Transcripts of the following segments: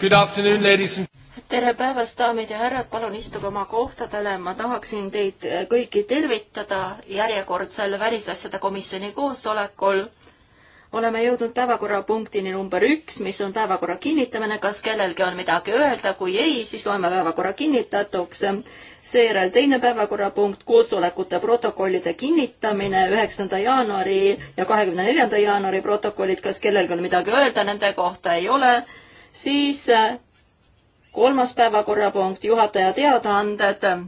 Good afternoon, ladies and tere päevast, daamid ja härrad, palun istuge oma kohtadele, ma tahaksin teid kõiki tervitada järjekordsel Välisasjade Komisjoni koosolekul. oleme jõudnud päevakorrapunktini number üks, mis on päevakorra kinnitamine, kas kellelgi on midagi öelda, kui ei, siis loeme päevakorra kinnitatuks. seejärel teine päevakorrapunkt, koosolekute protokollide kinnitamine, üheksanda jaanuari ja kahekümne neljanda jaanuari protokollid, kas kellelgi on midagi öelda nende kohta, ei ole siis äh, kolmas päevakorrapunkt, juhataja teadaanded.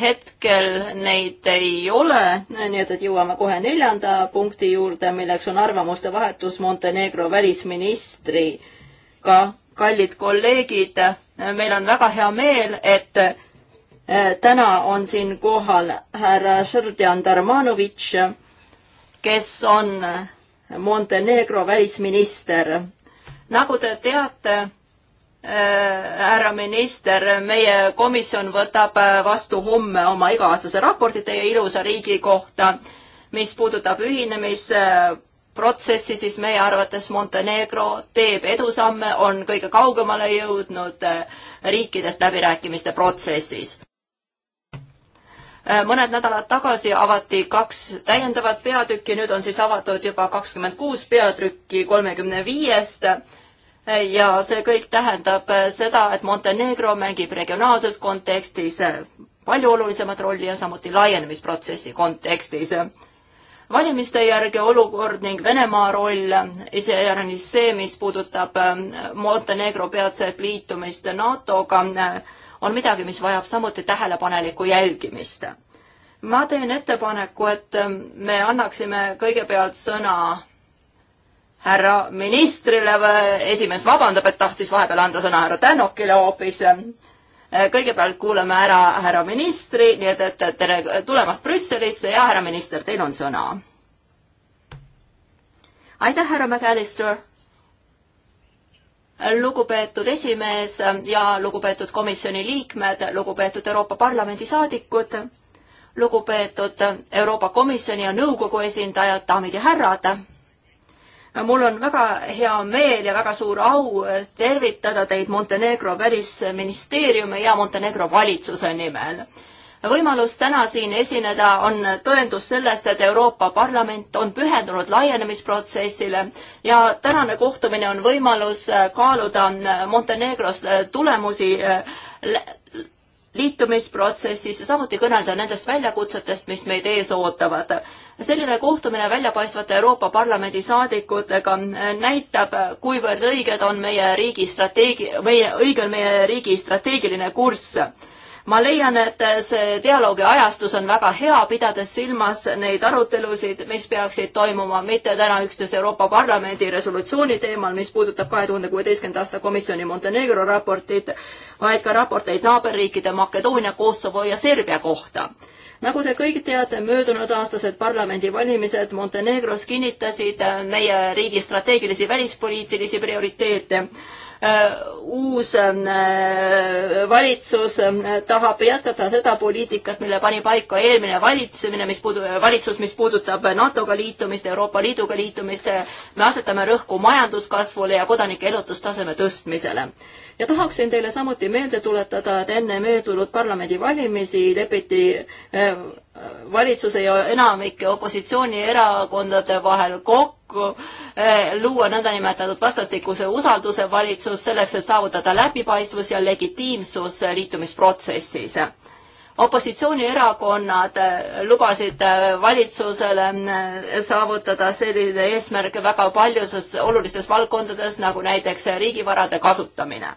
hetkel neid ei ole, nii et, et jõuame kohe neljanda punkti juurde, milleks on arvamuste vahetus Montenegro välisministriga. kallid kolleegid, meil on väga hea meel, et äh, täna on siin kohal härra Srdjan Darmanovitš, kes on Montenegro välisminister nagu te teate, äh, härra minister, meie komisjon võtab äh, vastu homme oma iga-aastase raporti teie ilusa riigi kohta, mis puudutab ühinemisprotsessi, siis meie arvates Montenegro teeb edusamme, on kõige kaugemale jõudnud äh, riikidest läbirääkimiste protsessis. mõned nädalad tagasi avati kaks täiendavat peatükki, nüüd on siis avatud juba kakskümmend kuus peatükki kolmekümne viiest ja see kõik tähendab äh, seda, et Montenegro mängib regionaalses kontekstis äh, palju olulisemat rolli ja samuti laienemisprotsessi kontekstis. valimiste järgi olukord ning Venemaa roll, äh, iseäranis see, mis puudutab Montenegro peatset liitumist NATO-ga, on midagi, mis vajab samuti tähelepanelikku jälgimist. ma teen ettepaneku, et me annaksime kõigepealt sõna härra ministrile, esimees vabandab, et tahtis vahepeal anda sõna härra Tänokile hoopis. kõigepealt kuulame ära härra ministri, nii et, et tere tulemast Brüsselisse ja härra minister, teil on sõna. aitäh, härra McAllister lugupeetud esimees ja lugupeetud komisjoni liikmed, lugupeetud Euroopa Parlamendi saadikud, lugupeetud Euroopa Komisjoni ja nõukogu esindajad, daamid ja härrad mul on väga hea meel ja väga suur au äh, tervitada teid Montenegro välisministeeriumi ja Montenegro valitsuse nimel. võimalus täna siin esineda on tõendus sellest, et Euroopa Parlament on pühendunud laienemisprotsessile ja tänane kohtumine on võimalus äh, kaaluda äh, Montenegros tulemusi liitumisprotsessis ja samuti kõnelda nendest väljakutsetest, mis meid ees ootavad. selline kohtumine väljapaistvate Euroopa Parlamendi saadikutega näitab, kuivõrd õiged on meie riigi strateegi-, meie, õige on meie riigi strateegiline kurss ma leian, et see dialoogi ajastus on väga hea, pidades silmas neid arutelusid, mis peaksid toimuma mitte täna üksnes Euroopa Parlamendi resolutsiooni teemal, mis puudutab kahe tuhande kuueteistkümnenda aasta komisjoni Montenegro raportit, vaid ka raporteid naaberriikide Makedoonia, Kosovo ja Serbia kohta nagu te kõik teate, möödunud aastased parlamendivalimised Montenegros kinnitasid meie riigi strateegilisi välispoliitilisi prioriteete Äh, uus ähm, äh, valitsus ähm, tahab jätkata seda poliitikat, mille pani paika eelmine valitsemine, mis puudu-, äh, valitsus, mis puudutab NATO-ga liitumist, Euroopa Liiduga liitumist. me asetame rõhku majanduskasvule ja kodanike elutustaseme tõstmisele. ja tahaksin teile samuti meelde tuletada, et enne möödunud parlamendivalimisi lepiti valitsuse ja enamike opositsioonierakondade vahel kokku, eh, luua nõndanimetatud vastastikuse usalduse valitsus selleks, et saavutada läbipaistvus ja legitiimsus liitumisprotsessis. opositsioonierakonnad eh, lubasid eh, valitsusele saavutada selline eesmärk väga paljudes olulistes valdkondades, nagu näiteks riigivarade kasutamine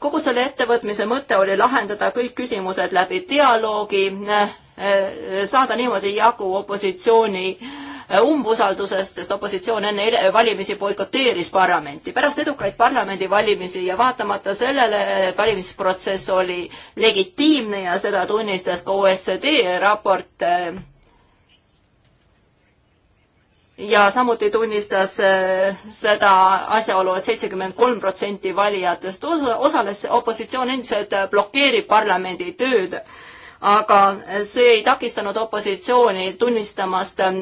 kogu selle ettevõtmise mõte oli lahendada kõik küsimused läbi dialoogi, eh, eh, saada niimoodi jagu opositsiooni eh, umbusaldusest, sest opositsioon enne valimisi boikoteeris parlamenti. pärast edukaid parlamendivalimisi ja vaatamata sellele, et valimisprotsess oli legitiimne ja seda tunnistas ka OSCD raport ja samuti tunnistas eh, seda asjaolu et, et seitsekümmend kolm protsenti valijatest osales, opositsioon endiselt blokeerib parlamendi tööd aga see ei takistanud opositsiooni tunnistamast ähm,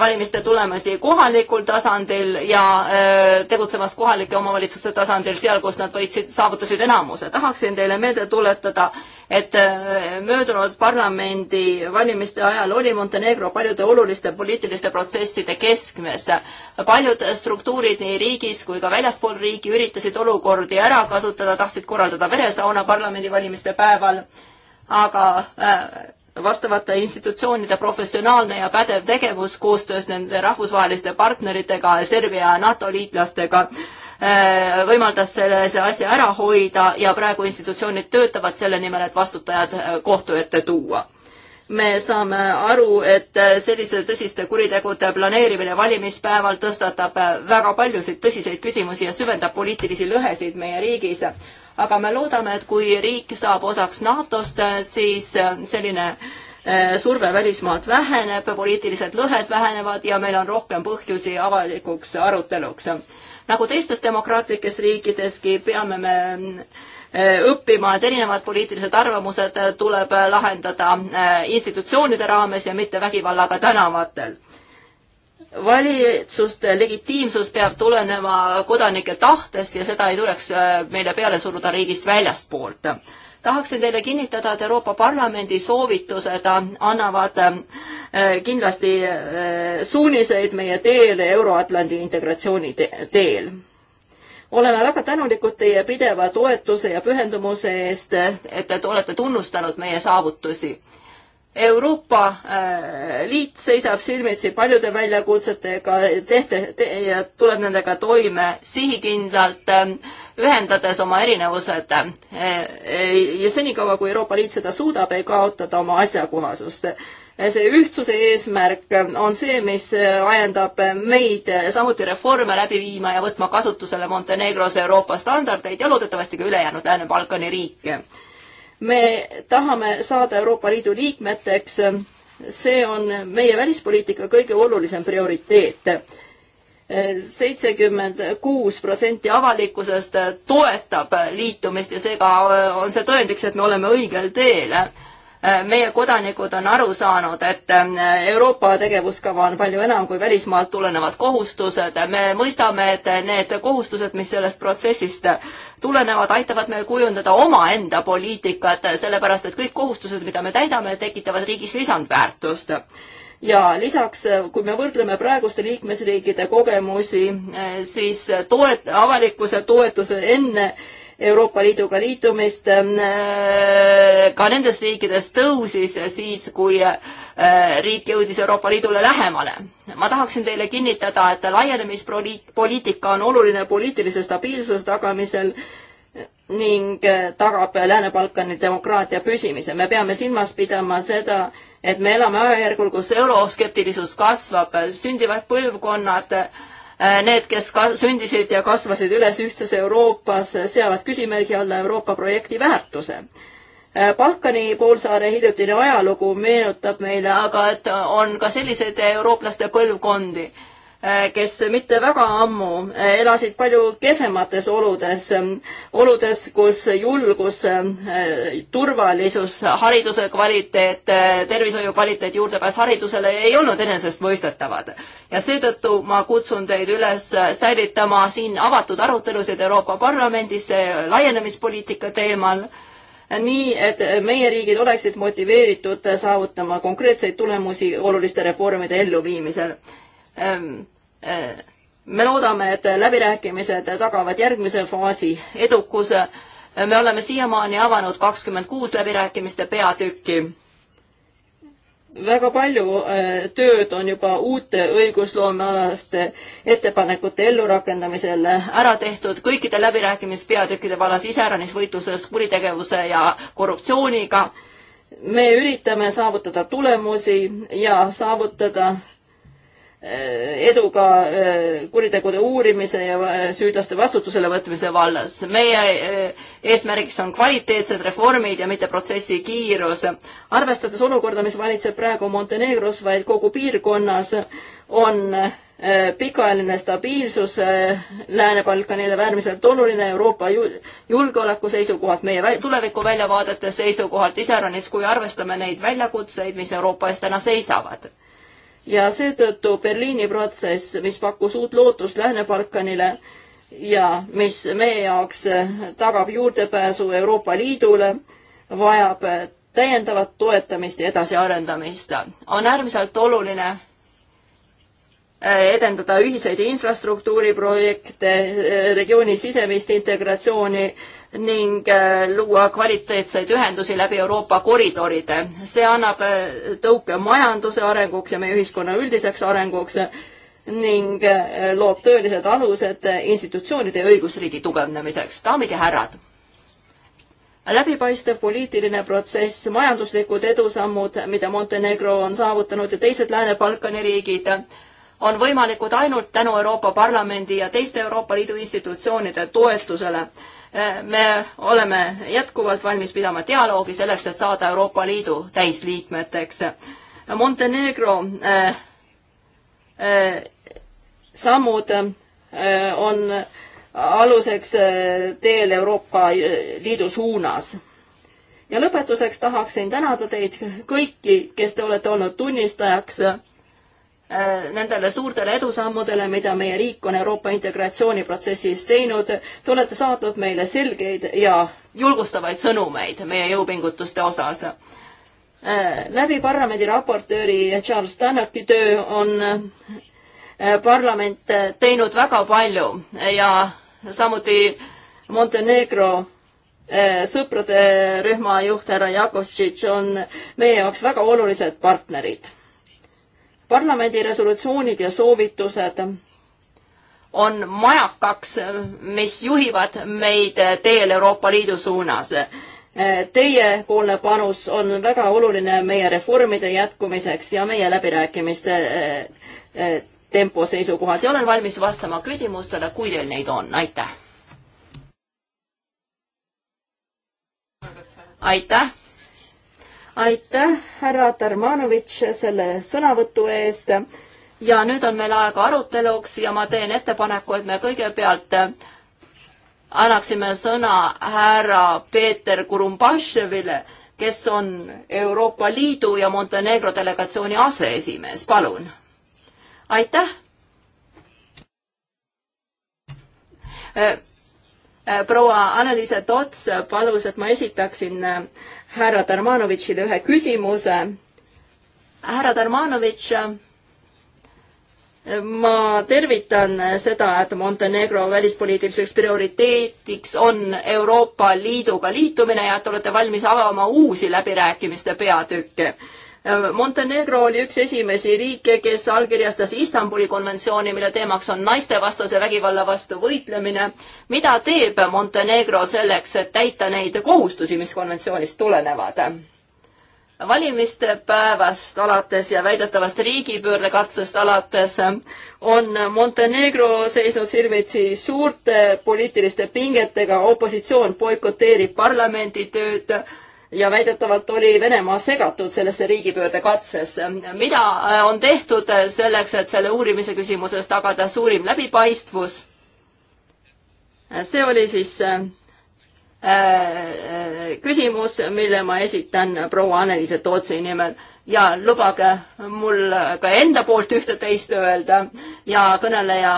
valimiste tulemusi kohalikul tasandil ja äh, tegutsemast kohalike omavalitsuste tasandil seal, kus nad võitsid, saavutasid enamuse. tahaksin teile meelde tuletada, et äh, möödunud parlamendivalimiste ajal oli Montenegro paljude oluliste poliitiliste protsesside keskmes. paljud struktuurid nii riigis kui ka väljaspool riiki üritasid olukordi ära kasutada, tahtsid korraldada veresauna parlamendivalimiste päeval aga äh, vastavate institutsioonide professionaalne ja pädev tegevus koostöös nende rahvusvaheliste partneritega, Serbia ja NATO liitlastega äh, võimaldas selle, see asja ära hoida ja praegu institutsioonid töötavad selle nimel, et vastutajad äh, kohtu ette tuua me saame aru, et sellise tõsiste kuritegude planeerimine valimispäeval tõstatab väga paljusid tõsiseid küsimusi ja süvendab poliitilisi lõhesid meie riigis aga me loodame, et kui riik saab osaks NATO-st, siis äh, selline äh, surve välismaalt väheneb, poliitilised lõhed vähenevad ja meil on rohkem põhjusi avalikuks aruteluks. nagu teistes demokraatlikes riikideski, peame me äh, õppima, et erinevad poliitilised arvamused tuleb lahendada institutsioonide raames ja mitte vägivallaga tänavatel valitsuste legitiimsus peab tulenema kodanike tahtest ja seda ei tuleks äh, meile peale suruda riigist väljaspoolt. tahaksin teile kinnitada, et Euroopa Parlamendi soovitused annavad äh, kindlasti äh, suuniseid meie teele Euro-Atlandi integratsiooni teel oleme väga tänulikud teie pideva toetuse ja pühendumuse eest, et te olete tunnustanud meie saavutusi Euroopa äh, Liit seisab silmitsi paljude väljakutsetega, tehte te, ja tuleb nendega toime sihikindlalt, ähm, ühendades oma erinevused. Äh, ja senikaua, kui Euroopa Liit seda suudab, ei kaota ta oma asjakohasust. see ühtsuse eesmärk on see, mis ajendab meid samuti reforme läbi viima ja võtma kasutusele Montenegros Euroopa standardeid ja loodetavasti ka ülejäänud Lääne-Balkani riike me tahame saada Euroopa Liidu liikmeteks, see on meie välispoliitika kõige olulisem prioriteet. seitsekümmend kuus protsenti avalikkusest toetab liitumist ja seega on see tõendiks, et me oleme õigel teel Äh, meie kodanikud on aru saanud, et äh, Euroopa tegevuskava on palju enam kui välismaalt tulenevad kohustused. me mõistame, et need kohustused, mis sellest protsessist tulenevad, aitavad meil kujundada omaenda poliitikat, sellepärast et kõik kohustused, mida me täidame, tekitavad riigis lisandväärtust ja lisaks, kui me võrdleme praeguste liikmesriikide kogemusi, äh, siis toet-, avalikkuse toetuse enne Euroopa Liiduga liitumist äh, ka nendes riikides tõusis siis, kui äh, riik jõudis Euroopa Liidule lähemale. ma tahaksin teile kinnitada, et laienemispoliitika on oluline poliitilise stabiilsuse tagamisel ning äh, tagab Lääne-Balkani demokraatia püsimise. me peame silmas pidama seda, et me elame ajajärgul, kus euroskeptilisus kasvab, sündivad põlvkonnad äh, Äh, need, kes ka-, sündisid ja kasvasid üles ühtses Euroopas, äh, seavad küsimärgi alla Euroopa projekti väärtuse äh, Balkani poolsaare hiljutine ajalugu meenutab meile aga, et on ka selliseid eurooplaste põlvkondi Äh, kes mitte väga ammu äh, elasid palju kehvemates oludes, ähm, oludes, kus julgus, äh, turvalisus, hariduse kvaliteet, tervishoiu kvaliteet, juurdepääs haridusele ei olnud enesestmõistetavad. ja seetõttu ma kutsun teid üles säilitama siin avatud arutelusid Euroopa Parlamendis laienemispoliitika teemal nii, et meie riigid oleksid motiveeritud saavutama konkreetseid tulemusi oluliste reformide elluviimisel. Ehm, eh, me loodame, et läbirääkimised tagavad järgmise faasi edukuse. me oleme siiamaani avanud kakskümmend kuus läbirääkimiste peatükki väga palju eh, tööd on juba uute õigusloomealaste ettepanekute ellurakendamisel ära tehtud kõikide läbirääkimispeatükkide vallas iseäranis võitluses kuritegevuse ja korruptsiooniga. me üritame saavutada tulemusi ja saavutada Äh, eduga äh, kuritegude uurimise ja äh, süüdlaste vastutusele võtmise vallas. meie eesmärgiks on kvaliteetsed reformid ja mitte protsessi kiirus. arvestades olukorda, mis valitseb praegu Montenegros, vaid kogu piirkonnas, on pikaajaline stabiilsus Lääne-Balkanile äärmiselt oluline Euroopa julgeoleku seisukohalt, meie tulevikuväljavaadete seisukohalt, iseäranis kui arvestame neid väljakutseid, mis Euroopa ees täna seisavad ja seetõttu Berliini protsess, mis pakkus uut lootust Lääne-Balkanile ja mis meie jaoks eh, tagab juurdepääsu Euroopa Liidule, vajab täiendavat toetamist ja edasiarendamist. on äärmiselt oluline Äh, edendada ühiseid infrastruktuuriprojekte, äh, regiooni sisemist integratsiooni ning äh, luua kvaliteetseid ühendusi läbi Euroopa koridoride. see annab tõuke majanduse arenguks ja meie ühiskonna üldiseks arenguks ning loob tõelised alused institutsioonide ja õigusriigi tugevnemiseks. daamid ja härrad läbipaistev poliitiline protsess, majanduslikud edusammud, mida Montenegro on saavutanud ja teised Lääne-Balkani riigid, on võimalikud ainult tänu Euroopa Parlamendi ja teiste Euroopa Liidu institutsioonide toetusele. Eh, me oleme jätkuvalt valmis pidama dialoogi selleks, et saada Euroopa Liidu täisliikmeteks. Montenegro äh, äh, sammud äh, on aluseks teel Euroopa Liidu suunas. ja lõpetuseks tahaksin tänada teid kõiki, kes te olete olnud tunnistajaks Äh, nendele suurtele edusammudele, mida meie riik on Euroopa integratsiooniprotsessis teinud. Te olete saatnud meile selgeid ja julgustavaid sõnumeid meie jõupingutuste osas. Äh, läbi parlamendi raportööri Charles Tannocki töö on äh, parlament teinud väga palju ja samuti Montenegro sõprade rühma juht härra Jakovtšitš on meie jaoks väga olulised partnerid parlamendi resolutsioonid ja soovitused on majakaks, mis juhivad meid teel Euroopa Liidu suunas. Teiepoolne panus on väga oluline meie reformide jätkumiseks ja meie läbirääkimiste eh, eh, tempo seisukohalt ja olen valmis vastama küsimustele, kui teil neid on, aitäh. aitäh aitäh, härra Tarmanovitš, selle sõnavõtu eest. ja nüüd on meil aega aruteluks ja ma teen ettepaneku, et me kõigepealt annaksime sõna härra Peeter Kurumbaševile, kes on Euroopa Liidu ja Montenegro delegatsiooni aseesimees, palun. aitäh äh, äh, proua Anneliise Tots palus, et ma esitaksin äh, härra Tarmanovitšile ühe küsimuse. härra Tarmanovitš, ma tervitan seda, et Montenegro välispoliitiliseks prioriteetiks on Euroopa Liiduga liitumine ja et olete valmis avama uusi läbirääkimiste peatükke Äh, Montenegro oli üks esimesi riike, kes allkirjastas Istanbuli konventsiooni, mille teemaks on naistevastase vägivalla vastu võitlemine. mida teeb Montenegro selleks, et täita neid kohustusi, mis konventsioonist tulenevad? valimiste päevast alates ja väidetavast riigipöördekatsest alates on Montenegro seisnud silmitsi suurte poliitiliste pingetega, opositsioon boikoteerib parlamendi tööd ja väidetavalt oli Venemaa segatud sellesse riigipöörde katsesse. mida äh, on tehtud äh, selleks, et selle uurimise küsimuses tagada suurim läbipaistvus? Äh, see oli siis küsimus, mille ma esitan proua Anneliise Tootsi nimel ja lubage mul ka enda poolt ühte-teist öelda ja kõneleja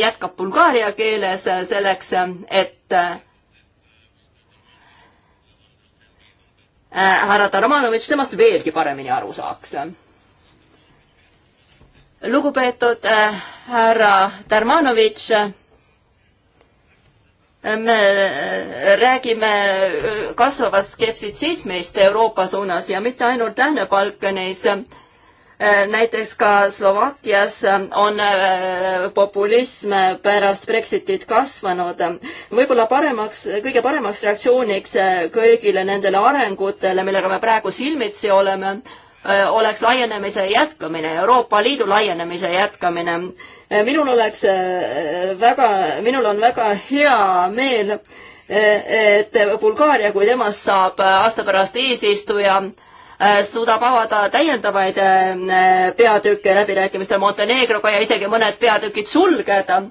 jätkab bulgaaria keeles selleks, et Äh, härra Tarmanovitš temast veelgi paremini aru saaks. lugupeetud äh, härra Tarmanovitš, äh, me räägime kasvavast skeptitsismist Euroopa suunas ja mitte ainult Lääne-Balkanis Eh, näiteks ka Slovakkias eh, on eh, populism pärast Brexitit kasvanud. võib-olla paremaks, kõige paremaks reaktsiooniks kõigile nendele arengutele, millega me praegu silmitsi oleme, oleks laienemise jätkamine, Euroopa Liidu laienemise jätkamine. minul oleks väga, minul on väga hea meel, et Bulgaaria, kui temast saab aasta pärast eesistuja, Äh, suudab avada täiendavaid äh, peatükke läbirääkimistel Montenegroga ja isegi mõned peatükid sulgeda.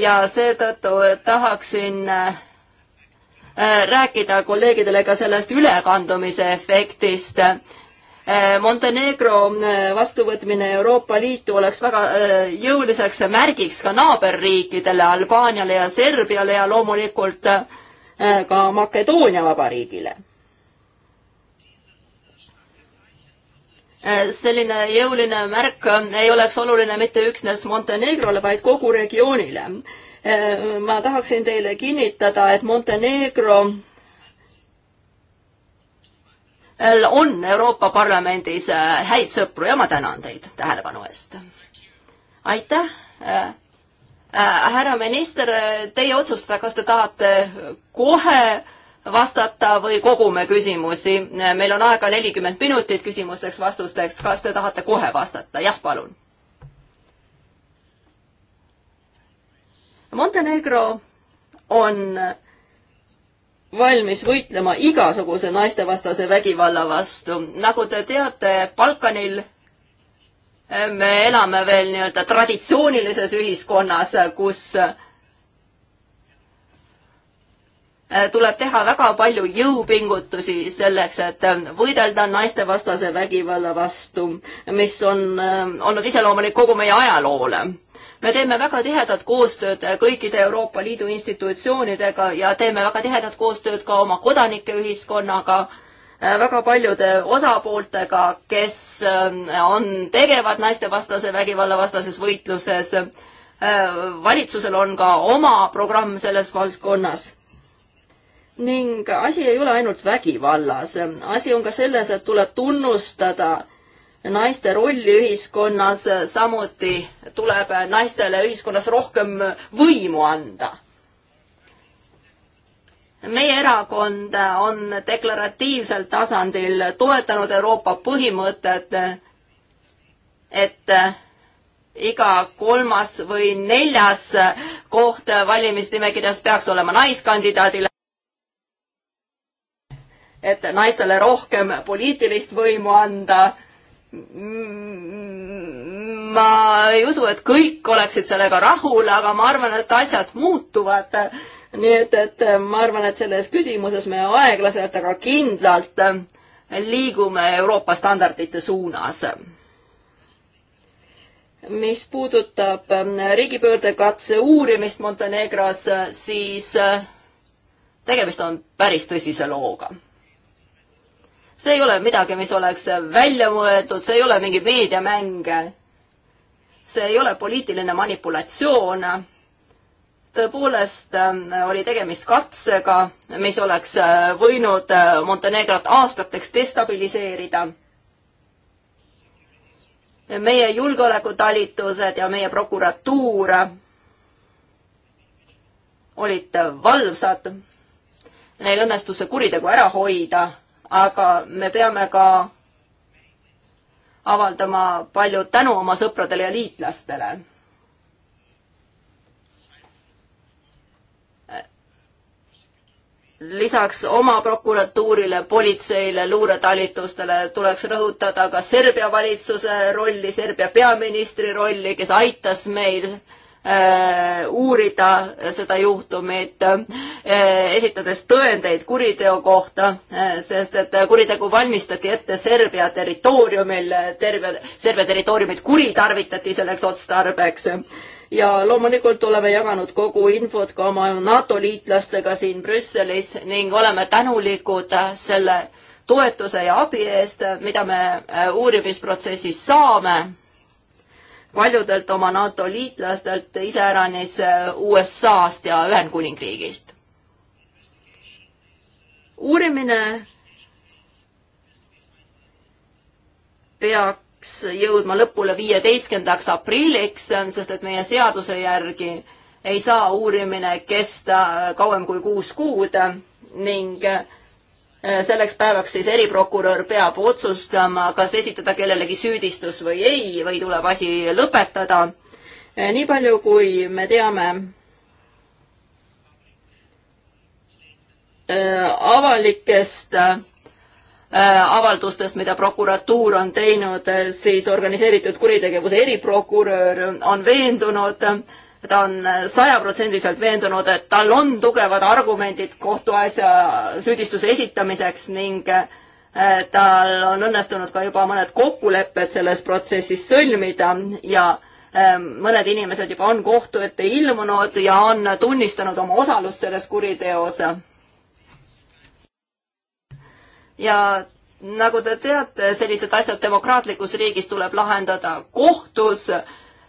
ja seetõttu tahaksin äh, rääkida kolleegidele ka sellest ülekandumise efektist. Montenegro vastuvõtmine Euroopa Liitu oleks väga jõuliseks märgiks ka naaberriikidele, Albaaniale ja Serbiale ja loomulikult ka Makedoonia Vabariigile Äh, selline jõuline märk äh, ei oleks oluline mitte üksnes Montenegrole, vaid kogu regioonile. Äh, ma tahaksin teile kinnitada, et Montenegro on Euroopa Parlamendis häid sõpru ja ma tänan teid tähelepanu eest. aitäh äh,. härra minister, teie otsustada, kas te tahate kohe vastata või kogume küsimusi. meil on aega nelikümmend minutit küsimusteks-vastusteks. kas te tahate kohe vastata? jah, palun. Montenegro on valmis võitlema igasuguse naistevastase vägivalla vastu. nagu te teate, Balkanil eh, me elame veel nii-öelda traditsioonilises ühiskonnas, kus äh, Äh, tuleb teha väga palju jõupingutusi selleks, et äh, võidelda naistevastase vägivalla vastu, mis on äh, olnud iseloomulik kogu meie ajaloole me teeme väga tihedat koostööd kõikide Euroopa Liidu institutsioonidega ja teeme väga tihedat koostööd ka oma kodanikeühiskonnaga, väga paljude osapooltega, kes on, tegevad naistevastase vägivalla vastases võitluses. valitsusel on ka oma programm selles valdkonnas ning asi ei ole ainult vägivallas, asi on ka selles, et tuleb tunnustada naiste rolli ühiskonnas, samuti tuleb naistele ühiskonnas rohkem võimu anda. meie erakond on deklaratiivsel tasandil toetanud Euroopa põhimõtet, et iga kolmas või neljas koht valimisnimekirjas peaks olema naiskandidaadile et naistele rohkem poliitilist võimu anda. ma ei usu, et kõik oleksid sellega rahul, aga ma arvan, et asjad muutuvad. nii et, et ma arvan, et selles küsimuses me aeglaselt, aga kindlalt liigume Euroopa standardite suunas mis puudutab riigipöördekatse uurimist Montenegros, siis tegemist on päris tõsise looga see ei ole midagi, mis oleks välja mõeldud, see ei ole mingi meediamäng. see ei ole poliitiline manipulatsioon. tõepoolest ähm, oli tegemist katsega, mis oleks äh, võinud äh, Montenegrot aastateks destabiliseerida meie julgeolekutalitused ja meie prokuratuur olid valvsad. Neil õnnestus see kuritegu ära hoida aga me peame ka avaldama palju tänu oma sõpradele ja liitlastele. lisaks oma prokuratuurile, politseile, luuretalitustele tuleks rõhutada ka Serbia valitsuse rolli, Serbia peaministri rolli, kes aitas meil äh, Äh, uurida seda juhtumit, äh, esitades tõendeid kuriteo kohta, äh, sest et kuritegu valmistati ette Serbia territooriumil, terve, Serbia territooriumit kuritarvitati selleks otstarbeks ja loomulikult oleme jaganud kogu infot ka oma NATO liitlastega siin Brüsselis ning oleme tänulikud selle toetuse ja abi eest, mida me uurimisprotsessis saame paljudelt oma NATO liitlastelt, iseäranis äh, USA-st ja Ühendkuningriigist. uurimine peaks jõudma lõpule viieteistkümnendaks aprilliks, sest et meie seaduse järgi ei saa uurimine kesta kauem kui kuus kuud ning äh, Äh, selleks päevaks siis eriprokurör peab otsustama, kas esitada kellelegi süüdistus või ei või tuleb asi lõpetada. Äh, nii palju, kui me teame, äh, avalikest avaldustest, mida prokuratuur on teinud, siis organiseeritud kuritegevuse eriprokurör on veendunud, ta on äh, sajaprotsendiliselt veendunud, et tal on tugevad argumendid kohtuasja süüdistuse esitamiseks ning äh, tal on õnnestunud ka juba mõned kokkulepped selles protsessis sõlmida ja äh, mõned inimesed juba on kohtu ette ilmunud ja on tunnistanud oma osalust selles kuriteos. ja nagu te teate, sellised asjad demokraatlikus riigis tuleb lahendada kohtus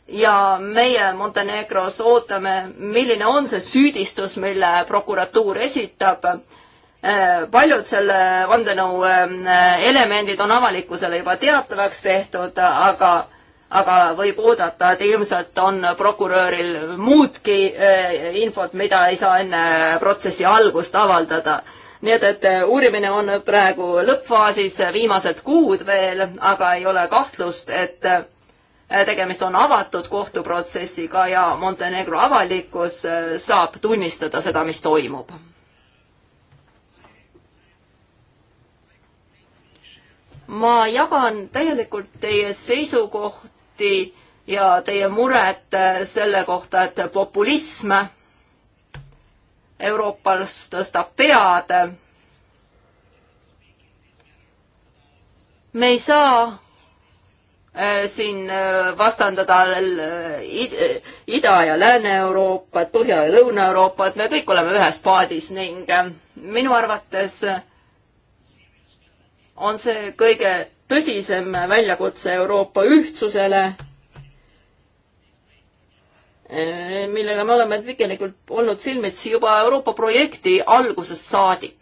ja meie Montenegros ootame, milline on see süüdistus, mille prokuratuur esitab. Eh, paljud selle vandenõu eh, elemendid on avalikkusele juba teatavaks tehtud, aga, aga võib oodata, et ilmselt on prokuröril muudki eh, infot, mida ei saa enne protsessi algust avaldada nii et, et uurimine on praegu lõppfaasis, viimased kuud veel, aga ei ole kahtlust, et Äh, tegemist on avatud kohtuprotsessiga ja Montenegro avalikkus äh, saab tunnistada seda, mis toimub. ma jagan täielikult teie seisukohti ja teie muret äh, selle kohta, et populism Euroopas tõstab pead. me ei saa Äh, siin äh, vastandada äh, Ida- ja Lääne-Euroopat, Põhja- ja Lõuna-Euroopat, me kõik oleme ühes paadis ning minu arvates on see kõige tõsisem väljakutse Euroopa ühtsusele, millega me oleme tegelikult olnud silmitsi juba Euroopa projekti algusest saadik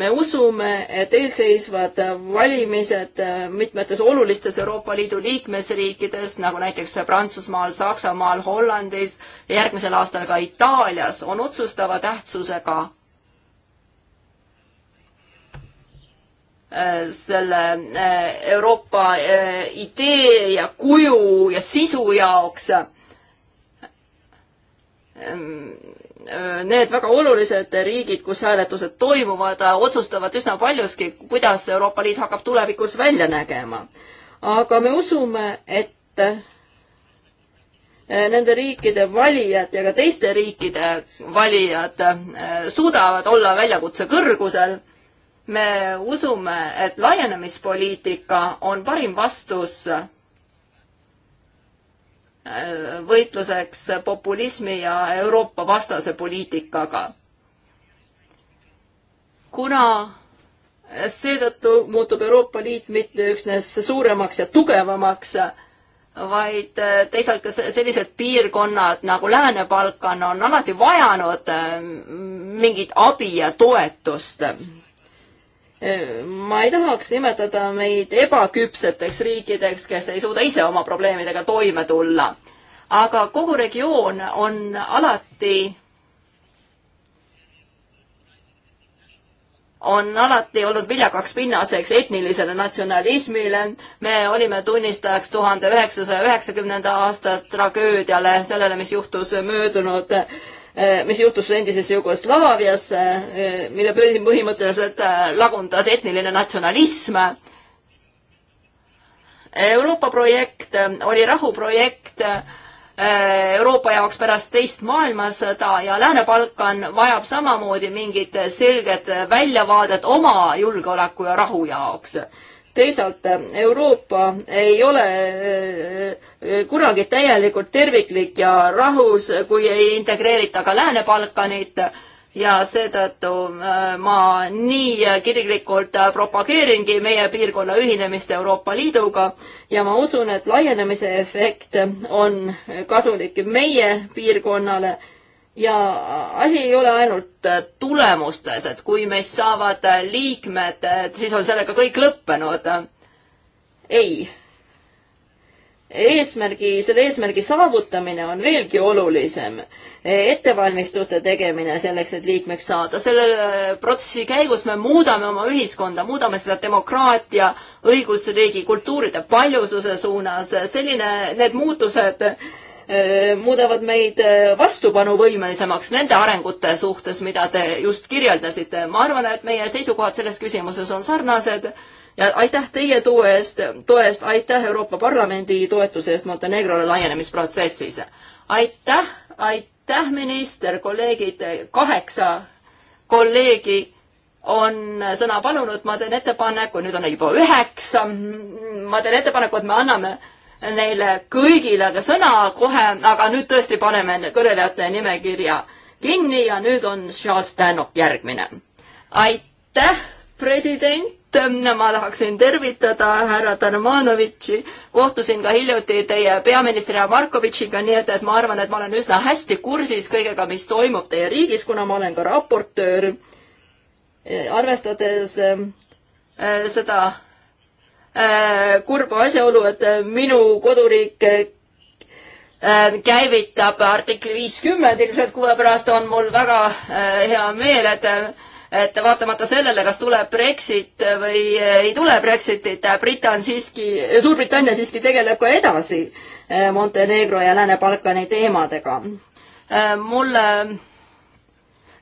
me usume, et eelseisvad valimised mitmetes olulistes Euroopa Liidu liikmesriikides, nagu näiteks Prantsusmaal, Saksamaal, Hollandis, järgmisel aastal ka Itaalias, on otsustava tähtsusega äh, selle äh, Euroopa äh, idee ja kuju ja sisu jaoks ehm, need väga olulised riigid, kus hääletused toimuvad, otsustavad üsna paljuski, kuidas Euroopa Liit hakkab tulevikus välja nägema. aga me usume, et eh, nende riikide valijad ja ka teiste riikide valijad eh, suudavad olla väljakutse kõrgusel. me usume, et laienemispoliitika on parim vastus võitluseks populismi ja Euroopa vastase poliitikaga. kuna seetõttu muutub Euroopa Liit mitte üksnes suuremaks ja tugevamaks, vaid teisalt ka sellised piirkonnad nagu Lääne-Balkan on alati vajanud mingit abi ja toetust ma ei tahaks nimetada meid ebaküpseteks riikideks, kes ei suuda ise oma probleemidega toime tulla. aga kogu regioon on alati, on alati olnud viljakaks pinnaseks etnilisele natsionalismile. me olime tunnistajaks tuhande üheksasaja üheksakümnenda aasta tragöödiale, sellele, mis juhtus möödunud Äh, mis juhtus endises Jugoslaavias, äh, mille põhimõtteliselt äh, lagundas etniline natsionalism. Euroopa projekt oli rahuprojekt Euroopa jaoks pärast teist maailmasõda ja Lääne-Balkan vajab samamoodi mingit selget väljavaadet oma julgeoleku ja rahu jaoks teisalt Euroopa ei ole eh, eh, kunagi täielikult terviklik ja rahus, kui ei integreerita ka Lääne-Balkanit ja seetõttu eh, ma nii kirglikult propageeringi meie piirkonna ühinemist Euroopa Liiduga ja ma usun, et laienemise efekt on kasulik meie piirkonnale ja asi ei ole ainult äh, tulemustes, et kui meist saavad äh, liikmed, äh, siis on sellega kõik lõppenud. ei. eesmärgi, selle eesmärgi saavutamine on veelgi olulisem. E, ettevalmistuste tegemine selleks, et liikmeks saada, selle protsessi käigus me muudame oma ühiskonda, muudame seda demokraatia, õigusriigi, kultuuride paljususe suunas, selline, need muutused Äh, muudavad meid äh, vastupanuvõimelisemaks nende arengute suhtes, mida te just kirjeldasite. ma arvan, et meie seisukohad selles küsimuses on sarnased ja aitäh teie toe eest, toe eest, aitäh Euroopa Parlamendi toetuse eest Montenegrole laienemisprotsessis. aitäh, aitäh, minister, kolleegid, kaheksa kolleegi on sõna palunud, ma teen ettepaneku, nüüd on juba üheksa, ma teen ettepaneku, et me anname neile kõigile ka sõna kohe, aga nüüd tõesti paneme kõnelejate nimekirja kinni ja nüüd on Charles Stanok järgmine. aitäh, president! ma tahaksin tervitada härra Tarmanovitši, kohtusin ka hiljuti teie peaministri härra Markovitšiga, nii et, et ma arvan, et ma olen üsna hästi kursis kõigega, mis toimub teie riigis, kuna ma olen ka raportöör. arvestades äh, seda Äh, kurba asjaolu, et äh, minu koduriik äh, käivitab artikli viiskümmend ilmselt kuue pärast, on mul väga hea meel, et et vaatamata sellele, kas tuleb Brexit või ei tule Brexitit, Brit on siiski, Suurbritannia siiski tegeleb ka edasi Montenegro ja Lääne-Balkani teemadega. mulle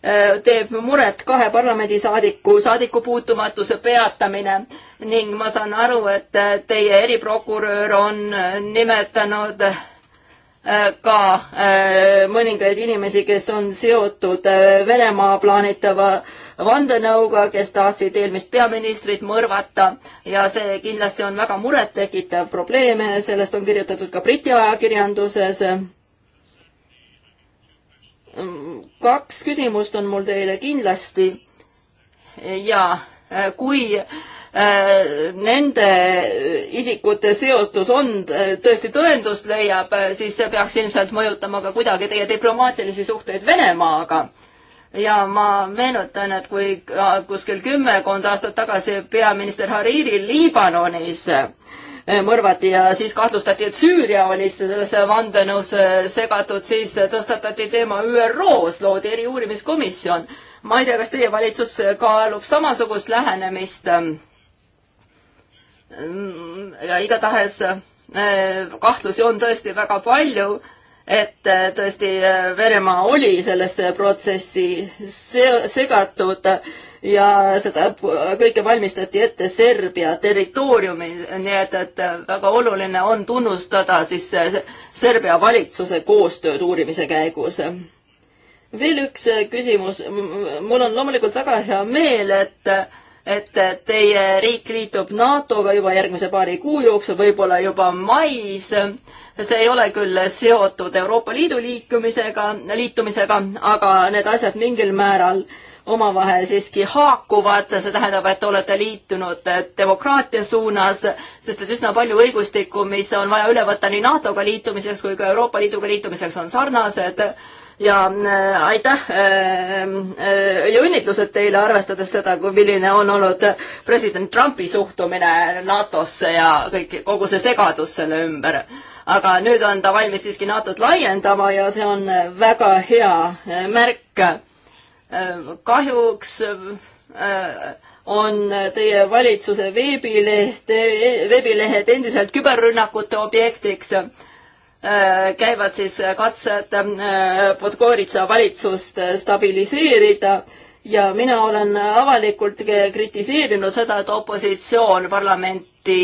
Äh, teeb muret kahe parlamendisaadiku saadikupuutumatuse peatamine ning ma saan aru, et äh, teie eriprokurör on äh, nimetanud ka mõningaid inimesi, kes on seotud Venemaa plaanitava vandenõuga, kes tahtsid eelmist peaministrit mõrvata ja see kindlasti on väga murettekitav probleem, sellest on kirjutatud ka Briti ajakirjanduses kaks küsimust on mul teile kindlasti ja äh, kui äh, nende isikute seotus on, äh, tõesti tõendust leiab, siis see peaks ilmselt mõjutama ka kuidagi teie diplomaatilisi suhteid Venemaaga. ja ma meenutan, et kui kuskil kümmekond aastat tagasi peaminister Hariri Liibanonis äh, Eh, mõrvati ja siis kahtlustati, et Süüria oli sellesse vandenõusse eh, segatud, siis tõstatati teema ÜRO-s, loodi eriuurimiskomisjon. ma ei tea, kas teie valitsus kaalub samasugust lähenemist? Mm, ja igatahes eh, kahtlusi on tõesti väga palju et äh, tõesti äh, Venemaa oli sellesse protsessi segatud ja seda kõike valmistati ette Serbia territooriumil, nii et, et väga oluline on tunnustada siis äh, Serbia valitsuse koostööd uurimise käigus veel üks küsimus, mul on loomulikult väga hea meel, et et teie riik liitub NATO-ga juba järgmise paari kuu jooksul, võib-olla juba mais. see ei ole küll seotud Euroopa Liidu liikumisega, liitumisega, aga need asjad mingil määral omavahel siiski haakuvad, see tähendab, et olete liitunud demokraatia suunas, sest et üsna palju õigustikku, mis on vaja üle võtta nii NATO-ga liitumiseks kui ka Euroopa Liiduga liitumiseks, on sarnased ja äh, aitäh ja äh, äh, õnnitlused teile, arvestades seda, kui milline on olnud president Trumpi suhtumine NATO-sse ja kõik, kogu see segadus selle ümber. aga nüüd on ta valmis siiski NATO-t laiendama ja see on väga hea märk. kahjuks on teie valitsuse veebileht, veebilehed endiselt küberrünnakute objektiks Äh, käivad siis katsed äh, Podgoritsa valitsust äh, stabiliseerida ja mina olen avalikult kritiseerinud seda, et opositsioon parlamenti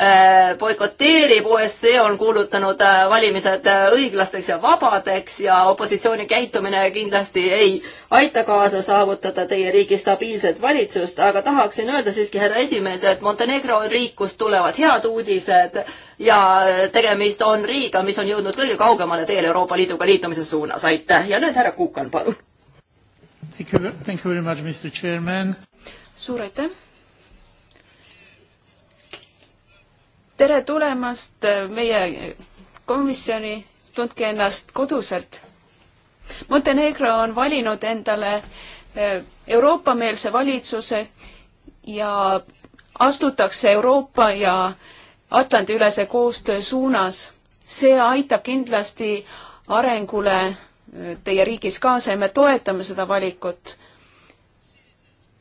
Äh, boikoteerib, OSCE on kuulutanud äh, valimised äh, õiglasteks ja vabadeks ja opositsiooni käitumine kindlasti ei aita kaasa saavutada teie riigi stabiilset valitsust, aga tahaksin öelda siiski, härra esimees, et Montenegro on riik, kust tulevad head uudised ja tegemist on riigiga, mis on jõudnud kõige kaugemale teel Euroopa Liiduga liitumise suunas, aitäh, ja nüüd härra Kukan, palun. Thank you, thank you very much, Mr Chairman. suur aitäh tere tulemast äh, meie komisjoni, tundke ennast koduselt. Montenegro on valinud endale äh, Euroopa-meelse valitsuse ja astutakse Euroopa ja Atlandi-ülese koostöö suunas. see aitab kindlasti arengule äh, teie riigis kaasa ja me toetame seda valikut.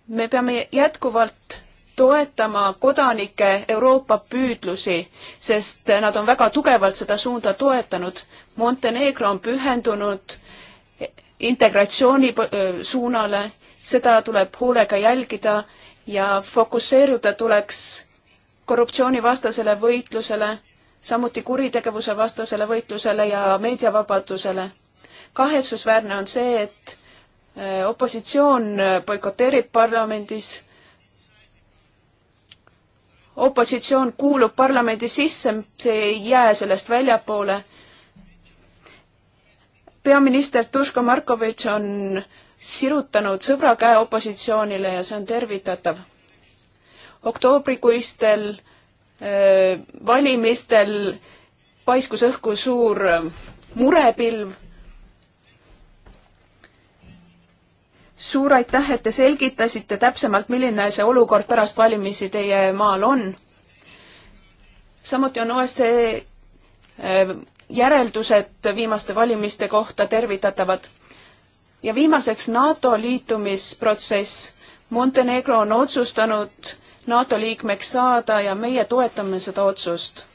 me peame jätkuvalt toetama kodanike Euroopa püüdlusi, sest nad on väga tugevalt seda suunda toetanud. Montenegro on pühendunud integratsiooni suunale, seda tuleb hoolega jälgida ja fokusseeruda tuleks korruptsioonivastasele võitlusele, samuti kuritegevuse vastasele võitlusele ja meediavabadusele. kahetsusväärne on see, et opositsioon boikoteerib parlamendis opositsioon kuulub parlamendi sisse, see ei jää sellest väljapoole. peaminister Duško Markovitš on sirutanud sõbra käe opositsioonile ja see on tervitatav. oktoobrikuistel valimistel paiskus õhku suur murepilv suur aitäh, et te selgitasite täpsemalt, milline see olukord pärast valimisi teie maal on. samuti on OSCE äh, järeldused viimaste valimiste kohta tervitatavad. ja viimaseks NATO liitumisprotsess. Montenegro on otsustanud NATO liikmeks saada ja meie toetame seda otsust.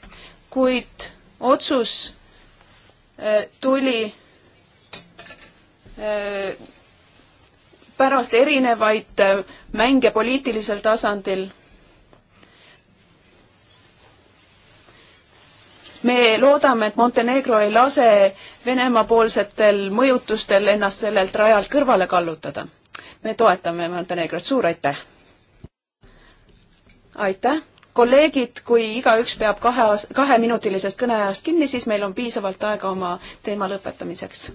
kuid otsus äh, tuli äh, pärast erinevaid äh, mänge poliitilisel tasandil. me loodame, et Montenegro ei lase Venemaa-poolsetel mõjutustel ennast sellelt rajalt kõrvale kallutada. me toetame Montenegrot, suur aitäh! aitäh! kolleegid, kui igaüks peab kahe, kaheminutilisest kõneajast kinni, siis meil on piisavalt aega oma teema lõpetamiseks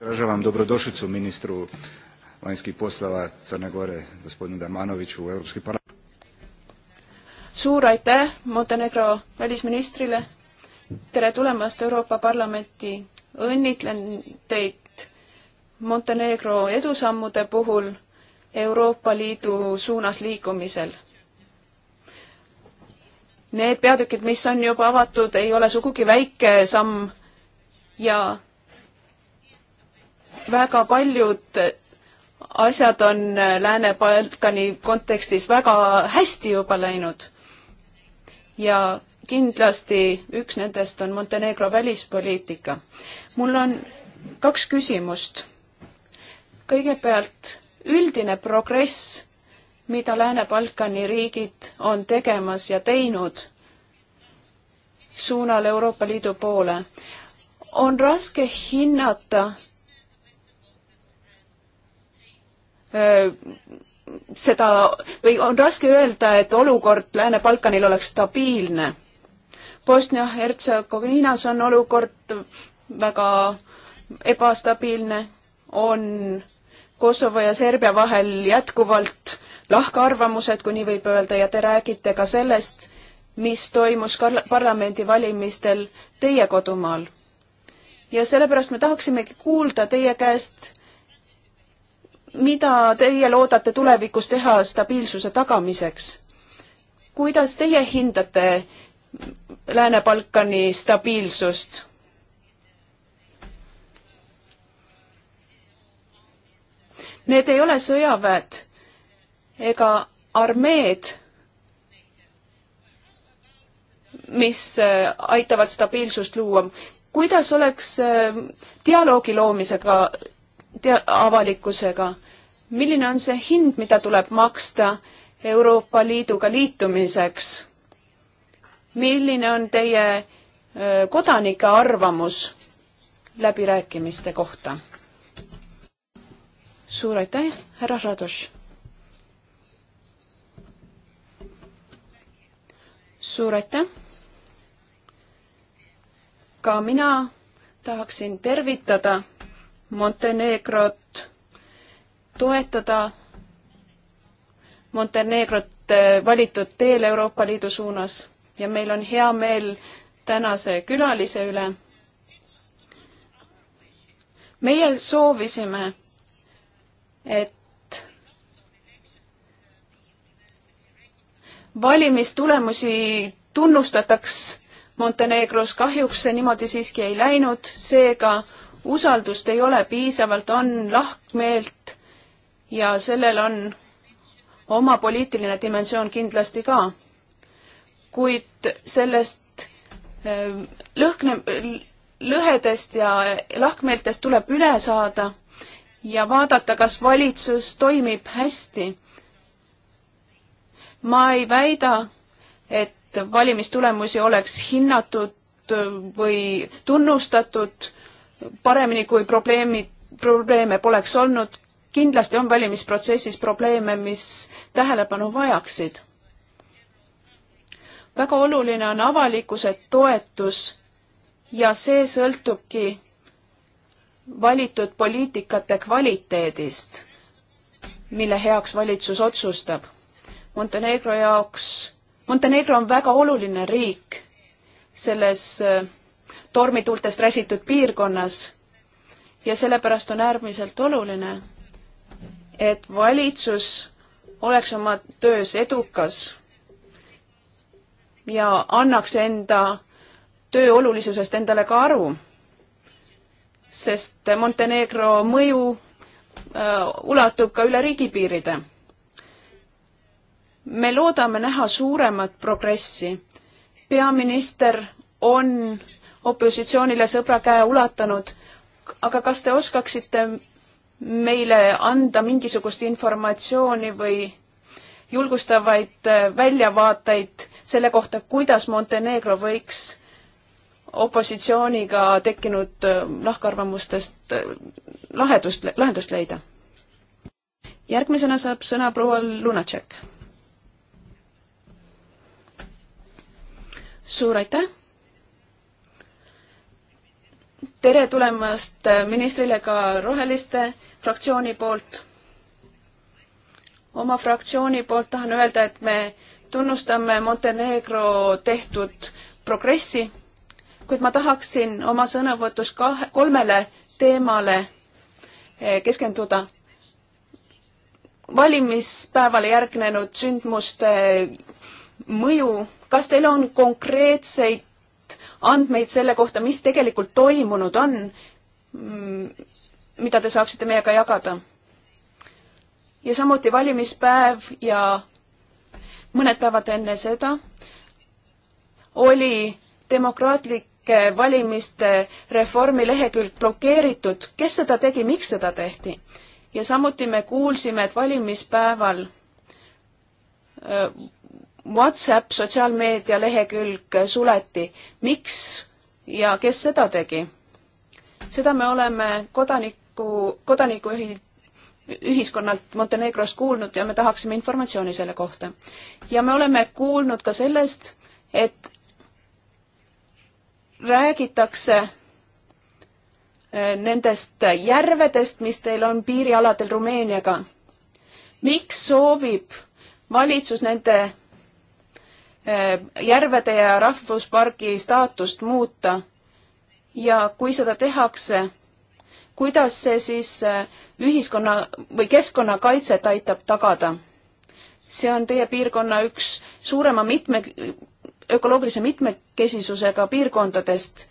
Ražavam dobrodošlicu ministru vanjskih poslava Crne Gore, gospodinu Damanoviću u Europski parlament. suur aitäh Montenegro välisministrile. tere tulemast Euroopa Parlamenti. õnnitlen teid Montenegro edusammude puhul Euroopa Liidu suunas liikumisel. Need peatükid, mis on juba avatud, ei ole sugugi väike samm ja väga paljud asjad on Lääne-Balkani kontekstis väga hästi juba läinud. ja kindlasti üks nendest on Montenegro välispoliitika. mul on kaks küsimust. kõigepealt üldine progress, mida Lääne-Balkani riigid on tegemas ja teinud suunal Euroopa Liidu poole, on raske hinnata Äh, seda või on raske öelda, et olukord Lääne-Balkanil oleks stabiilne. Bosnia-Hertsegoviinas on olukord väga ebastabiilne, on Kosovo ja Serbia vahel jätkuvalt lahkarvamused, kui nii võib öelda, ja te räägite ka sellest, mis toimus parlamendivalimistel teie kodumaal. ja sellepärast me tahaksimegi kuulda teie käest, mida teie loodate tulevikus teha stabiilsuse tagamiseks? kuidas teie hindate Lääne-Balkani stabiilsust? Need ei ole sõjaväed ega armeed, mis äh, aitavad stabiilsust luua. kuidas oleks äh, dialoogi loomisega dia-, avalikkusega? milline on see hind, mida tuleb maksta Euroopa Liiduga liitumiseks? milline on teie kodanike arvamus läbirääkimiste kohta? suur aitäh, härra Radoš. suur aitäh. ka mina tahaksin tervitada Montenegrot toetada Montenegrot äh, valitud teel Euroopa Liidu suunas ja meil on hea meel tänase külalise üle. meie soovisime, et valimistulemusi tunnustataks Montenegros, kahjuks see niimoodi siiski ei läinud, seega usaldust ei ole piisavalt, on lahkmeelt ja sellel on oma poliitiline dimensioon kindlasti ka. kuid sellest äh, lõhne, lõhedest ja lahkmeeltest tuleb üle saada ja vaadata, kas valitsus toimib hästi. ma ei väida, et valimistulemusi oleks hinnatud või tunnustatud paremini, kui probleemid, probleeme poleks olnud, kindlasti on valimisprotsessis probleeme, mis tähelepanu vajaksid. väga oluline on avalikkuse toetus ja see sõltubki valitud poliitikate kvaliteedist, mille heaks valitsus otsustab. Montenegro jaoks, Montenegro on väga oluline riik selles äh, tormituultest räsitud piirkonnas ja sellepärast on äärmiselt oluline, et valitsus oleks oma töös edukas ja annaks enda töö olulisusest endale ka aru, sest Montenegro mõju äh, ulatub ka üle riigipiiride. me loodame näha suuremat progressi. peaminister on opositsioonile sõbra käe ulatanud, aga kas te oskaksite meile anda mingisugust informatsiooni või julgustavaid äh, väljavaateid selle kohta, kuidas Montenegro võiks opositsiooniga tekkinud äh, lahkarvamustest äh, lahendust, lahendust leida. järgmisena saab sõna proua Lunatšek. suur aitäh! tere tulemast ministrile ka Roheliste fraktsiooni poolt. oma fraktsiooni poolt tahan öelda, et me tunnustame Montenegro tehtud progressi, kuid ma tahaksin oma sõnavõtus kahe, kolmele teemale eh, keskenduda. valimispäevale järgnenud sündmuste mõju, kas teil on konkreetseid andmeid selle kohta, mis tegelikult toimunud on, mm, mida te saaksite meiega jagada. ja samuti valimispäev ja mõned päevad enne seda oli demokraatlike valimiste reformi lehekülg blokeeritud. kes seda tegi, miks seda tehti? ja samuti me kuulsime, et valimispäeval äh, Whatsapp sotsiaalmeedia lehekülg suleti. miks ja kes seda tegi? seda me oleme kodaniku, kodanikuühi-, ühiskonnalt Montenegros kuulnud ja me tahaksime informatsiooni selle kohta. ja me oleme kuulnud ka sellest, et räägitakse äh, nendest järvedest, mis teil on piirialadel Rumeeniaga. miks soovib valitsus nende Eh, järvede ja rahvuspargi staatust muuta ja kui seda tehakse, kuidas see siis eh, ühiskonna või keskkonnakaitset aitab tagada? see on teie piirkonna üks suurema mitme, ökoloogilise mitmekesisusega piirkondadest,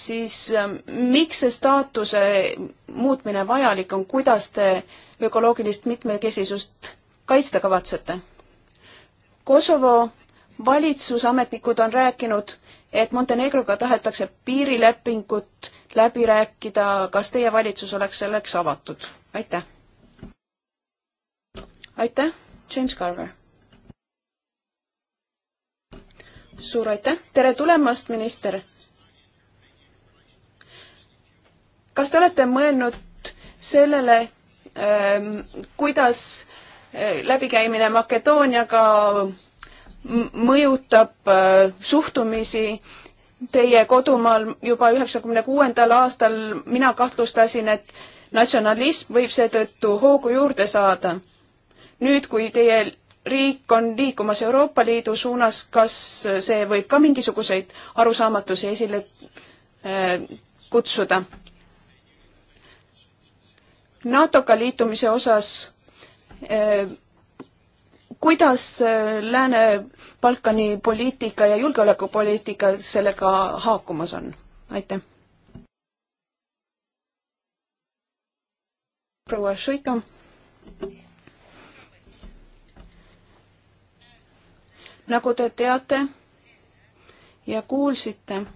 siis eh, miks see staatuse muutmine vajalik on, kuidas te ökoloogilist mitmekesisust kaitsta kavatsete? Kosovo valitsusametnikud on rääkinud, et Montenegroga tahetakse piirilepingut läbi rääkida, kas teie valitsus oleks selleks avatud? aitäh! aitäh, James Carver! suur aitäh, tere tulemast, minister! kas te olete mõelnud sellele, ähm, kuidas äh, läbikäimine Makedooniaga mõjutab äh, suhtumisi teie kodumaal juba üheksakümne kuuendal aastal mina kahtlustasin, et natsionalism võib seetõttu hoogu juurde saada. nüüd, kui teie riik on liikumas Euroopa Liidu suunas, kas see võib ka mingisuguseid arusaamatusi esile äh, kutsuda? NATO-ga liitumise osas äh, kuidas äh, Lääne-Balkani poliitika ja julgeolekupoliitika sellega haakumas on? aitäh. proua Šuika. nagu te teate ja kuulsite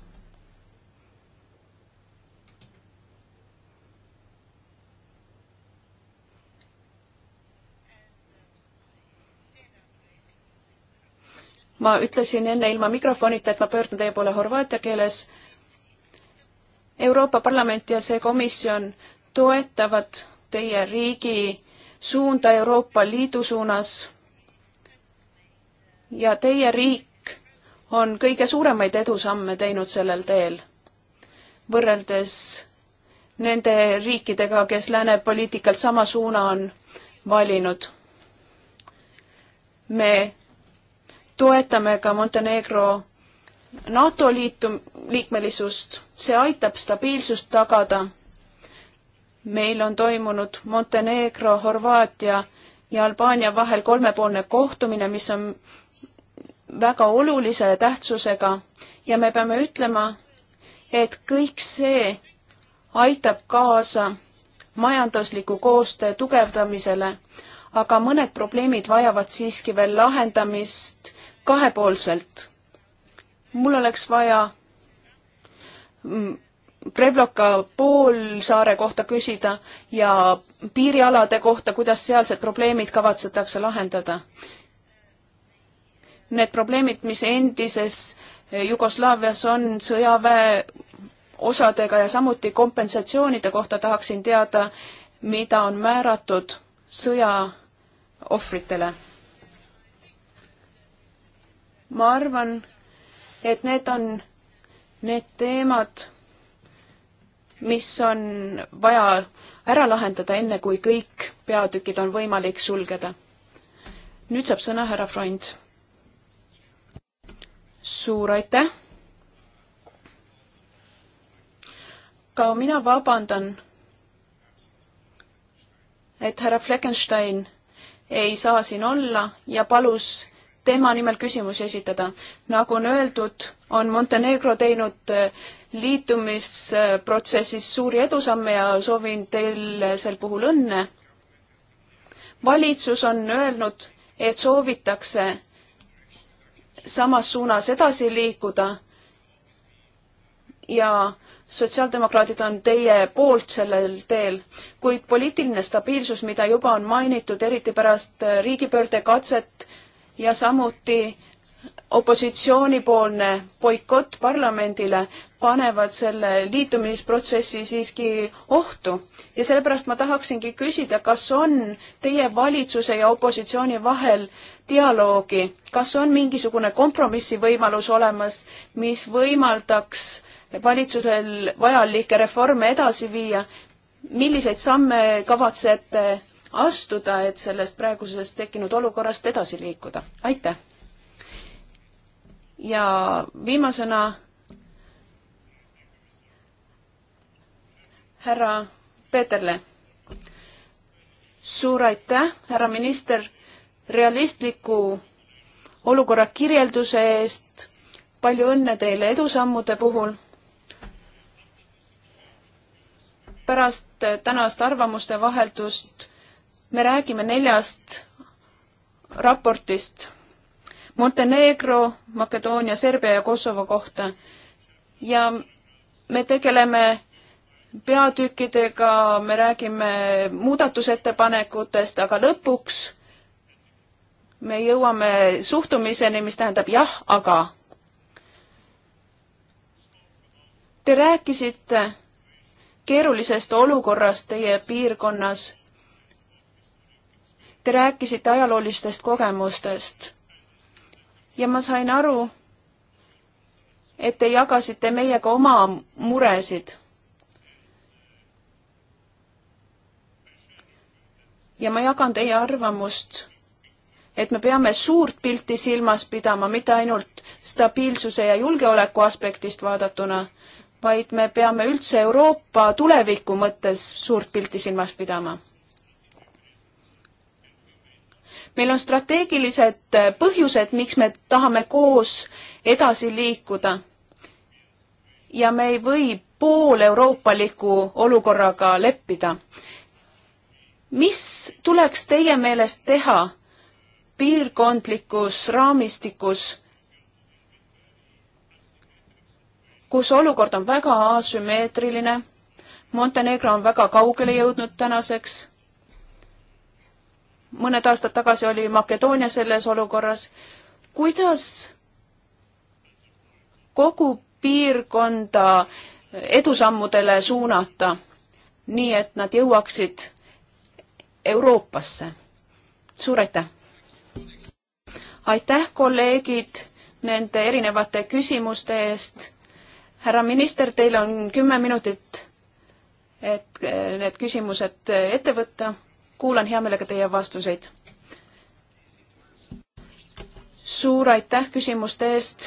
ma ütlesin enne ilma mikrofonita, et ma pöördun teie poole horvaatia keeles. Euroopa Parlament ja see komisjon toetavad teie riigi suunda Euroopa Liidu suunas ja teie riik on kõige suuremaid edusamme teinud sellel teel võrreldes nende riikidega, kes lääne poliitikalt sama suuna on valinud. me toetame ka Montenegro NATO liitu, liikmelisust, see aitab stabiilsust tagada. meil on toimunud Montenegro, Horvaatia ja Albaania vahel kolmepoolne kohtumine, mis on väga olulise tähtsusega ja me peame ütlema, et kõik see aitab kaasa majandusliku koostöö tugevdamisele, aga mõned probleemid vajavad siiski veel lahendamist kahepoolselt. mul oleks vaja mm, Prevloka poolsaare kohta küsida ja piirialade kohta, kuidas sealsed probleemid kavatsetakse lahendada. Need probleemid, mis endises Jugoslaavias on sõjaväe osadega ja samuti kompensatsioonide kohta tahaksin teada, mida on määratud sõja ohvritele ma arvan, et need on need teemad, mis on vaja ära lahendada, enne kui kõik peatükid on võimalik sulgeda. nüüd saab sõna härra Freund. suur aitäh! ka mina vabandan, et härra Fleckenstein ei saa siin olla ja palus tema nimel küsimusi esitada. nagu on öeldud, on Montenegro teinud äh, liitumisprotsessis suuri edusamme ja soovin teil sel puhul õnne. valitsus on öelnud, et soovitakse samas suunas edasi liikuda ja sotsiaaldemokraadid on teie poolt sellel teel, kuid poliitiline stabiilsus, mida juba on mainitud, eriti pärast äh, riigipöörde katset ja samuti opositsioonipoolne boikott parlamendile panevad selle liitumisprotsessi siiski ohtu. ja sellepärast ma tahaksingi küsida, kas on teie valitsuse ja opositsiooni vahel dialoogi, kas on mingisugune kompromissivõimalus olemas, mis võimaldaks valitsusel vajalikke reforme edasi viia, milliseid samme kavatsete astuda, et sellest praegusest tekkinud olukorrast edasi liikuda. aitäh! ja viimasena härra Peeterle. suur aitäh, härra minister, realistliku olukorra kirjelduse eest. palju õnne teile edusammude puhul. pärast tänast arvamuste vaheldust me räägime neljast raportist Montenegro, Makedoonia, Serbia ja Kosovo kohta ja me tegeleme peatükkidega, me räägime muudatusettepanekutest, aga lõpuks me jõuame suhtumiseni, mis tähendab jah, aga. Te rääkisite keerulisest olukorrast teie piirkonnas Te rääkisite ajaloolistest kogemustest ja ma sain aru, et te jagasite meiega oma muresid. ja ma jagan teie arvamust, et me peame suurt pilti silmas pidama, mitte ainult stabiilsuse ja julgeoleku aspektist vaadatuna, vaid me peame üldse Euroopa tuleviku mõttes suurt pilti silmas pidama. meil on strateegilised äh, põhjused, miks me tahame koos edasi liikuda. ja me ei või pooleuroopaliku olukorraga leppida. mis tuleks teie meelest teha piirkondlikus raamistikus, kus olukord on väga asümmeetriline, Montenegro on väga kaugele jõudnud tänaseks mõned aastad tagasi oli Makedoonia selles olukorras. kuidas kogu piirkonda edusammudele suunata, nii et nad jõuaksid Euroopasse? suur aitäh! aitäh, kolleegid, nende erinevate küsimuste eest. härra minister, teil on kümme minutit, et eh, need küsimused eh, ette võtta kuulan hea meelega teie vastuseid. suur aitäh küsimuste eest.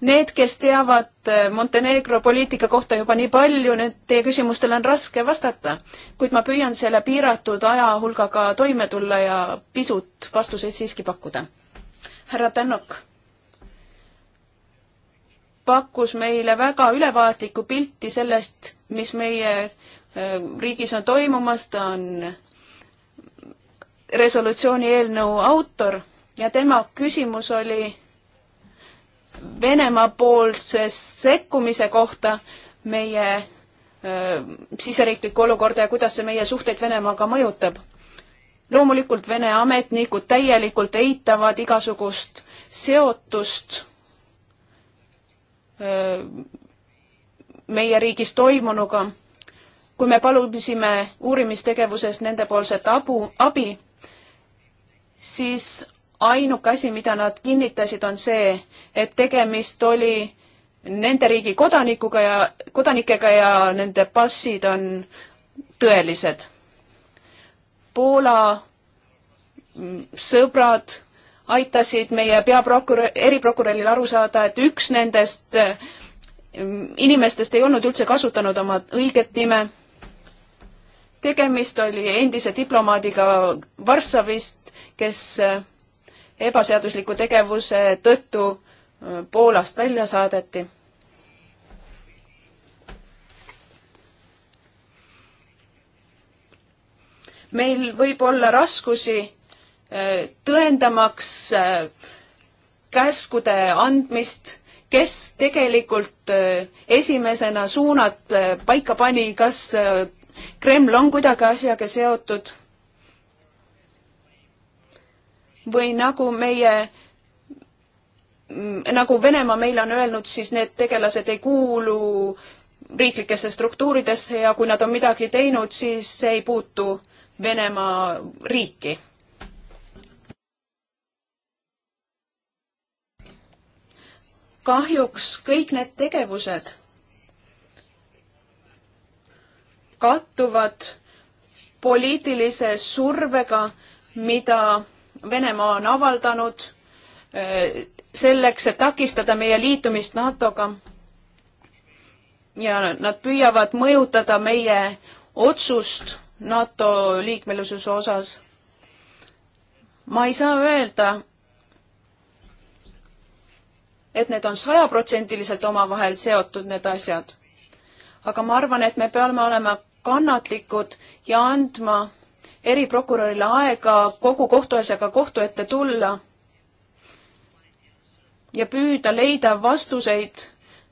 Need, kes teavad eh, Montenegro poliitika kohta juba nii palju, need teie küsimustele on raske vastata, kuid ma püüan selle piiratud ajahulgaga toime tulla ja pisut vastuseid siiski pakkuda. härra Tänok pakkus meile väga ülevaatlikku pilti sellest, mis meie riigis on toimumas, ta on resolutsiooni eelnõu autor ja tema küsimus oli Venemaa poolse sekkumise kohta meie siseriiklikku olukorda ja kuidas see meie suhteid Venemaaga mõjutab. loomulikult Vene ametnikud täielikult eitavad igasugust seotust meie riigis toimunuga kui me palusime uurimistegevuses nendepoolset abu, abi, siis ainuke asi, mida nad kinnitasid, on see, et tegemist oli nende riigi kodanikuga ja, kodanikega ja nende passid on tõelised. Poola sõbrad aitasid meie peaprokurör, eriprokuröril aru saada, et üks nendest mm, inimestest ei olnud üldse kasutanud oma õiget nime tegemist oli endise diplomaadiga Varssavist, kes äh, ebaseadusliku tegevuse tõttu äh, Poolast välja saadeti. meil võib olla raskusi äh, tõendamaks käskude andmist, kes tegelikult esimesena suunad paika pani, kas Kreml on kuidagi asjaga seotud või nagu meie mm, nagu Venemaa meile on öelnud, siis need tegelased ei kuulu riiklikesse struktuuridesse ja kui nad on midagi teinud, siis see ei puutu Venemaa riiki. kahjuks kõik need tegevused kattuvad poliitilise survega, mida Venemaa on avaldanud eh, selleks, et takistada meie liitumist NATO-ga. ja nad püüavad mõjutada meie otsust NATO liikmelisuse osas. ma ei saa öelda, et need on sajaprotsendiliselt omavahel seotud, need asjad. aga ma arvan, et me peame olema kannatlikud ja andma eriprokurörile aega kogu kohtuasjaga kohtu ette tulla ja püüda leida vastuseid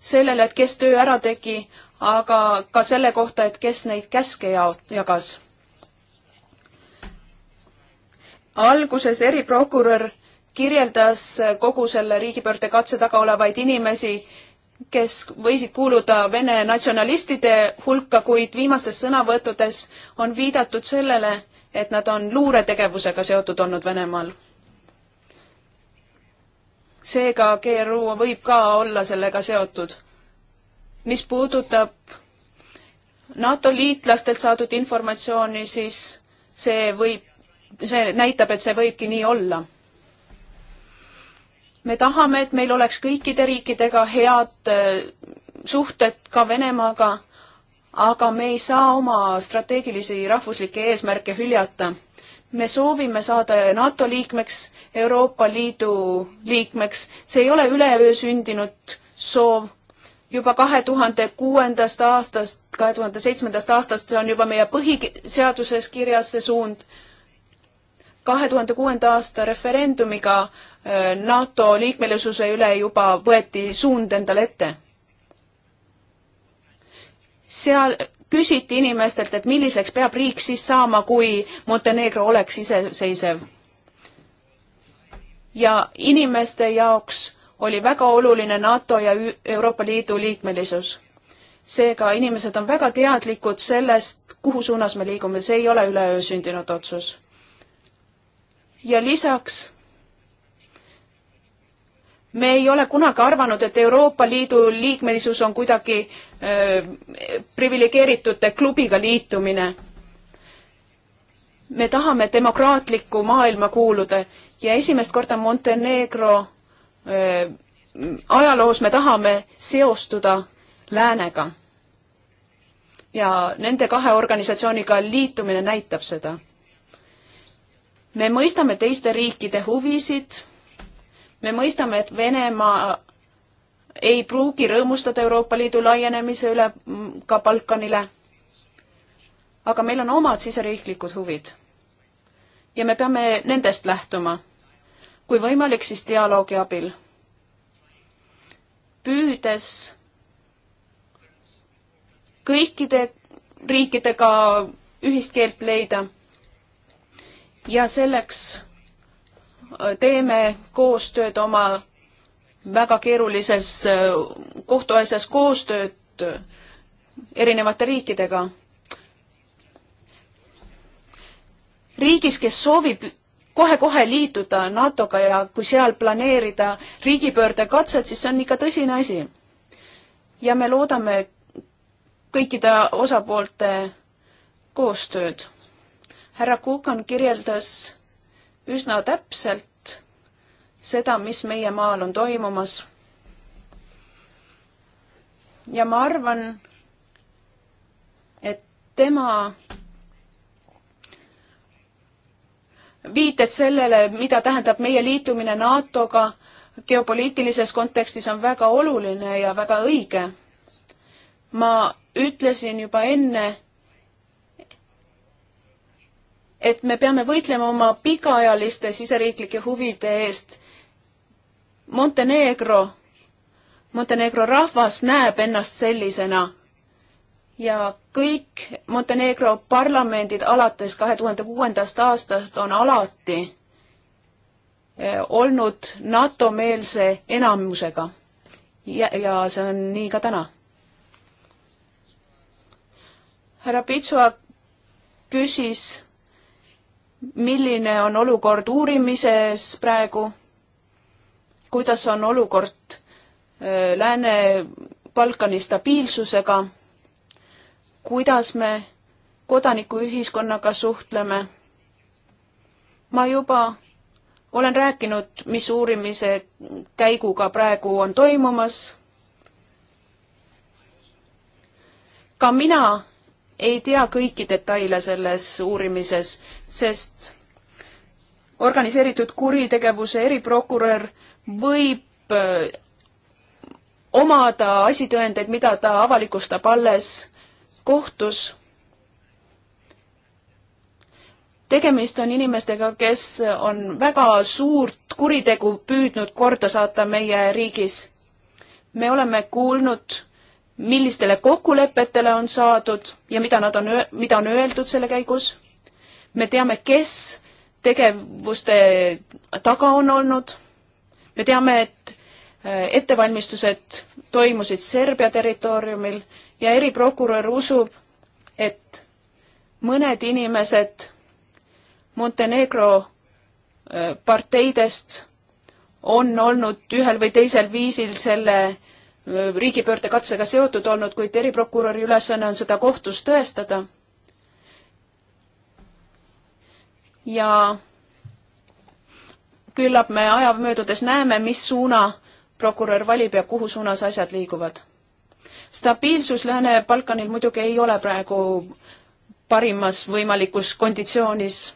sellele, et kes töö ära tegi, aga ka selle kohta, et kes neid käske ja-, jagas. alguses eriprokurör kirjeldas kogu selle riigipöörde katse taga olevaid inimesi kes võisid kuuluda Vene natsionalistide hulka, kuid viimastes sõnavõttudes on viidatud sellele, et nad on luuretegevusega seotud olnud Venemaal. seega GRU võib ka olla sellega seotud. mis puudutab NATO liitlastelt saadud informatsiooni, siis see võib, see näitab, et see võibki nii olla me tahame, et meil oleks kõikide riikidega head äh, suhted ka Venemaaga, aga me ei saa oma strateegilisi rahvuslikke eesmärke hüljata. me soovime saada NATO liikmeks, Euroopa Liidu liikmeks, see ei ole üleöö sündinud soov juba kahe tuhande kuuendast aastast, kahe tuhande seitsmendast aastast, see on juba meie põhiseaduses kirjas, see suund kahe tuhande kuuenda aasta referendumiga äh, NATO liikmelisuse üle juba võeti suund endale ette. seal küsiti inimestelt, et milliseks peab riik siis saama, kui Montenegro oleks iseseisev. ja inimeste jaoks oli väga oluline NATO ja Euroopa Liidu liikmelisus. seega inimesed on väga teadlikud sellest, kuhu suunas me liigume, see ei ole üleöö sündinud otsus ja lisaks me ei ole kunagi arvanud, et Euroopa Liidu liikmelisus on kuidagi priviligeeritute klubiga liitumine. me tahame demokraatlikku maailma kuuluda ja esimest korda Montenegro öö, ajaloos me tahame seostuda läänega. ja nende kahe organisatsiooniga liitumine näitab seda me mõistame teiste riikide huvisid, me mõistame, et Venemaa ei pruugi rõõmustada Euroopa Liidu laienemise üle mm, ka Balkanile. aga meil on omad siseriiklikud huvid. ja me peame nendest lähtuma. kui võimalik, siis dialoogi abil. püüdes kõikide riikidega ühist keelt leida ja selleks äh, teeme koostööd oma väga keerulises äh, kohtuasjas koostööd äh, erinevate riikidega. riigis, kes soovib kohe-kohe liituda NATO-ga ja kui seal planeerida riigipöördekatset, siis see on ikka tõsine asi. ja me loodame kõikide osapoolte koostööd härra Kukan kirjeldas üsna täpselt seda, mis meie maal on toimumas. ja ma arvan, et tema viited sellele, mida tähendab meie liitumine NATO-ga geopoliitilises kontekstis, on väga oluline ja väga õige. ma ütlesin juba enne, et me peame võitlema oma pikaajaliste siseriiklike huvide eest. Montenegro, Montenegro rahvas näeb ennast sellisena ja kõik Montenegro parlamendid alates kahe tuhande kuuendast aastast on alati eh, olnud NATO-meelse enamusega. ja, ja see on nii ka täna. härra Pitsua küsis milline on olukord uurimises praegu, kuidas on olukord äh, Lääne-Balkani stabiilsusega, kuidas me kodanikuühiskonnaga suhtleme. ma juba olen rääkinud, mis uurimise käiguga praegu on toimumas. ka mina ei tea kõiki detaile selles uurimises, sest organiseeritud kuritegevuse eriprokurör võib äh, omada asitõendeid, mida ta avalikustab alles kohtus. tegemist on inimestega, kes on väga suurt kuritegu püüdnud korda saata meie riigis. me oleme kuulnud millistele kokkulepetele on saadud ja mida nad on, mida on öeldud selle käigus. me teame, kes tegevuste taga on olnud. me teame, et äh, ettevalmistused toimusid Serbia territooriumil ja eriprokurör usub, et mõned inimesed Montenegro äh, parteidest on olnud ühel või teisel viisil selle riigipöördekatsega seotud olnud, kuid eriprokuröri ülesanne on seda kohtus tõestada. ja küllap me aja möödudes näeme, mis suuna prokurör valib ja kuhu suunas asjad liiguvad. stabiilsus Lääne-Balkanil muidugi ei ole praegu parimas võimalikus konditsioonis.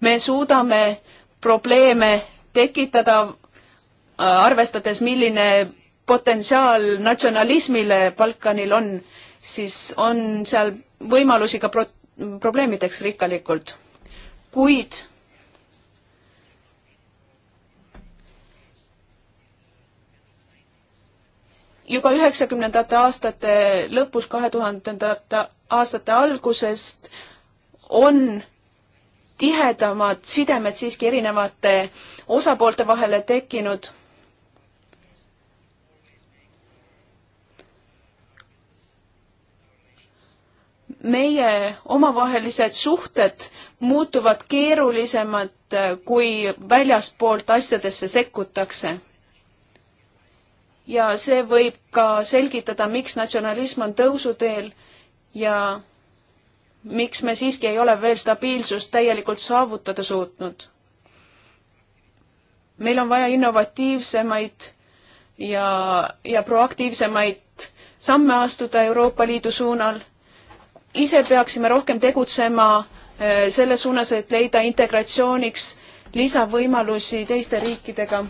me suudame probleeme tekitada Äh, arvestades, milline potentsiaal natsionalismile Balkanil on, siis on seal võimalusi ka pro-, probleemideks rikkalikult. kuid juba üheksakümnendate aastate lõpus, kahe tuhandendate aastate algusest on tihedamad sidemed siiski erinevate osapoolte vahele tekkinud meie omavahelised suhted muutuvad keerulisemad, äh, kui väljaspoolt asjadesse sekkutakse. ja see võib ka selgitada, miks natsionalism on tõusuteel ja miks me siiski ei ole veel stabiilsust täielikult saavutada suutnud. meil on vaja innovatiivsemaid ja, ja proaktiivsemaid samme astuda Euroopa Liidu suunal ise peaksime rohkem tegutsema äh, selles suunas, et leida integratsiooniks lisavõimalusi teiste riikidega.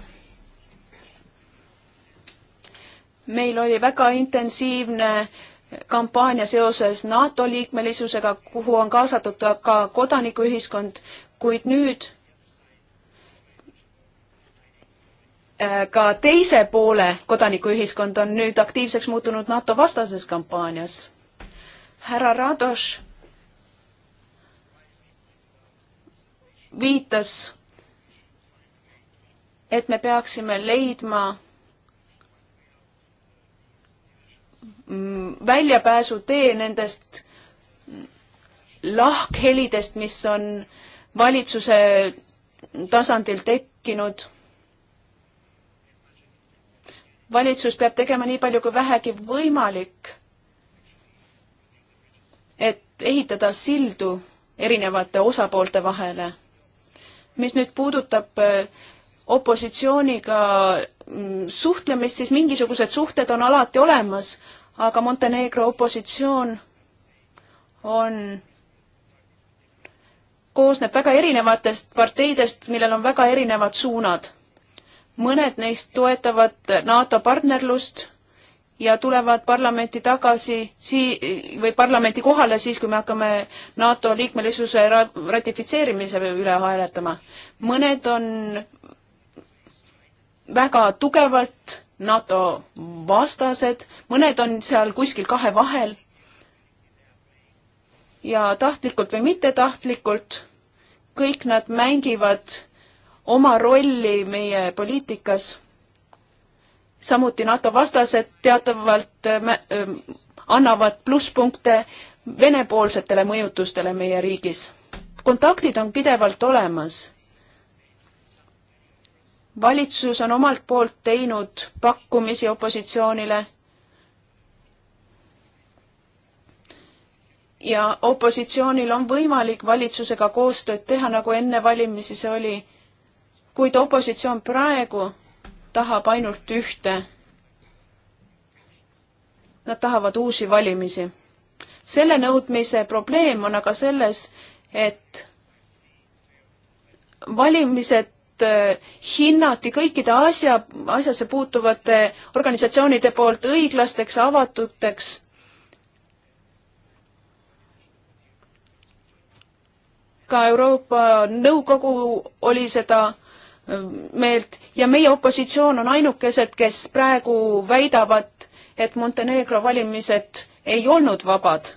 meil oli väga intensiivne kampaania seoses NATO liikmelisusega, kuhu on kaasatud ka kodanikuühiskond, kuid nüüd äh, ka teise poole kodanikuühiskond on nüüd aktiivseks muutunud NATO vastases kampaanias härra Radoš viitas, et me peaksime leidma mm, väljapääsutee nendest lahkhelidest, mis on valitsuse tasandil tekkinud. valitsus peab tegema nii palju kui vähegi võimalik ehitada sildu erinevate osapoolte vahele. mis nüüd puudutab äh, opositsiooniga mm, suhtlemist, siis mingisugused suhted on alati olemas, aga Montenegro opositsioon on, koosneb väga erinevatest parteidest, millel on väga erinevad suunad. mõned neist toetavad NATO partnerlust ja tulevad parlamenti tagasi sii- või parlamenti kohale siis, kui me hakkame NATO liikmelisuse ra-, ratifitseerimise üle hääletama. mõned on väga tugevalt NATO vastased, mõned on seal kuskil kahe vahel ja tahtlikult või mittetahtlikult kõik nad mängivad oma rolli meie poliitikas samuti NATO vastased teatavalt äh, äh, annavad plusspunkte Vene-poolsetele mõjutustele meie riigis. kontaktid on pidevalt olemas. valitsus on omalt poolt teinud pakkumisi opositsioonile ja opositsioonil on võimalik valitsusega koostööd teha, nagu enne valimisi see oli. kuid opositsioon praegu tahab ainult ühte. Nad tahavad uusi valimisi. selle nõudmise probleem on aga selles, et valimised äh, hinnati kõikide asja, asjasse puutuvate organisatsioonide poolt õiglasteks, avatuteks ka Euroopa Nõukogu oli seda meelt ja meie opositsioon on ainukesed, kes praegu väidavad, et Montenegro valimised ei olnud vabad.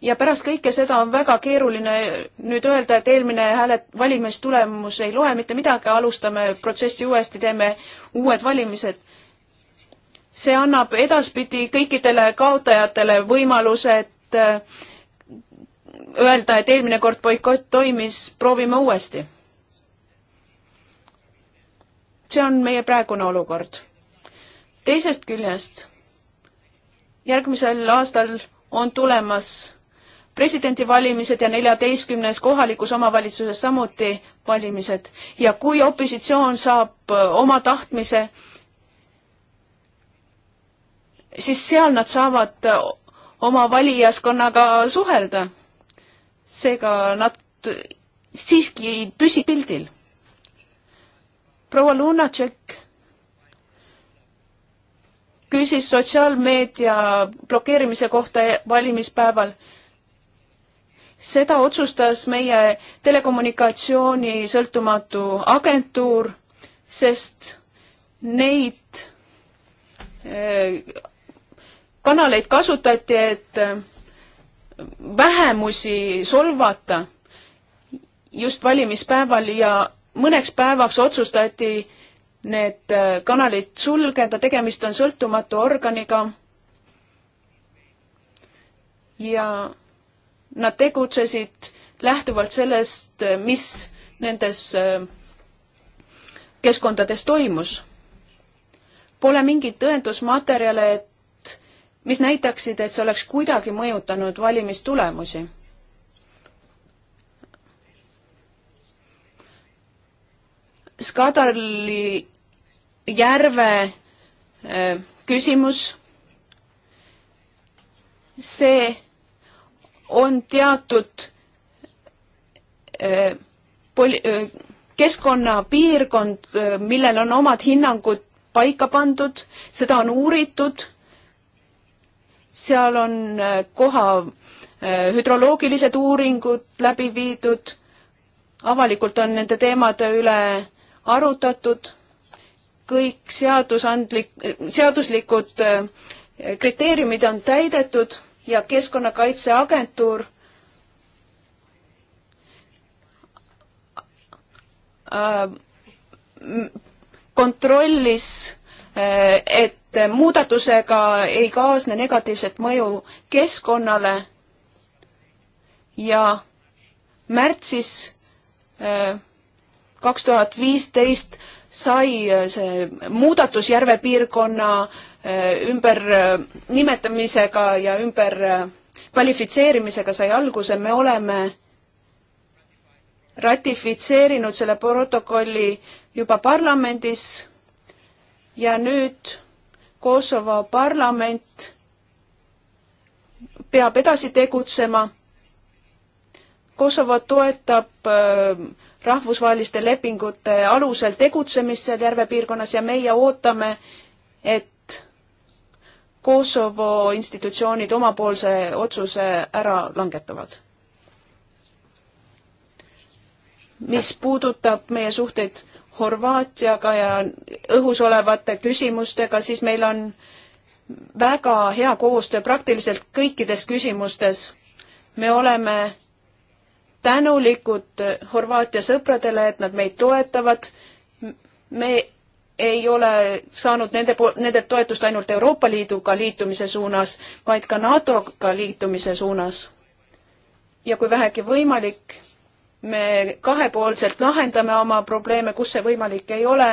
ja pärast kõike seda on väga keeruline nüüd öelda, et eelmine hääle, valimistulemus ei loe mitte midagi, alustame protsessi uuesti, teeme uued valimised. see annab edaspidi kõikidele kaotajatele võimalused äh, öelda, et eelmine kord boikott toimis, proovime uuesti see on meie praegune olukord. teisest küljest, järgmisel aastal on tulemas presidendivalimised ja neljateistkümnes kohalikus omavalitsuses samuti valimised ja kui opositsioon saab äh, oma tahtmise, siis seal nad saavad äh, oma valijaskonnaga suhelda. seega nad äh, siiski püsib pildil proua Lunatšek küsis sotsiaalmeedia blokeerimise kohta valimispäeval. seda otsustas meie telekommunikatsiooni sõltumatu agentuur, sest neid eh, kanaleid kasutati, et eh, vähemusi solvata just valimispäeval ja mõneks päevaks otsustati need äh, kanalid sulgeda, tegemist on sõltumatu organiga ja nad tegutsesid lähtuvalt sellest, äh, mis nendes äh, keskkondades toimus. Pole mingeid tõendusmaterjale, et mis näitaksid, et see oleks kuidagi mõjutanud valimistulemusi Skadarli järve äh, küsimus, see on teatud äh, poli-, äh, keskkonnapiirkond, millel on omad hinnangud paika pandud, seda on uuritud, seal on koha hüdroloogilised uuringud läbi viidud, avalikult on nende teemade üle arutatud, kõik seadusandlik, seaduslikud eh, kriteeriumid on täidetud ja Keskkonnakaitseagentuur eh, kontrollis, eh, et muudatusega ei kaasne negatiivset mõju keskkonnale ja märtsis kaks tuhat viisteist sai äh, see muudatus Järve piirkonna äh, ümbernimetamisega äh, ja ümber kvalifitseerimisega sai alguse, me oleme ratifitseerinud selle protokolli juba parlamendis ja nüüd Kosovo parlament peab edasi tegutsema. Kosovo toetab äh, rahvusvaheliste lepingute alusel tegutsemist seal järve piirkonnas ja meie ootame, et Kosovo institutsioonid omapoolse otsuse ära langetavad. mis puudutab meie suhteid Horvaatiaga ja õhus olevate küsimustega, siis meil on väga hea koostöö praktiliselt kõikides küsimustes. me oleme tänulikud Horvaatia sõpradele, et nad meid toetavad. me ei ole saanud nende, nendelt toetust ainult Euroopa Liiduga liitumise suunas, vaid ka NATO-ga liitumise suunas. ja kui vähegi võimalik, me kahepoolselt lahendame oma probleeme, kus see võimalik ei ole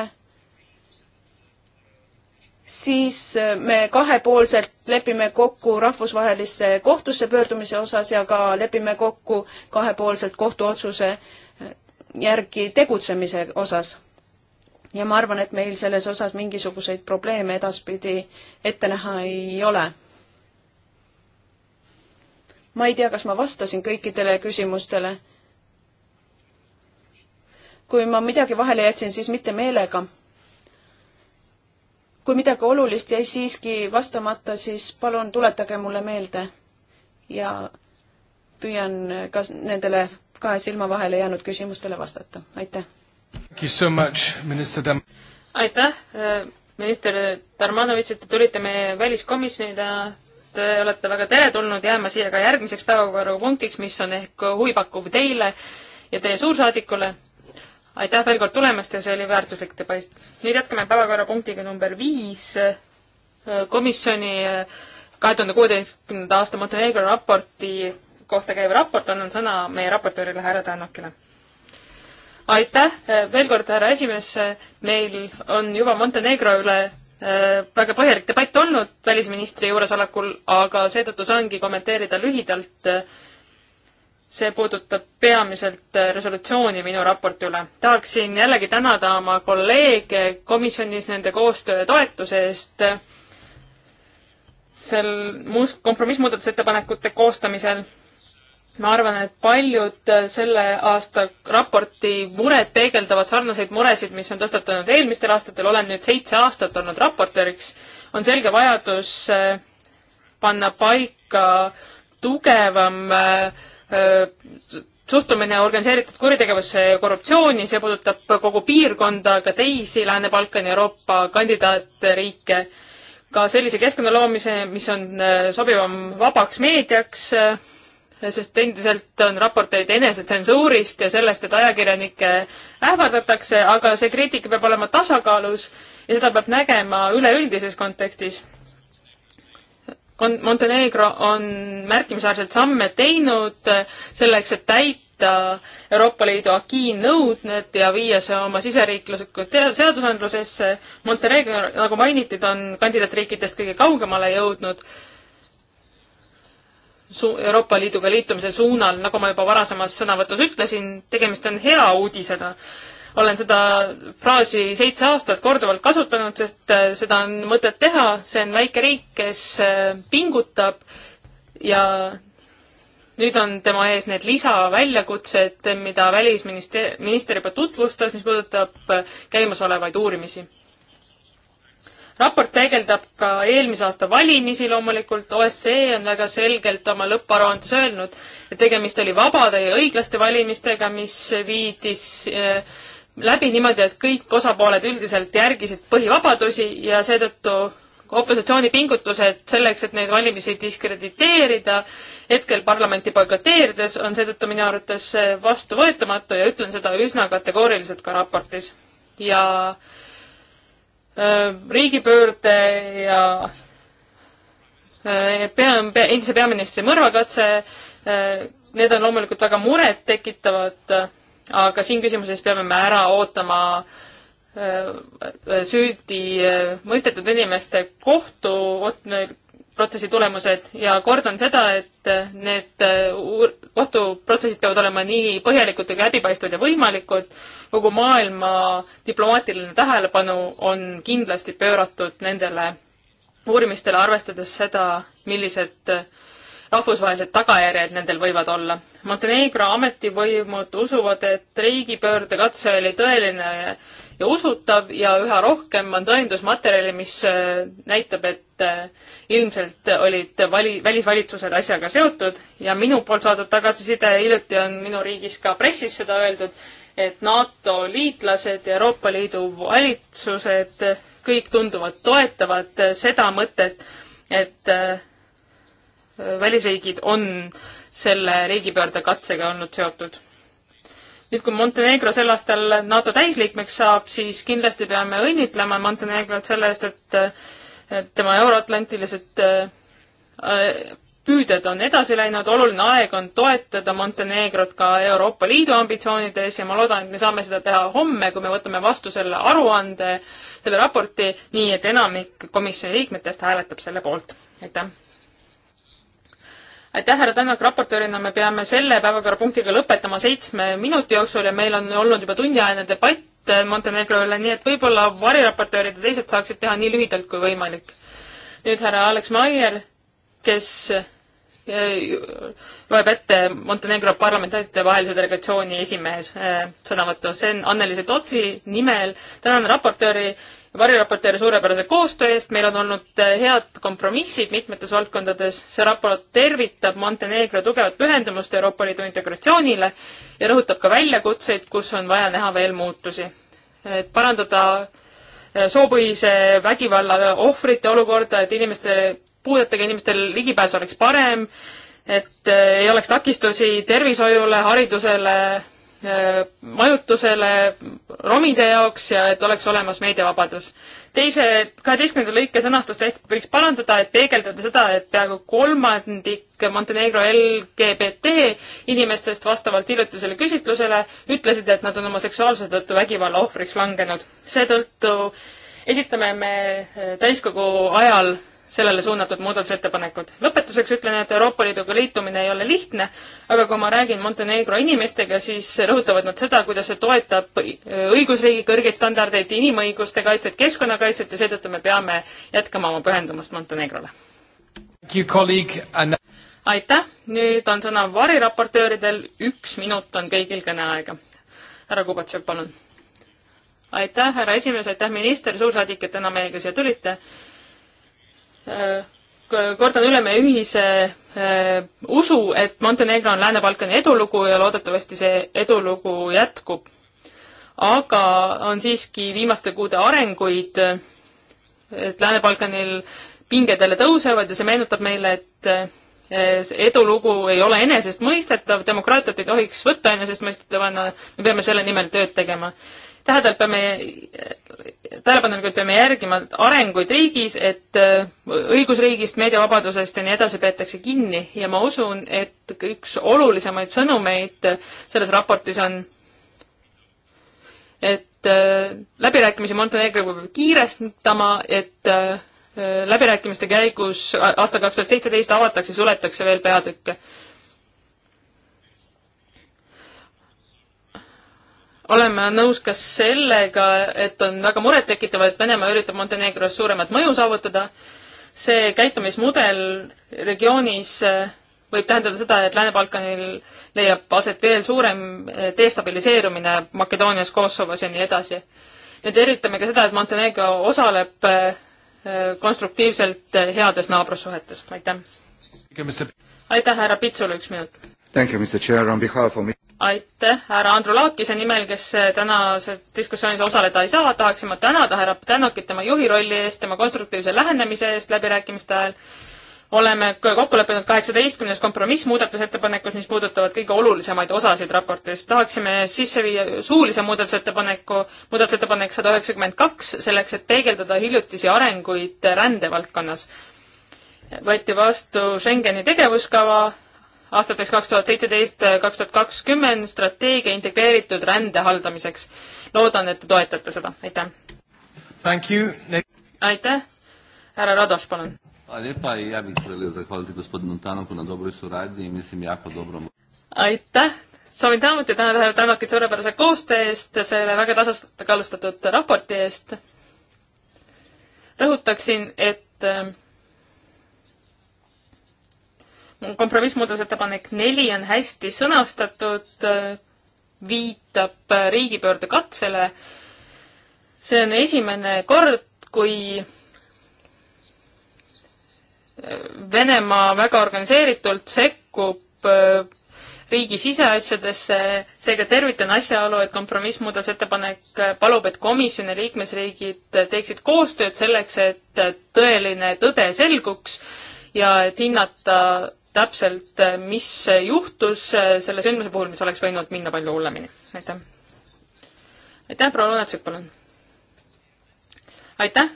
siis äh, me kahepoolselt lepime kokku rahvusvahelisse kohtusse pöördumise osas ja ka lepime kokku kahepoolselt kohtuotsuse äh, järgi tegutsemise osas. ja ma arvan, et meil selles osas mingisuguseid probleeme edaspidi ette näha ei ole. ma ei tea, kas ma vastasin kõikidele küsimustele. kui ma midagi vahele jätsin, siis mitte meelega kui midagi olulist jäi siiski vastamata, siis palun tuletage mulle meelde ja püüan ka nendele kahe silma vahele jäänud küsimustele vastata. aitäh! aitäh, äh, minister Tarmanovitš, et te tulite meie väliskomisjoni täna. Te olete väga teretulnud jääma siia ka järgmiseks päevakorrapunktiks, mis on ehk huvipakkuv teile ja teie suursaadikule aitäh veel kord tulemast ja see oli väärtuslik debatt. nüüd jätkame päevakorrapunktiga number viis, komisjoni eh, kahe tuhande kuueteistkümnenda aasta Montenegro raporti kohta käiv raport, annan sõna meie raportöörile härra Tänakile. aitäh eh, veel kord, härra esimees, meil on juba Montenegro üle eh, väga põhjalik debatt olnud välisministri juuresolekul, aga seetõttu saangi kommenteerida lühidalt äh, see puudutab peamiselt äh, resolutsiooni minu raporti üle. tahaksin jällegi tänada oma kolleege komisjonis nende koostöö ja toetuse eest äh, sel must-, kompromissmuudatusettepanekute koostamisel. ma arvan, et paljud äh, selle aasta raporti mured peegeldavad sarnaseid muresid, mis on tõstatanud eelmistel aastatel, olen nüüd seitse aastat olnud raportööriks, on selge vajadus panna paika tugevam äh, suhtumine organiseeritud kuritegevusse ja korruptsiooni, see puudutab kogu piirkonda, ka teisi Lääne-Balkani Euroopa kandidaatriike, ka sellise keskkonna loomise, mis on sobivam vabaks meediaks, sest endiselt on raporteid enesetsensuurist ja sellest, et ajakirjanikke ähvardatakse, aga see kriitika peab olema tasakaalus ja seda peab nägema üleüldises kontekstis Montenegro on märkimisväärseid samme teinud äh, selleks, et täita Euroopa Liidu AKI nõuded ja viia see oma siseriikluslikku seadusandlusesse. Montenegro, nagu mainitud, on kandidaatriikidest kõige kaugemale jõudnud su-, Euroopa Liiduga liitumise suunal, nagu ma juba varasemas sõnavõtus ütlesin, tegemist on hea uudisega olen seda fraasi seitse aastat korduvalt kasutanud, sest äh, seda on mõtet teha, see on väike riik, kes äh, pingutab ja nüüd on tema ees need lisaväljakutsed, mida välisminister, minister juba tutvustas, mis puudutab äh, käimasolevaid uurimisi. raport peegeldab ka eelmise aasta valimisi loomulikult, OSCE on väga selgelt oma lõpparuandes öelnud, et tegemist oli vabade ja õiglaste valimistega, mis viidis läbi niimoodi, et kõik osapooled üldiselt järgisid põhivabadusi ja seetõttu opositsiooni pingutused selleks, et neid valimisi diskrediteerida, hetkel parlamenti boikoteerides, on seetõttu minu arvates vastuvõetamatu ja ütlen seda üsna kategooriliselt ka raportis. ja äh, riigipöörde ja äh, pea, pea, endise peaministri mõrvakatse äh,, need on loomulikult väga murettekitavad äh, aga siin küsimuses peame me ära ootama äh, süüdi äh, mõistetud inimeste kohtu protsessi tulemused ja kordan seda, et äh, need kohtuprotsessid peavad olema nii põhjalikud ja läbipaistvad ja võimalikud. kogu maailma diplomaatiline tähelepanu on kindlasti pööratud nendele uurimistele, arvestades seda, millised rahvusvahelised tagajärjed nendel võivad olla. Montenegro ametivõimud usuvad, et riigipöörde katse oli tõeline ja usutav ja üha rohkem on tõendusmaterjali, mis äh, näitab, et äh, ilmselt olid vali, välisvalitsused asjaga seotud ja minu poolt saadud tagasiside hiljuti on minu riigis ka pressis seda öeldud, et NATO liitlased ja Euroopa Liidu valitsused kõik tunduvad toetavat seda mõtet, et, et äh, välisriigid on selle riigipöörde katsega olnud seotud. nüüd, kui Montenegro sel aastal NATO täisliikmeks saab, siis kindlasti peame õnnitlema Montenegrot selle eest, et tema euroatlantilised äh, püüded on edasi läinud, oluline aeg on toetada Montenegrot ka Euroopa Liidu ambitsioonide ees ja ma loodan, et me saame seda teha homme, kui me võtame vastu selle aruande, selle raporti, nii et enamik komisjoni liikmetest hääletab selle poolt. aitäh! aitäh, härra Tänak, raportöörina me peame selle päevakorrapunktiga lõpetama seitsme minuti jooksul ja meil on olnud juba tunniajane debatt Montenegro üle, nii et võib-olla variraportöörid ja teised saaksid teha nii lühidalt kui võimalik. nüüd härra Alex Maier, kes eh, loeb ette Montenegro parlamentaaride vahelise delegatsiooni esimehes eh, sõnavõttu. see on Anneliise Totsi nimel, tänan raportööri variraportööri suurepärase koostöö eest, meil on olnud äh, head kompromissid mitmetes valdkondades, see raport tervitab Montenegro tugevat pühendumust Euroopa Liidu integratsioonile ja rõhutab ka väljakutseid, kus on vaja näha veel muutusi. et parandada äh, soopõhise vägivalla ohvrite olukorda, et inimeste, puudetega inimestel ligipääs oleks parem, et äh, ei oleks takistusi tervishoiule, haridusele, Äh, majutusele, romide jaoks ja et oleks olemas meediavabadus. teise, kaheteistkümnenda lõike sõnastust ehk võiks parandada, et peegeldada seda, et peaaegu kolmandik Montenegro LGBT inimestest vastavalt hiljutisele küsitlusele ütlesid, et nad on oma seksuaalsuse tõttu vägivalla ohvriks langenud. seetõttu esitame me äh, täiskogu ajal sellele suunatud muudatusettepanekud. lõpetuseks ütlen, et Euroopa Liiduga liitumine ei ole lihtne, aga kui ma räägin Montenegro inimestega, siis rõhutavad nad seda, kuidas see toetab õigusriigi kõrgeid standardeid, inimõiguste kaitset, keskkonnakaitset ja seetõttu me peame jätkama oma pühendumust Montenegrole. aitäh, nüüd on sõna variraportööridel, üks minut on kõigil kõneaega. härra Kubatšev, palun aitäh, härra esimees, aitäh, minister, suursaadik, et täna meiega siia tulite Äh, kordan üle meie ühise äh, usu, et Montenegro on Lääne-Balkani edulugu ja loodetavasti see edulugu jätkub. aga on siiski viimaste kuude arenguid, et Lääne-Balkanil pinged jälle tõusevad ja see meenutab meile, et äh, edulugu ei ole enesestmõistetav, demokraatiat ei tohiks võtta enesestmõistetavana, me peame selle nimel tööd tegema tähendab, peame, tähelepanelikult peame järgima arenguid riigis, et äh, õigusriigist, meediavabadusest ja nii edasi peetakse kinni ja ma usun, et üks olulisemaid sõnumeid selles raportis on, et äh, läbirääkimisi Montenegroga peab kiirestama, et äh, läbirääkimiste käigus aastal kaks tuhat seitseteist avatakse, suletakse veel peatükke oleme nõus ka sellega, et on väga murettekitav, et Venemaa üritab Montenegros suuremat mõju saavutada. see käitumismudel regioonis äh, võib tähendada seda, et Lääne-Balkanil leiab aset veel suurem äh, destabiliseerumine Makedoonias, Kosovos ja nii edasi. me tervitame ka seda, et Montenegro osaleb äh, konstruktiivselt heades naabrussuhetes, aitäh. aitäh, härra Pitsule, üks minut. Thank you, Mr Chair, on behalf of aitäh härra Andrulaakise nimel, kes eh, tänases diskussioonis osaleda ei saa, tahaksin ma tänada härra Tänakit tema juhi rolli eest, tema konstruktiivse lähenemise eest läbirääkimiste ajal. oleme kokku leppinud kaheksateistkümnes kompromissmuudatusettepanekus, mis puudutavad kõige olulisemaid osasid raportist. tahaksime sisse viia suulise muudatusettepaneku, muudatusettepanek sada üheksakümmend kaks, selleks et peegeldada hiljutisi arenguid rändevaldkonnas. võeti vastu Schengeni tegevuskava aastateks kaks tuhat seitseteist, kaks tuhat kakskümmend strateegia integreeritud rände haldamiseks. loodan, et te toetate seda, aitäh. aitäh, härra Radoš, palun. aitäh, soovin samuti tänada härra Tänakit suurepärase koostöö eest, selle väga tasakaalustatud raporti eest. rõhutaksin, et ähm, kompromissmuudatusettepanek neli on hästi sõnastatud, viitab riigipöörde katsele. see on esimene kord, kui Venemaa väga organiseeritult sekkub riigi siseasjadesse, seega tervitan asjaolu, et kompromissmuudatusettepanek palub, et komisjon ja liikmesriigid teeksid koostööd selleks, et tõeline tõde selguks ja et hinnata täpselt, äh, mis juhtus äh, selle sündmuse puhul, mis oleks võinud minna palju hullemini. aitäh. aitäh, proua Lunatsik, palun. aitäh.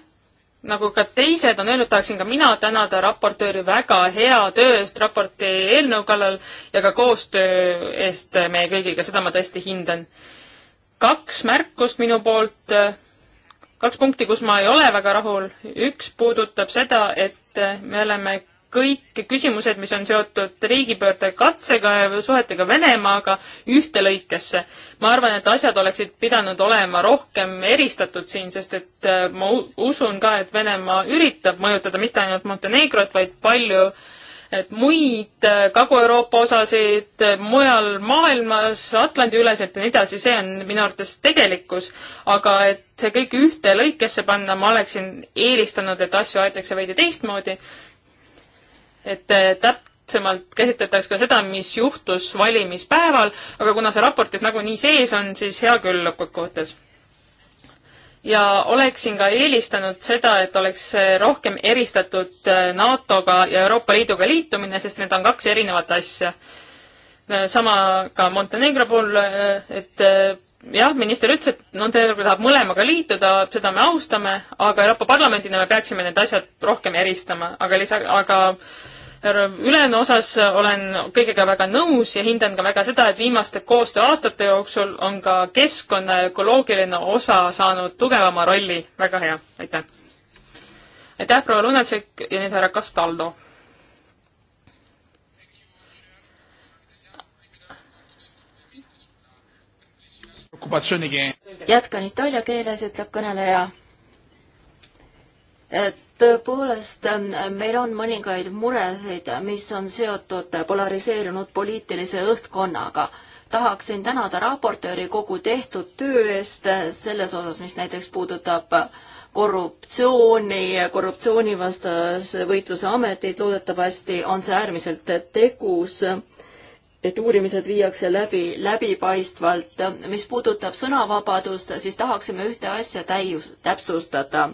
nagu ka teised on öelnud, tahaksin ka mina tänada raportööri väga hea töö eest raporti eelnõu kallal ja ka koostöö eest meie kõigiga, seda ma tõesti hindan. kaks märkust minu poolt kaks punkti, kus ma ei ole väga rahul. üks puudutab seda, et me oleme kõik küsimused, mis on seotud riigipöörde katsega ja suhetega Venemaaga ühte lõikesse. ma arvan, et asjad oleksid pidanud olema rohkem eristatud siin, sest et äh, ma usun ka, et Venemaa üritab mõjutada mitte ainult Montenegrot, vaid palju et muid äh, Kagu-Euroopa osasid äh, mujal maailmas, Atlandi-üleselt ja nii edasi, see on minu arvates tegelikkus, aga et see kõik ühte lõikesse panna, ma oleksin eelistanud, et asju aetakse veidi teistmoodi et täpsemalt käsitletaks ka seda, mis juhtus valimispäeval, aga kuna see raportis nagunii sees on, siis hea küll lõppkokkuvõttes ja oleksin ka eelistanud seda, et oleks rohkem eristatud äh, NATO-ga ja Euroopa Liiduga liitumine, sest need on kaks erinevat asja. Äh, sama ka Montenegro puhul, äh, et jah, minister ütles, et Montenegro tahab mõlemaga liituda, seda me austame, aga Euroopa Parlamendina me peaksime need asjad rohkem eristama, aga lisa, aga ülejäänu osas olen kõigega väga nõus ja hindan ka väga seda, et viimaste koostööaastate jooksul on ka keskkonna ja ökoloogiline osa saanud tugevama rolli. väga hea, aitäh. aitäh, proua Lunatšek ja nüüd härra Castaldo. jätkan itaalia keeles, ütleb kõneleja et tõepoolest, meil on mõningaid muresid, mis on seotud polariseerunud poliitilise õhtkonnaga. tahaksin tänada raportööri kogu tehtud töö eest selles osas, mis näiteks puudutab korruptsiooni, korruptsioonivastase võitluse ameteid, loodetavasti on see äärmiselt tegus et uurimised viiakse läbi läbipaistvalt. mis puudutab sõnavabadust, siis tahaksime ühte asja täius, täpsustada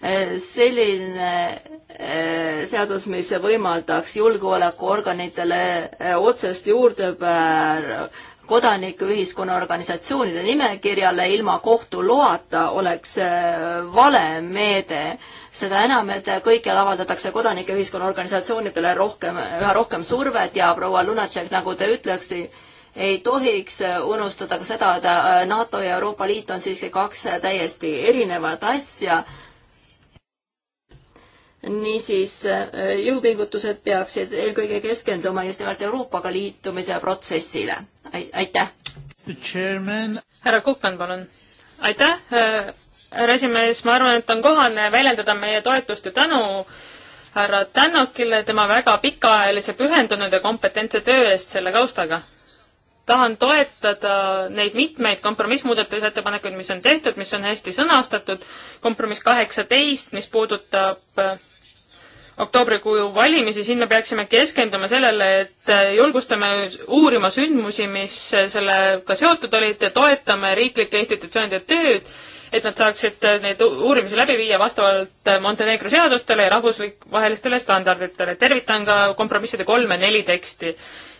selline äh, seadus, mis võimaldaks julgeolekuorganitele äh, otsest juurdepääru kodanikuühiskonna organisatsioonide nimekirjale ilma kohtu loata oleks äh, vale meede. seda enam, et kõikjal avaldatakse kodanikuühiskonna organisatsioonidele rohkem, üha rohkem survet ja proua Lunatšek, nagu te ütleksite, ei tohiks unustada ka seda, et NATO ja Euroopa Liit on siiski kaks täiesti erinevat asja niisiis äh, jõupingutused peaksid eelkõige keskenduma just nimelt Euroopaga liitumise protsessile. aitäh! härra Kukan, palun! aitäh, äh, härra esimees, ma arvan, et on kohane väljendada meie toetust ja tänu härra Tännokile tema väga pikaajalise pühendunud ja kompetentse töö eest selle kaustaga. tahan toetada neid mitmeid kompromissmuudatusettepanekuid, mis on tehtud, mis on hästi sõnastatud, kompromiss kaheksateist, mis puudutab äh, oktoobrikuu valimisi, siin me peaksime keskenduma sellele, et äh, julgustame uurima sündmusi, mis äh, sellega seotud olid, toetame riiklike institutsioonide tööd, et nad saaksid äh, neid uurimisi läbi viia vastavalt Montenegro seadustele ja rahvusvahelistele standarditele. tervitan ka kompromisside kolme, neli teksti.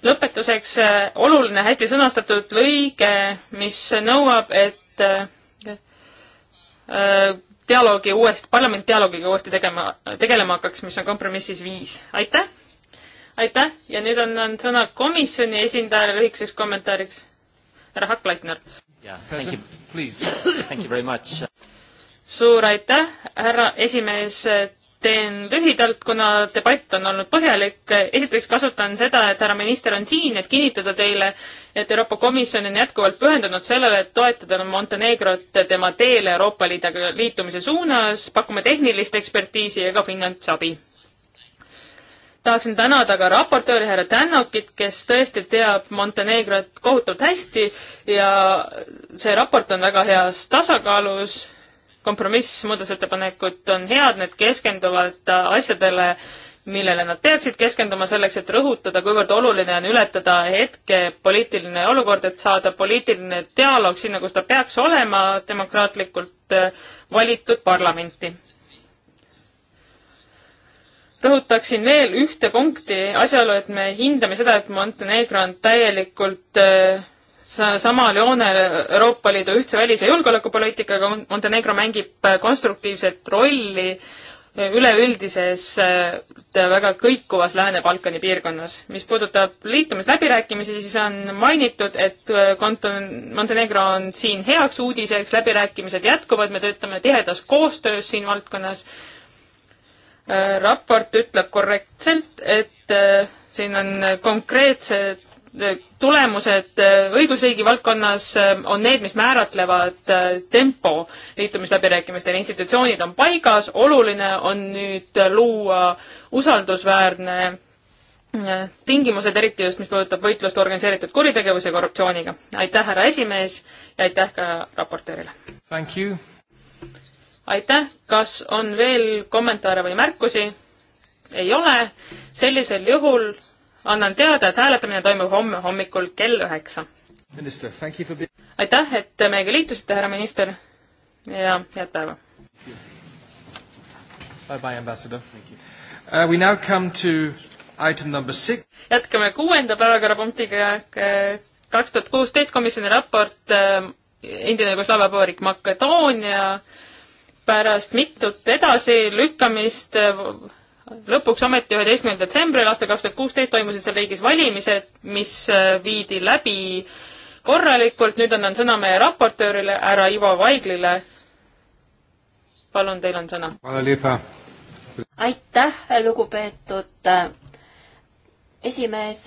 lõpetuseks oluline hästi sõnastatud lõige, mis nõuab, et dialoogi uuesti, parlamendi dialoogiga uuesti tegema, tegelema hakkaks, mis on kompromissis viis. aitäh! aitäh ja nüüd annan sõna komisjoni esindajale lühikeseks kommentaariks, härra Haklaitner. suur aitäh, härra esimees, teen lühidalt, kuna debatt on olnud põhjalik. esiteks kasutan seda, et härra minister on siin, et kinnitada teile, et Euroopa Komisjon on jätkuvalt pühendunud sellele, et toetada Montenegrot tema teel Euroopa Liiduga liitumise suunas, pakume tehnilist eksperditiisi ja ka finantsabi. tahaksin tänada ka raportööri härra Tännokit, kes tõesti teab Montenegrot kohutavalt hästi ja see raport on väga heas tasakaalus kompromiss, muudatusettepanekud on head, need keskenduvad asjadele, millele nad peaksid keskenduma selleks, et rõhutada, kuivõrd oluline on ületada hetke poliitiline olukord, et saada poliitiline dialoog sinna, kus ta peaks olema, demokraatlikult äh, valitud parlamenti. rõhutaksin veel ühte punkti, asjaolu, et me hindame seda, et Montenegro on täielikult äh, samal joonel Euroopa Liidu ühtse välis- ja julgeolekupoliitikaga, Montenegro mängib äh, konstruktiivset rolli äh, üleüldises äh, väga kõikuvas Lääne-Balkani piirkonnas. mis puudutab liitumisläbirääkimisi, siis on mainitud, et äh, Konton-, Montenegro on siin heaks uudiseks, läbirääkimised jätkuvad, me töötame tihedas koostöös siin valdkonnas. Äh, raport ütleb korrektselt, et siin on konkreetsed tulemused äh, õigusriigi valdkonnas äh, on need, mis määratlevad äh, tempo liitumisläbirääkimistel. institutsioonid on paigas, oluline on nüüd luua usaldusväärne tingimused, eriti just, mis puudutab võitlust organiseeritud kuritegevuse ja korruptsiooniga. aitäh, härra esimees ja aitäh ka raportöörile! aitäh, kas on veel kommentaare või märkusi? ei ole, sellisel juhul annan teada, et hääletamine toimub homme hommikul kell üheksa. For... aitäh, et meiega liitusite, härra minister ja head päeva! Bye-bye, ambassador. Uh, we now come to item number six. jätkame kuuenda päevakorrapunktiga, äh, kaks tuhat kuusteist komisjoni raport äh, endine Jugoslaavia vabariik Makedoonia pärast mitut edasilükkamist äh, lõpuks ometi üheteistkümnendal detsembril aastal kaks tuhat kuusteist toimusid seal riigis valimised, mis äh, viidi läbi korralikult, nüüd annan sõna meie raportöörile, härra Ivo Vaiglile. palun, teil on sõna. aitäh, lugupeetud äh, esimees.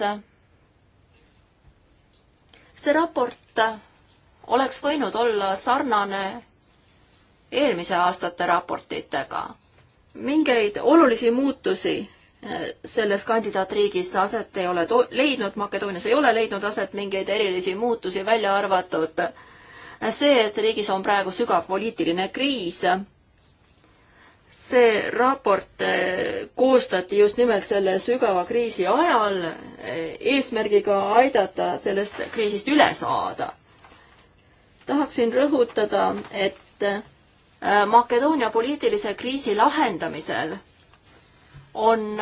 see raport äh, oleks võinud olla sarnane eelmise aastate raportitega mingeid olulisi muutusi äh, selles kandidaatriigis aset ei ole leidnud, Makedoonias ei ole leidnud aset mingeid erilisi muutusi, välja arvatud äh, see, et riigis on praegu sügav poliitiline kriis. see raport äh, koostati just nimelt selle sügava kriisi ajal, eesmärgiga aidata sellest kriisist üle saada. tahaksin rõhutada, et Äh, Makedoonia poliitilise kriisi lahendamisel on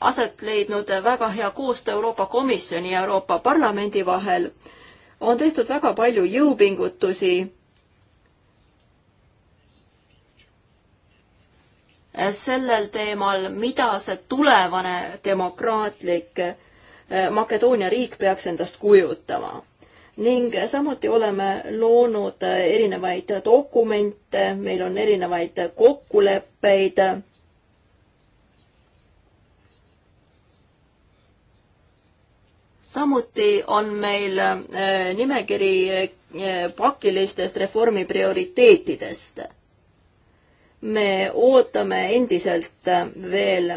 aset leidnud väga hea koostöö Euroopa Komisjoni ja Euroopa Parlamendi vahel. on tehtud väga palju jõupingutusi. Äh, sellel teemal, mida see tulevane demokraatlik äh, Makedoonia riik peaks endast kujutama ning samuti oleme loonud erinevaid dokumente, meil on erinevaid kokkuleppeid. samuti on meil äh, nimekiri äh, pakilistest reformi prioriteetidest. me ootame endiselt äh, veel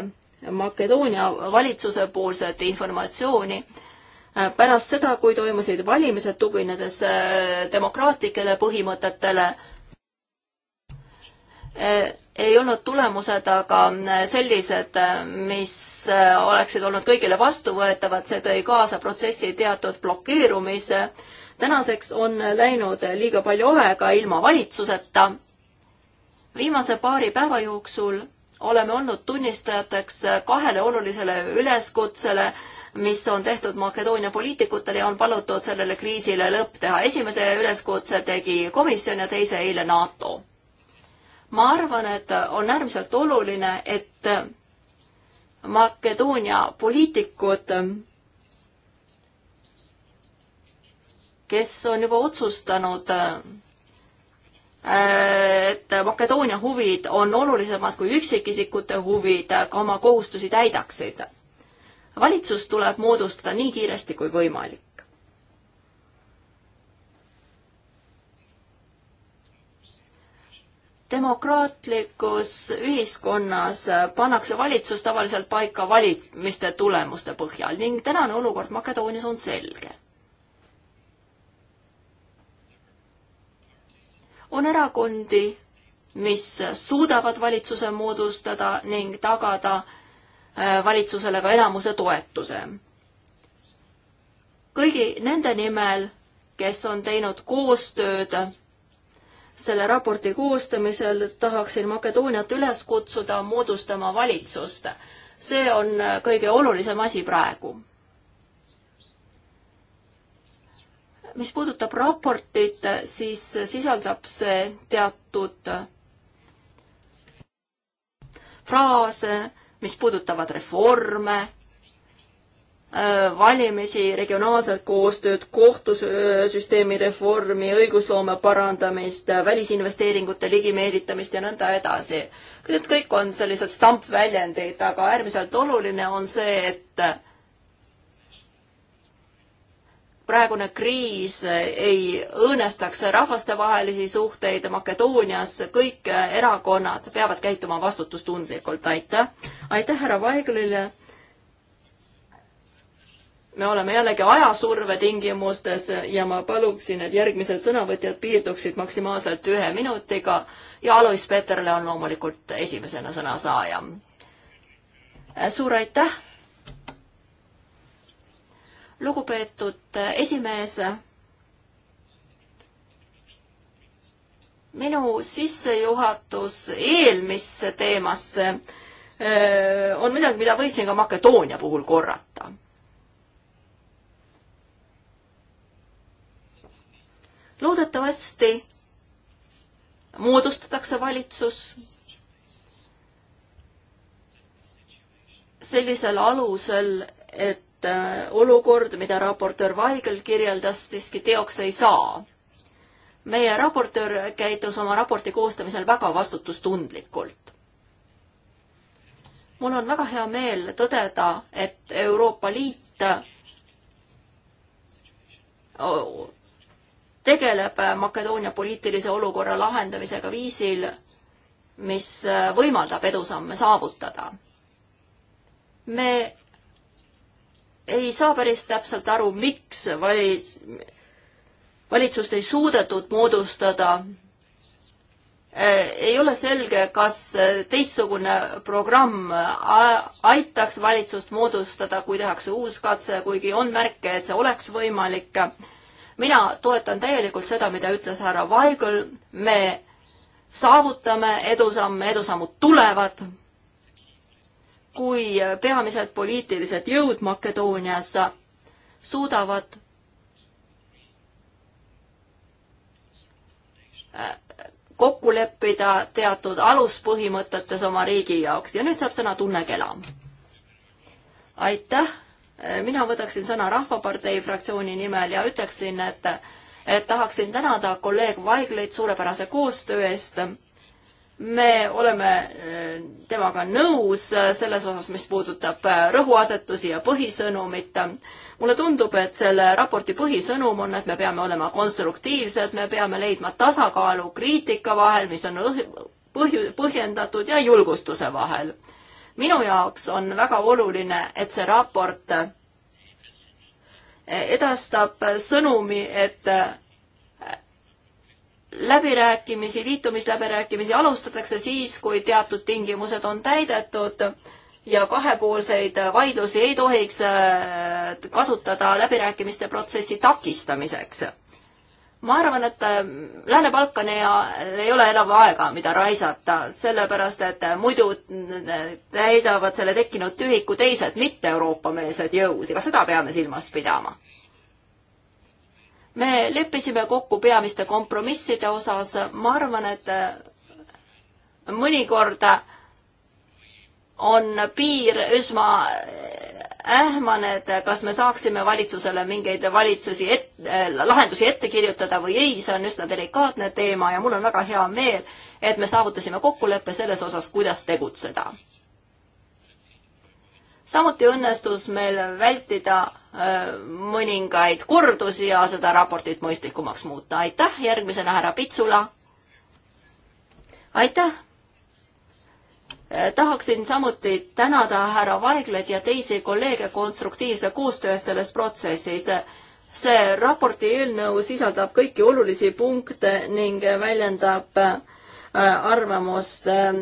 Makedoonia valitsuse poolset informatsiooni Äh, pärast seda, kui toimusid valimised, tuginedes äh, demokraatlikele põhimõtetele, äh, ei olnud tulemused aga sellised, mis oleksid olnud kõigile vastuvõetavad, see tõi kaasa protsessi teatud blokeerumise. tänaseks on läinud liiga palju aega ilma valitsuseta. viimase paari päeva jooksul oleme olnud tunnistajateks kahele olulisele üleskutsele mis on tehtud Makedoonia poliitikutele ja on palutud sellele kriisile lõpp teha. esimese üleskutse tegi komisjon ja teise eile NATO. ma arvan, et on äärmiselt oluline, et Makedoonia poliitikud, kes on juba otsustanud et Makedoonia huvid on olulisemad kui üksikisikute huvid, ka oma kohustusi täidaksid valitsus tuleb moodustada nii kiiresti kui võimalik. demokraatlikus ühiskonnas pannakse valitsus tavaliselt paika valimiste tulemuste põhjal ning tänane olukord Makedoonias on selge. on erakondi, mis suudavad valitsuse moodustada ning tagada Äh, valitsusele ka enamuse toetuse. kõigi nende nimel, kes on teinud koostööd selle raporti koostamisel, tahaksin Makedooniat üles kutsuda moodustama valitsust. see on äh, kõige olulisem asi praegu mis puudutab raportit, siis sisaldab see teatud fraase, mis puudutavad reforme, äh, valimisi, regionaalset koostööd, kohtusüsteemi reformi, õigusloome parandamist, äh, välisinvesteeringute ligimeelitamist ja nõnda edasi. Need kõik on sellised stampväljendid, aga äärmiselt oluline on see, et praegune kriis ei õõnestaks rahvastevahelisi suhteid Makedoonias, kõik erakonnad peavad käituma vastutustundlikult, aitäh. aitäh härra Vaiglile. me oleme jällegi ajasurve tingimustes ja ma paluksin, et järgmised sõnavõtjad piirduksid maksimaalselt ühe minutiga ja Alois Peterle on loomulikult esimesena sõnasaaja. suur aitäh lugupeetud äh, esimees. minu sissejuhatus eelmisse teemasse äh, on midagi, mida võisin ka Makedoonia puhul korrata. loodetavasti moodustatakse valitsus sellisel alusel, et et äh, olukord, mida raportöör Vaigel kirjeldas, siiski teoks ei saa. meie raportöör käitus oma raporti koostamisel väga vastutustundlikult. mul on väga hea meel tõdeda, et Euroopa Liit äh, tegeleb Makedoonia poliitilise olukorra lahendamisega viisil, mis võimaldab edusamme saavutada. me ei saa päris täpselt aru, miks vali-, valitsust ei suudetud moodustada. Äh, ei ole selge, kas teistsugune programm äh, aitaks valitsust moodustada, kui tehakse uus katse, kuigi on märke, et see oleks võimalik. mina toetan täielikult seda, mida ütles härra Vaigel, me saavutame edusamme, edusammud tulevad kui peamised poliitilised jõud Makedoonias suudavad äh, kokku leppida teatud aluspõhimõtetes oma riigi jaoks ja nüüd saab sõna Tunne Kelam. aitäh, äh, mina võtaksin sõna Rahvapartei fraktsiooni nimel ja ütleksin, et et tahaksin tänada kolleeg Vaigleid suurepärase koostöö eest me oleme eh, temaga nõus eh, selles osas, mis puudutab eh, rõhuasetusi ja põhisõnumit. mulle tundub, et selle raporti põhisõnum on, et me peame olema konstruktiivsed, me peame leidma tasakaalu kriitika vahel, mis on põhju-, põhjendatud ja julgustuse vahel. minu jaoks on väga oluline, et see raport edastab sõnumi, et läbirääkimisi, liitumisläbirääkimisi alustatakse siis, kui teatud tingimused on täidetud ja kahepoolseid vaidlusi ei tohiks äh, kasutada läbirääkimiste protsessi takistamiseks. ma arvan, et äh, Lääne-Balkani äh, ei ole enam aega, mida raisata, sellepärast et muidu täidavad selle tekkinud tühiku teised mitte-Euroopa-meelsed jõud ja ka seda peame silmas pidama me leppisime kokku peamiste kompromisside osas, ma arvan, et äh, mõnikord on piir üsna äh, ähmane, et kas me saaksime valitsusele mingeid valitsusi et, eh, lahendusi ette kirjutada või ei, see on üsna delikaatne teema ja mul on väga hea meel, et me saavutasime kokkuleppe selles osas, kuidas tegutseda samuti õnnestus meil vältida äh, mõningaid kordusi ja seda raportit mõistlikumaks muuta. aitäh, järgmisena härra Pitsula. aitäh äh, tahaksin samuti tänada härra Vaiglat ja teisi kolleege konstruktiivse koostöö eest selles protsessis. see raporti eelnõu sisaldab kõiki olulisi punkte ning väljendab äh, Äh, arvamust äh,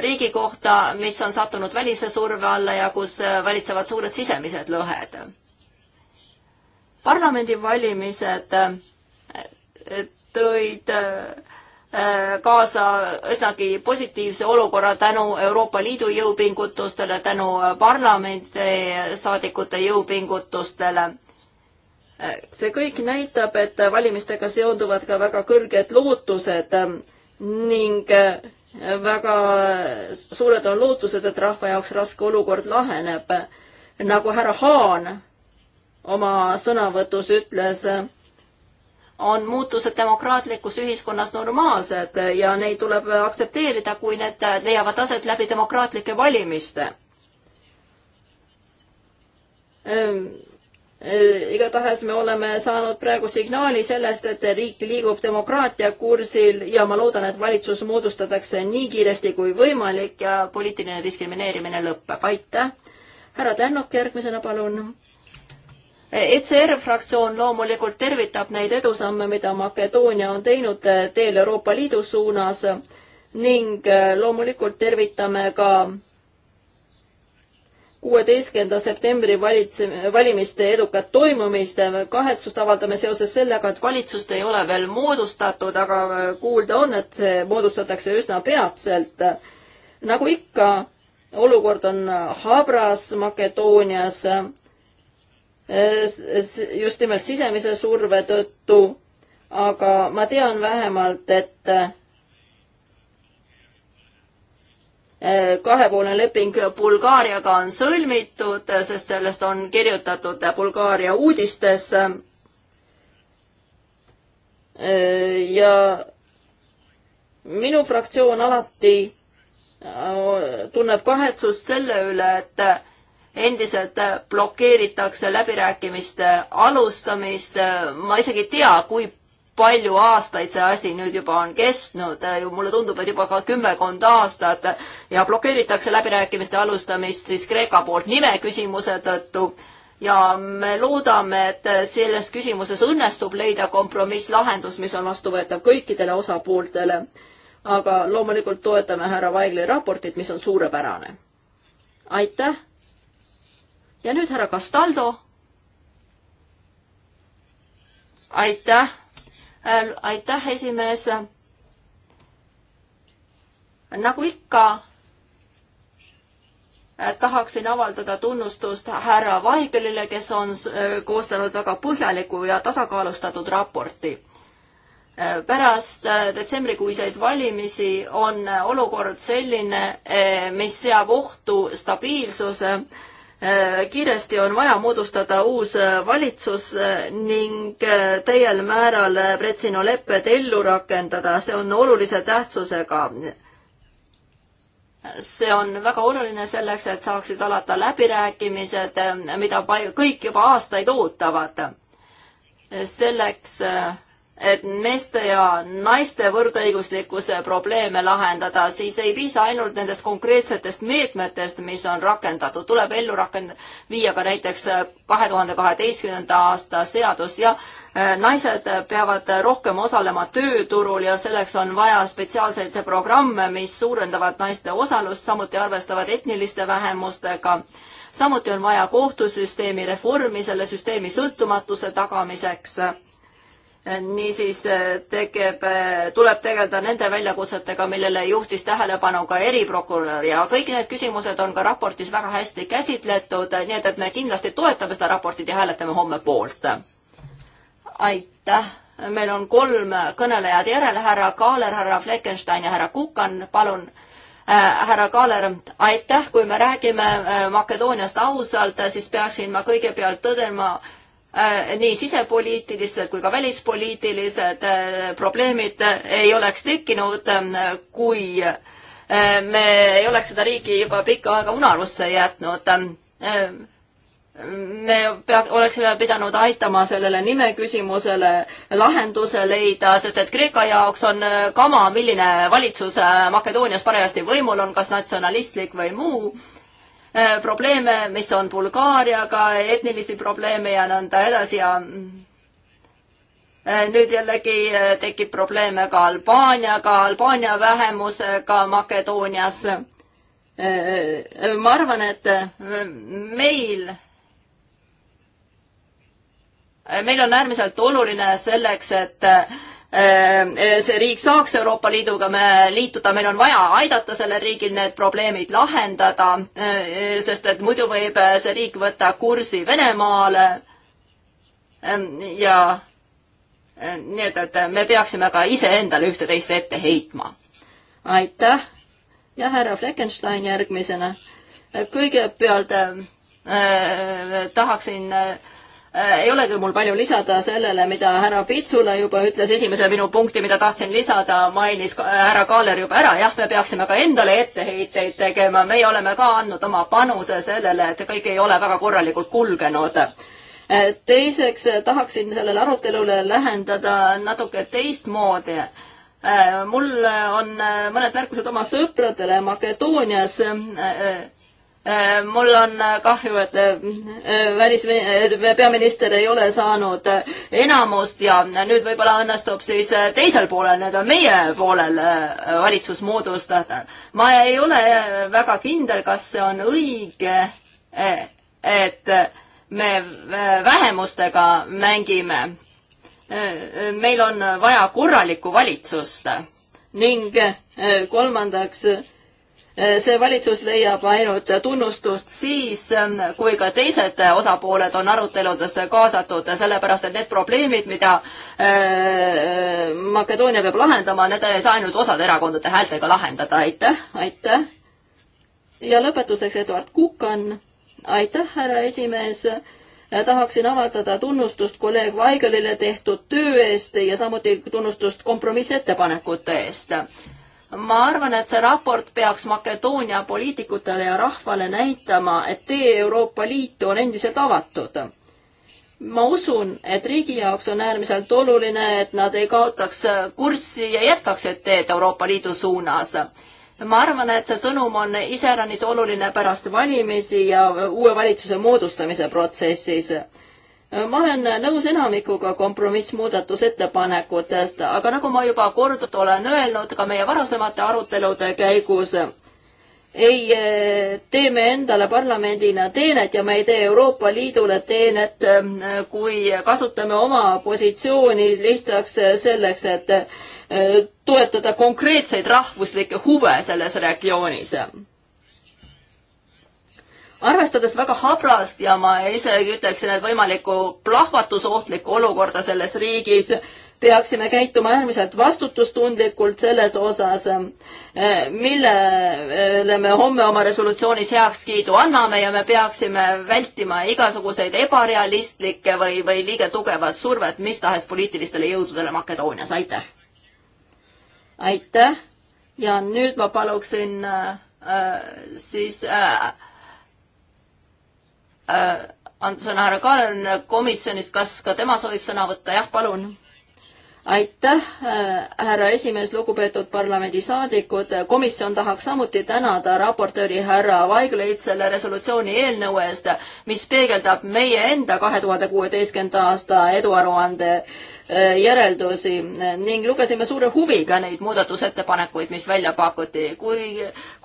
riigi kohta, mis on sattunud välise surve alla ja kus äh, valitsevad suured sisemised lõhed. parlamendivalimised tõid kaasa üsnagi positiivse olukorra tänu Euroopa Liidu jõupingutustele, tänu parlamendi saadikute jõupingutustele see kõik näitab, et valimistega seonduvad ka väga kõrged lootused äh, ning äh, väga suured on lootused, et rahva jaoks raske olukord laheneb. nagu härra Haan oma sõnavõtus ütles, on muutused demokraatlikus ühiskonnas normaalsed ja neid tuleb aktsepteerida, kui need leiavad aset läbi demokraatlike valimiste äh, Äh, igatahes me oleme saanud praegu signaali sellest, et riik liigub demokraatia kursil ja ma loodan, et valitsus moodustatakse nii kiiresti kui võimalik ja poliitiline diskrimineerimine lõpeb. aitäh. härra Tännok järgmisena, palun. ECR fraktsioon loomulikult tervitab neid edusamme, mida Makedoonia on teinud teel Euroopa Liidu suunas ning loomulikult tervitame ka kuueteistkümnenda septembri valitse, valimiste edukat toimumist. kahetsust avaldame seoses sellega, et valitsust ei ole veel moodustatud, aga kuulda on, et see moodustatakse üsna peatselt. nagu ikka, olukord on habras Makedoonias just nimelt sisemise surve tõttu, aga ma tean vähemalt, et kahepoolne leping Bulgaariaga on sõlmitud, sest sellest on kirjutatud Bulgaaria uudistes. ja minu fraktsioon alati tunneb kahetsust selle üle, et endiselt blokeeritakse läbirääkimiste alustamist. ma isegi ei tea, kui palju aastaid see asi nüüd juba on kestnud, mulle tundub, et juba ka kümmekond aastat ja blokeeritakse läbirääkimiste alustamist siis Kreeka poolt nime küsimuse tõttu ja me loodame, et selles küsimuses õnnestub leida kompromisslahendus, mis on vastuvõetav kõikidele osapooltele. aga loomulikult toetame härra Vaigli raportit, mis on suurepärane. aitäh. ja nüüd härra Castaldo. aitäh Äh, aitäh, esimees. nagu ikka, äh, tahaksin avaldada tunnustust härra Vaigelile, kes on äh, koostanud väga põhjaliku ja tasakaalustatud raporti pärast detsembrikuiseid valimisi on olukord selline, mis seab ohtu stabiilsuse Äh, kiiresti on vaja moodustada uus äh, valitsus äh, ning täiel määral Bretsino lepped ellu rakendada, see on olulise tähtsusega. see on väga oluline selleks, et saaksid alata läbirääkimised, mida kõik juba aastaid ootavad. selleks et meeste ja naiste võrdõiguslikkuse probleeme lahendada, siis ei piisa ainult nendest konkreetsetest meetmetest, mis on rakendatud, tuleb ellu rakend-, viia ka näiteks äh, kahe tuhande kaheteistkümnenda aasta seadus ja äh, naised peavad rohkem osalema tööturul ja selleks on vaja spetsiaalseid programme, mis suurendavad naiste osalust, samuti arvestavad etniliste vähemustega. samuti on vaja kohtusüsteemi reformi selle süsteemi sõltumatuse tagamiseks niisiis äh, tegeb, äh, tuleb tegeleda nende väljakutsetega, millele juhtis tähelepanu ka eriprokurör ja kõik need küsimused on ka raportis väga hästi käsitletud, nii et, et me kindlasti toetame seda raportit ja hääletame homme poolt. aitäh, meil on kolm kõnelejad järel, härra Kaaler, härra Fleckenstein ja härra Kukan, palun äh, härra Kaaler, aitäh, kui me räägime Makedooniast ausalt, siis peaksin ma kõigepealt tõdema, Äh, nii sisepoliitilised kui ka välispoliitilised äh, probleemid ei oleks tekkinud, ähm, kui äh, me ei oleks seda riigi juba pikka aega unarusse jätnud. Ähm, me pea, oleksime pidanud aitama sellele nime küsimusele lahenduse leida, sest et Kreeka jaoks on kama, milline valitsus Makedoonias parajasti võimul on, kas natsionalistlik või muu Äh, probleeme, mis on Bulgaariaga, etnilisi probleeme ja nõnda edasi ja mm, äh, nüüd jällegi äh, tekib probleeme ka Albaaniaga, Albaania vähemusega Makedoonias. ma arvan, et meil meil on äärmiselt oluline selleks, et Äh, äh, see riik saaks Euroopa Liiduga me liituda, meil on vaja aidata sellel riigil need probleemid lahendada, äh, sest et muidu võib see riik võtta kursi Venemaale ähm, ja nii et, et me peaksime ka iseendale ühte-teist ette heitma. aitäh ja härra Fleckenstein järgmisena. kõigepealt äh, tahaksin äh, Äh, ei olegi mul palju lisada sellele, mida härra Pitsula juba ütles, esimese minu punkti, mida tahtsin lisada, mainis äh, härra Kaaler juba ära, jah, me peaksime ka endale etteheiteid tegema, meie oleme ka andnud oma panuse sellele, et kõik ei ole väga korralikult kulgenud. Äh, teiseks tahaksin sellele arutelule lähendada natuke teistmoodi mul on mõned märkused oma sõpradele Makedoonias Äh, mul on äh, kahju, et äh, välis-, peaminister ei ole saanud enamust ja nüüd võib-olla õnnestub siis teisel poolel, nüüd on meie poolel valitsus moodustada. ma ei ole väga kindel, kas see on õige, et me vähemustega mängime. meil on vaja korralikku valitsust ning kolmandaks see valitsus leiab ainult tunnustust siis, kui ka teised osapooled on aruteludesse kaasatud, sellepärast et need probleemid, mida äh, Makedoonia peab lahendama, need ei saa ainult osade erakondade häältega lahendada, aitäh, aitäh. ja lõpetuseks Eduard Kukan, aitäh, härra esimees Ja tahaksin avaldada tunnustust kolleeg Vaigelile tehtud töö eest ja samuti tunnustust kompromissettepanekute eest ma arvan, et see raport peaks Makedoonia poliitikutele ja rahvale näitama, et tee Euroopa Liitu on endiselt avatud. ma usun, et riigi jaoks on äärmiselt oluline, et nad ei kaotaks kurssi ja jätkaksid teed Euroopa Liidu suunas ma arvan, et see sõnum on iseäranis oluline pärast valimisi ja uue valitsuse moodustamise protsessis ma olen nõus enamikuga kompromissmuudatusettepanekutest, aga nagu ma juba korduvalt olen öelnud ka meie varasemate arutelude käigus, ei eh, tee me endale parlamendina teenet ja me ei tee Euroopa Liidule teenet, eh, kui kasutame oma positsiooni lihtsaks selleks, et eh, toetada konkreetseid rahvuslikke huve selles regioonis arvestades väga habrast ja ma isegi ütleksin, et võimalikku plahvatusohtlikku olukorda selles riigis, peaksime käituma äärmiselt vastutustundlikult selles osas, eh, millele me homme oma resolutsioonis heakskiidu anname ja me peaksime vältima igasuguseid ebarealistlikke või, või liiga tugevat survet mis tahes poliitilistele jõududele Makedoonias, aitäh! aitäh ja nüüd ma paluksin äh, siis äh, Äh, anda sõna härra Kaalen komisjonist, kas ka tema soovib sõna võtta, jah, palun. aitäh, äh, härra esimees, lugupeetud parlamendisaadikud, komisjon tahaks samuti tänada raportööri härra Vaigleid selle resolutsiooni eelnõu eest, mis peegeldab meie enda kahe tuhande kuueteistkümnenda aasta eduaruande äh, Äh, järeldusi ning lugesime suure huviga neid muudatusettepanekuid, mis välja pakuti. kui,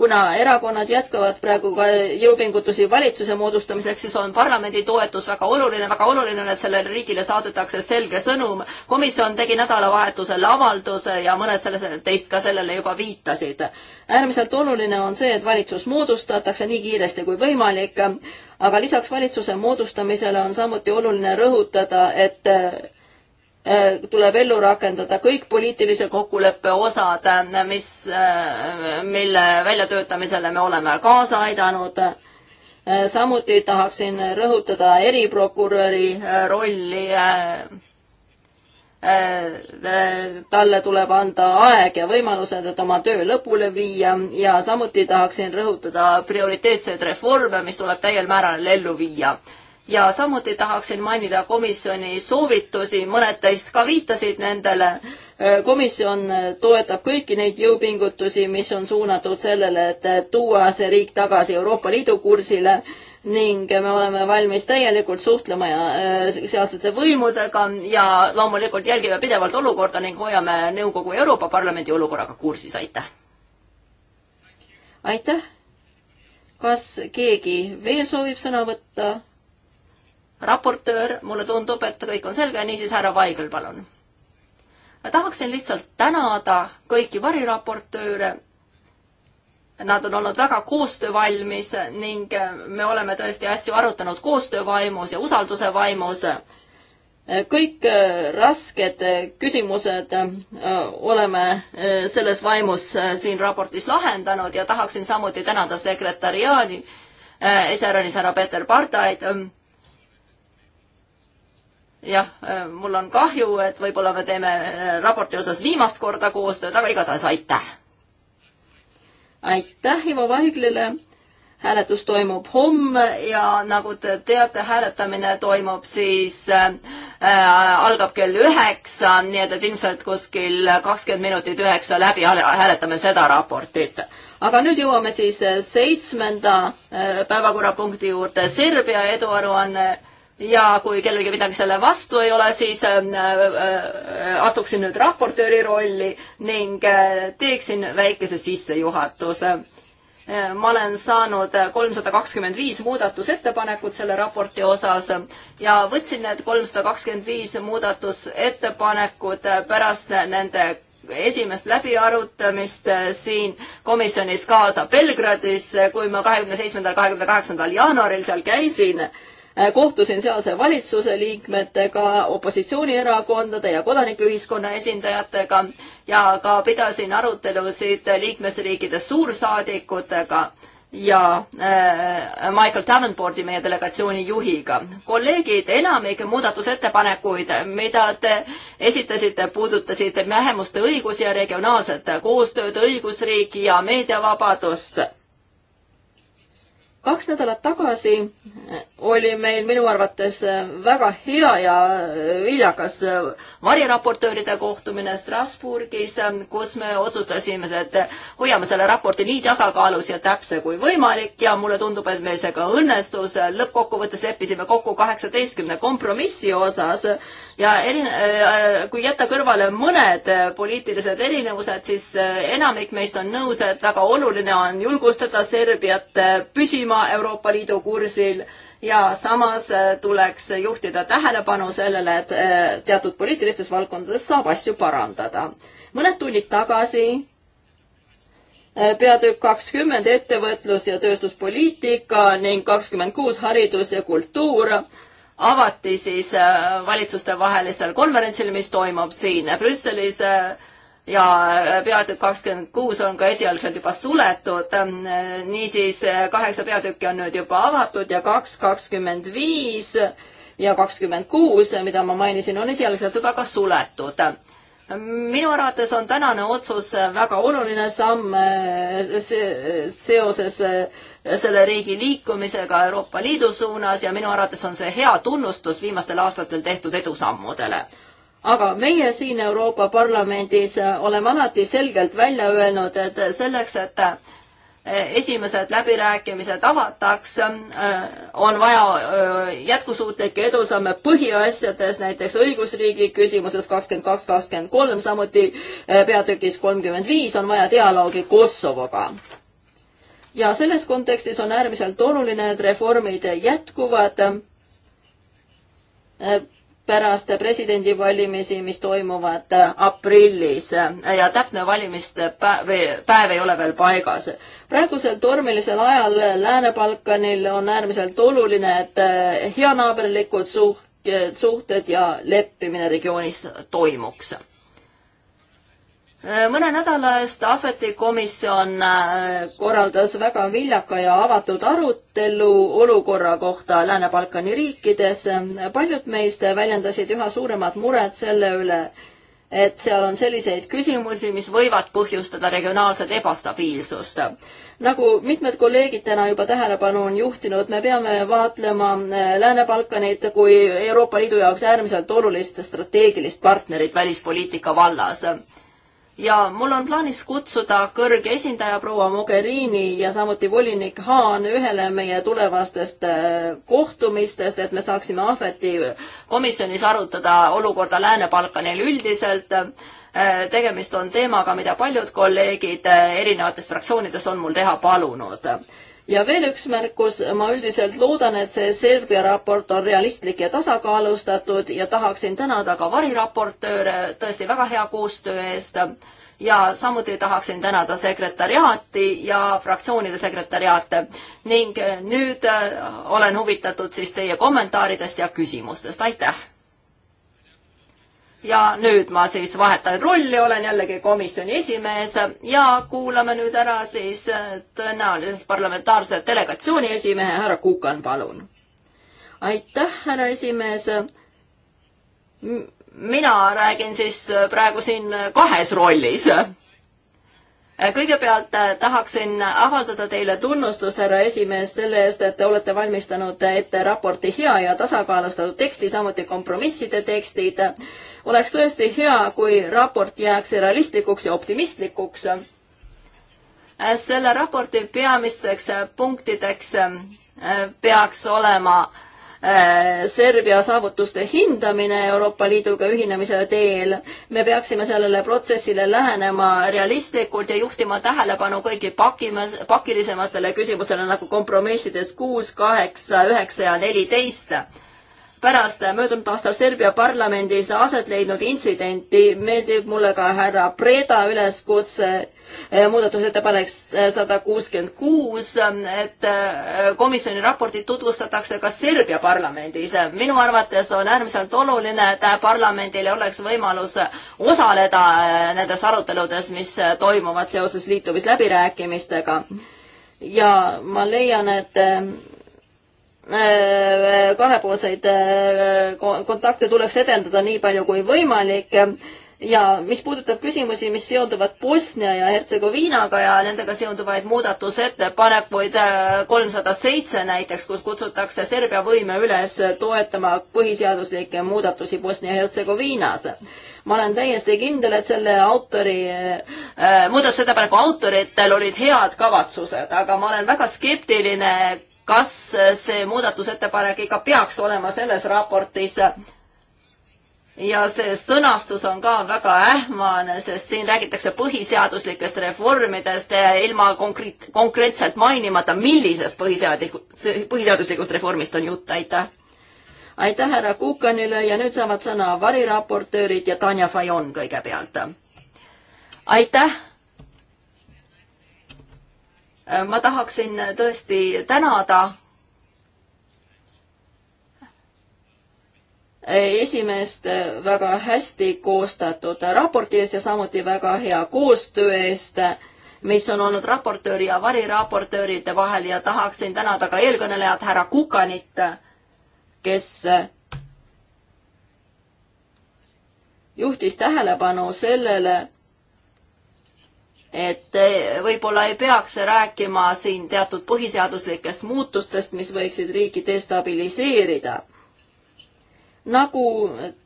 kuna erakonnad jätkavad praegu ka jõupingutusi valitsuse moodustamiseks, siis on parlamendi toetus väga oluline, väga oluline on, et sellele riigile saadetakse selge sõnum. komisjon tegi nädalavahetusel avalduse ja mõned sellest, teist ka sellele juba viitasid. äärmiselt oluline on see, et valitsus moodustatakse nii kiiresti kui võimalik, aga lisaks valitsuse moodustamisele on samuti oluline rõhutada, et Äh, tuleb ellu rakendada kõik poliitilise kokkuleppe osad, äh, mis, äh, mille väljatöötamisele me oleme kaasa aidanud. samuti tahaksin rõhutada eriprokuröri rolli. talle tuleb anda aeg ja võimalused, et oma töö lõpule viia ja samuti tahaksin rõhutada prioriteetseid reforme, mis tuleb täiel määral ellu viia ja samuti tahaksin mainida komisjoni soovitusi, mõned teist ka viitasid nendele. Äh, komisjon äh, toetab kõiki neid jõupingutusi, mis on suunatud sellele, et äh, tuua see riik tagasi Euroopa Liidu kursile ning me oleme valmis täielikult suhtlema ja sealsete võimudega ja loomulikult jälgime pidevalt olukorda ning hoiame Nõukogu ja Euroopa Parlamendi olukorraga kursis, aitäh! aitäh! kas keegi veel soovib sõna võtta? raportöör, mulle tundub, et kõik on selge, niisiis härra Vaigel, palun. tahaksin lihtsalt tänada kõiki variraportööre. Nad on olnud väga koostöövalmis ning me oleme tõesti asju arutanud koostöövaimus ja usalduse vaimus kõik äh, rasked äh, küsimused äh, oleme selles vaimus siin raportis lahendanud ja tahaksin samuti tänada sekretäriaani, iseäranis härra Peeter Pardaid ähm, jah, äh, mul on kahju, et võib-olla me teeme äh, raporti osas viimast korda koostööd, aga igatahes aitäh! aitäh Ivo Vaiglile! hääletus toimub homme ja nagu te teate, hääletamine toimub siis äh,, äh algab kell üheksa, nii et, et ilmselt kuskil kakskümmend minutit üheksa läbi hääletame seda raportit. aga nüüd jõuame siis seitsmenda päevakorrapunkti juurde, Serbia eduaruanne ja kui kellelgi midagi selle vastu ei ole, siis äh, äh, astuksin nüüd raportööri rolli ning äh, teeksin väikese sissejuhatuse. ma olen saanud kolmsada kakskümmend viis muudatusettepanekut selle raporti osas ja võtsin need kolmsada kakskümmend viis muudatusettepanekut pärast nende esimest läbiarutamist siin komisjonis kaasa Belgradis, kui ma kahekümne seitsmendal, kahekümne kaheksandal jaanuaril seal käisin Äh, kohtusin sealse valitsuse liikmetega, opositsioonierakondade ja kodanikuühiskonna esindajatega ja ka pidasin arutelusid liikmesriikide suursaadikutega ja äh, Michael Davenporti, meie delegatsiooni juhiga. kolleegid, enamik muudatusettepanekuid, mida te esitasite, puudutasid vähemuste õigusi ja regionaalset koostööd, õigusriiki ja meediavabadust kaks nädalat tagasi oli meil minu arvates väga hea ja viljakas variraportööride kohtumine Strasbourgis, kus me otsustasime, et hoiame selle raporti nii tasakaalus ja täpse kui võimalik ja mulle tundub, et meil see ka õnnestus. lõppkokkuvõttes leppisime kokku kaheksateistkümne kompromissi osas ja erine-, äh, kui jätta kõrvale mõned poliitilised erinevused, siis enamik meist on nõus, et väga oluline on julgustada Serbiat püsima püsima Euroopa Liidu kursil ja samas äh, tuleks juhtida tähelepanu sellele, et äh, teatud poliitilistes valdkondades saab asju parandada. mõned tunnid tagasi äh, peatükk kakskümmend ettevõtlus ja tööstuspoliitika ning kakskümmend kuus haridus ja kultuur avati siis valitsustevahelisel konverentsil, mis toimub siin Brüsselis ja peatükk kakskümmend kuus on ka esialgselt juba suletud. niisiis kaheksa peatükki on nüüd juba avatud ja kaks kakskümmend viis ja kakskümmend kuus, mida ma mainisin, on esialgselt juba ka suletud minu arvates on tänane otsus väga oluline samm äh, seoses äh, selle riigi liikumisega Euroopa Liidu suunas ja minu arvates on see hea tunnustus viimastel aastatel tehtud edusammudele aga meie siin Euroopa Parlamendis äh, oleme alati selgelt välja öelnud, et selleks, et äh, esimesed läbirääkimised avatakse, äh, on vaja jätkusuutlikke edusamme põhiasjades, näiteks õigusriigi küsimuses kakskümmend kaks, kakskümmend kolm, samuti peatükis kolmkümmend viis on vaja dialoogi Kosovoga ja selles kontekstis on äärmiselt oluline, et reformid jätkuvad pärast presidendivalimisi, mis toimuvad äh, aprillis ja täpne valimiste päev, päev ei ole veel paigas. praegusel tormilisel ajal Lääne-Balkanil on äärmiselt oluline, et äh, heanaaberlikud suht-, suhted ja leppimine regioonis toimuks Äh, mõne nädala eest Ahveti komisjon äh, korraldas väga viljaka ja avatud arutelu olukorra kohta Lääne-Balkani riikides. paljud meist väljendasid üha suuremat muret selle üle, et seal on selliseid küsimusi, mis võivad põhjustada regionaalset ebastabiilsust. nagu mitmed kolleegid täna juba tähelepanu on juhtinud, me peame vaatlema äh, Lääne-Balkanit kui Euroopa Liidu jaoks äärmiselt olulist strateegilist partnerit välispoliitika vallas ja mul on plaanis kutsuda kõrge esindaja proua Mogherini ja samuti volinik Haan ühele meie tulevastest äh, kohtumistest, et me saaksime Ahveti komisjonis arutada olukorda Lääne-Balkanil üldiselt. Äh, tegemist on teemaga, mida paljud kolleegid äh, erinevatest fraktsioonidest on mul teha palunud ja veel üks märkus, ma üldiselt loodan, et see Serbia raport on realistlik ja tasakaalustatud ja tahaksin tänada ka variraportööre tõesti väga hea koostöö eest ja samuti tahaksin tänada sekretariaati ja fraktsioonide sekretariaate ning nüüd äh, olen huvitatud siis teie kommentaaridest ja küsimustest, aitäh! ja nüüd ma siis vahetan rolli, olen jällegi komisjoni esimees ja kuulame nüüd ära siis äh, tõenäoliselt parlamentaarse delegatsiooni esimehe härra Kukan, palun. aitäh, härra esimees. mina räägin siis äh, praegu siin äh, kahes rollis kõigepealt äh, tahaksin avaldada teile tunnustust, härra esimees, selle eest, et te olete valmistanud ette raporti hea ja tasakaalustatud teksti, samuti kompromisside tekstid. oleks tõesti hea, kui raport jääks realistlikuks ja optimistlikuks. Äh, selle raporti peamisteks äh, punktideks peaks olema äh, Äh, Serbia saavutuste hindamine Euroopa Liiduga ühinemise teel. me peaksime sellele protsessile lähenema realistlikult ja juhtima tähelepanu kõigi pakime, pakilisematele küsimustele nagu kompromissides kuus, kaheksa, üheksa ja neliteist pärast möödunud aastal Serbia parlamendis aset leidnud intsidenti meeldib mulle ka härra Preda üleskutse eh, muudatusettepanek sada kuuskümmend kuus, et eh, komisjoni raportit tutvustatakse ka Serbia parlamendis. minu arvates on äärmiselt oluline, et parlamendil oleks võimalus osaleda eh, nendes aruteludes, mis toimuvad seoses liitumisläbirääkimistega ja ma leian, et Äh, kahepoolseid äh, kontakte tuleks edendada nii palju kui võimalik ja mis puudutab küsimusi, mis seonduvad Bosnia ja Hertsegoviinaga ja nendega seonduvaid muudatusettepanekuid äh, kolmsada seitse näiteks, kus kutsutakse Serbia võime üles toetama põhiseaduslikke muudatusi Bosnia-Hertsegoviinas. ma olen täiesti kindel, et selle autori äh,, muudatusettepaneku autoritel olid head kavatsused, aga ma olen väga skeptiline kas see muudatusettepanek ikka peaks olema selles raportis ja see sõnastus on ka väga ähmane, sest siin räägitakse põhiseaduslikest reformidest ilma konkreet-, konkreetselt mainimata, millisest põhiseadusliku, põhiseaduslikust reformist on jutt, aitäh. aitäh härra Kukanile ja nüüd saavad sõna variraportöörid ja Tanja Fajon kõigepealt. aitäh ma tahaksin tõesti tänada esimest väga hästi koostatud raporti eest ja samuti väga hea koostöö eest, mis on olnud raportööri ja variraportööride vahel ja tahaksin tänada ka eelkõnelejat härra Kukanit, kes juhtis tähelepanu sellele, et eh, võib-olla ei peaks rääkima siin teatud põhiseaduslikest muutustest, mis võiksid riiki destabiliseerida. nagu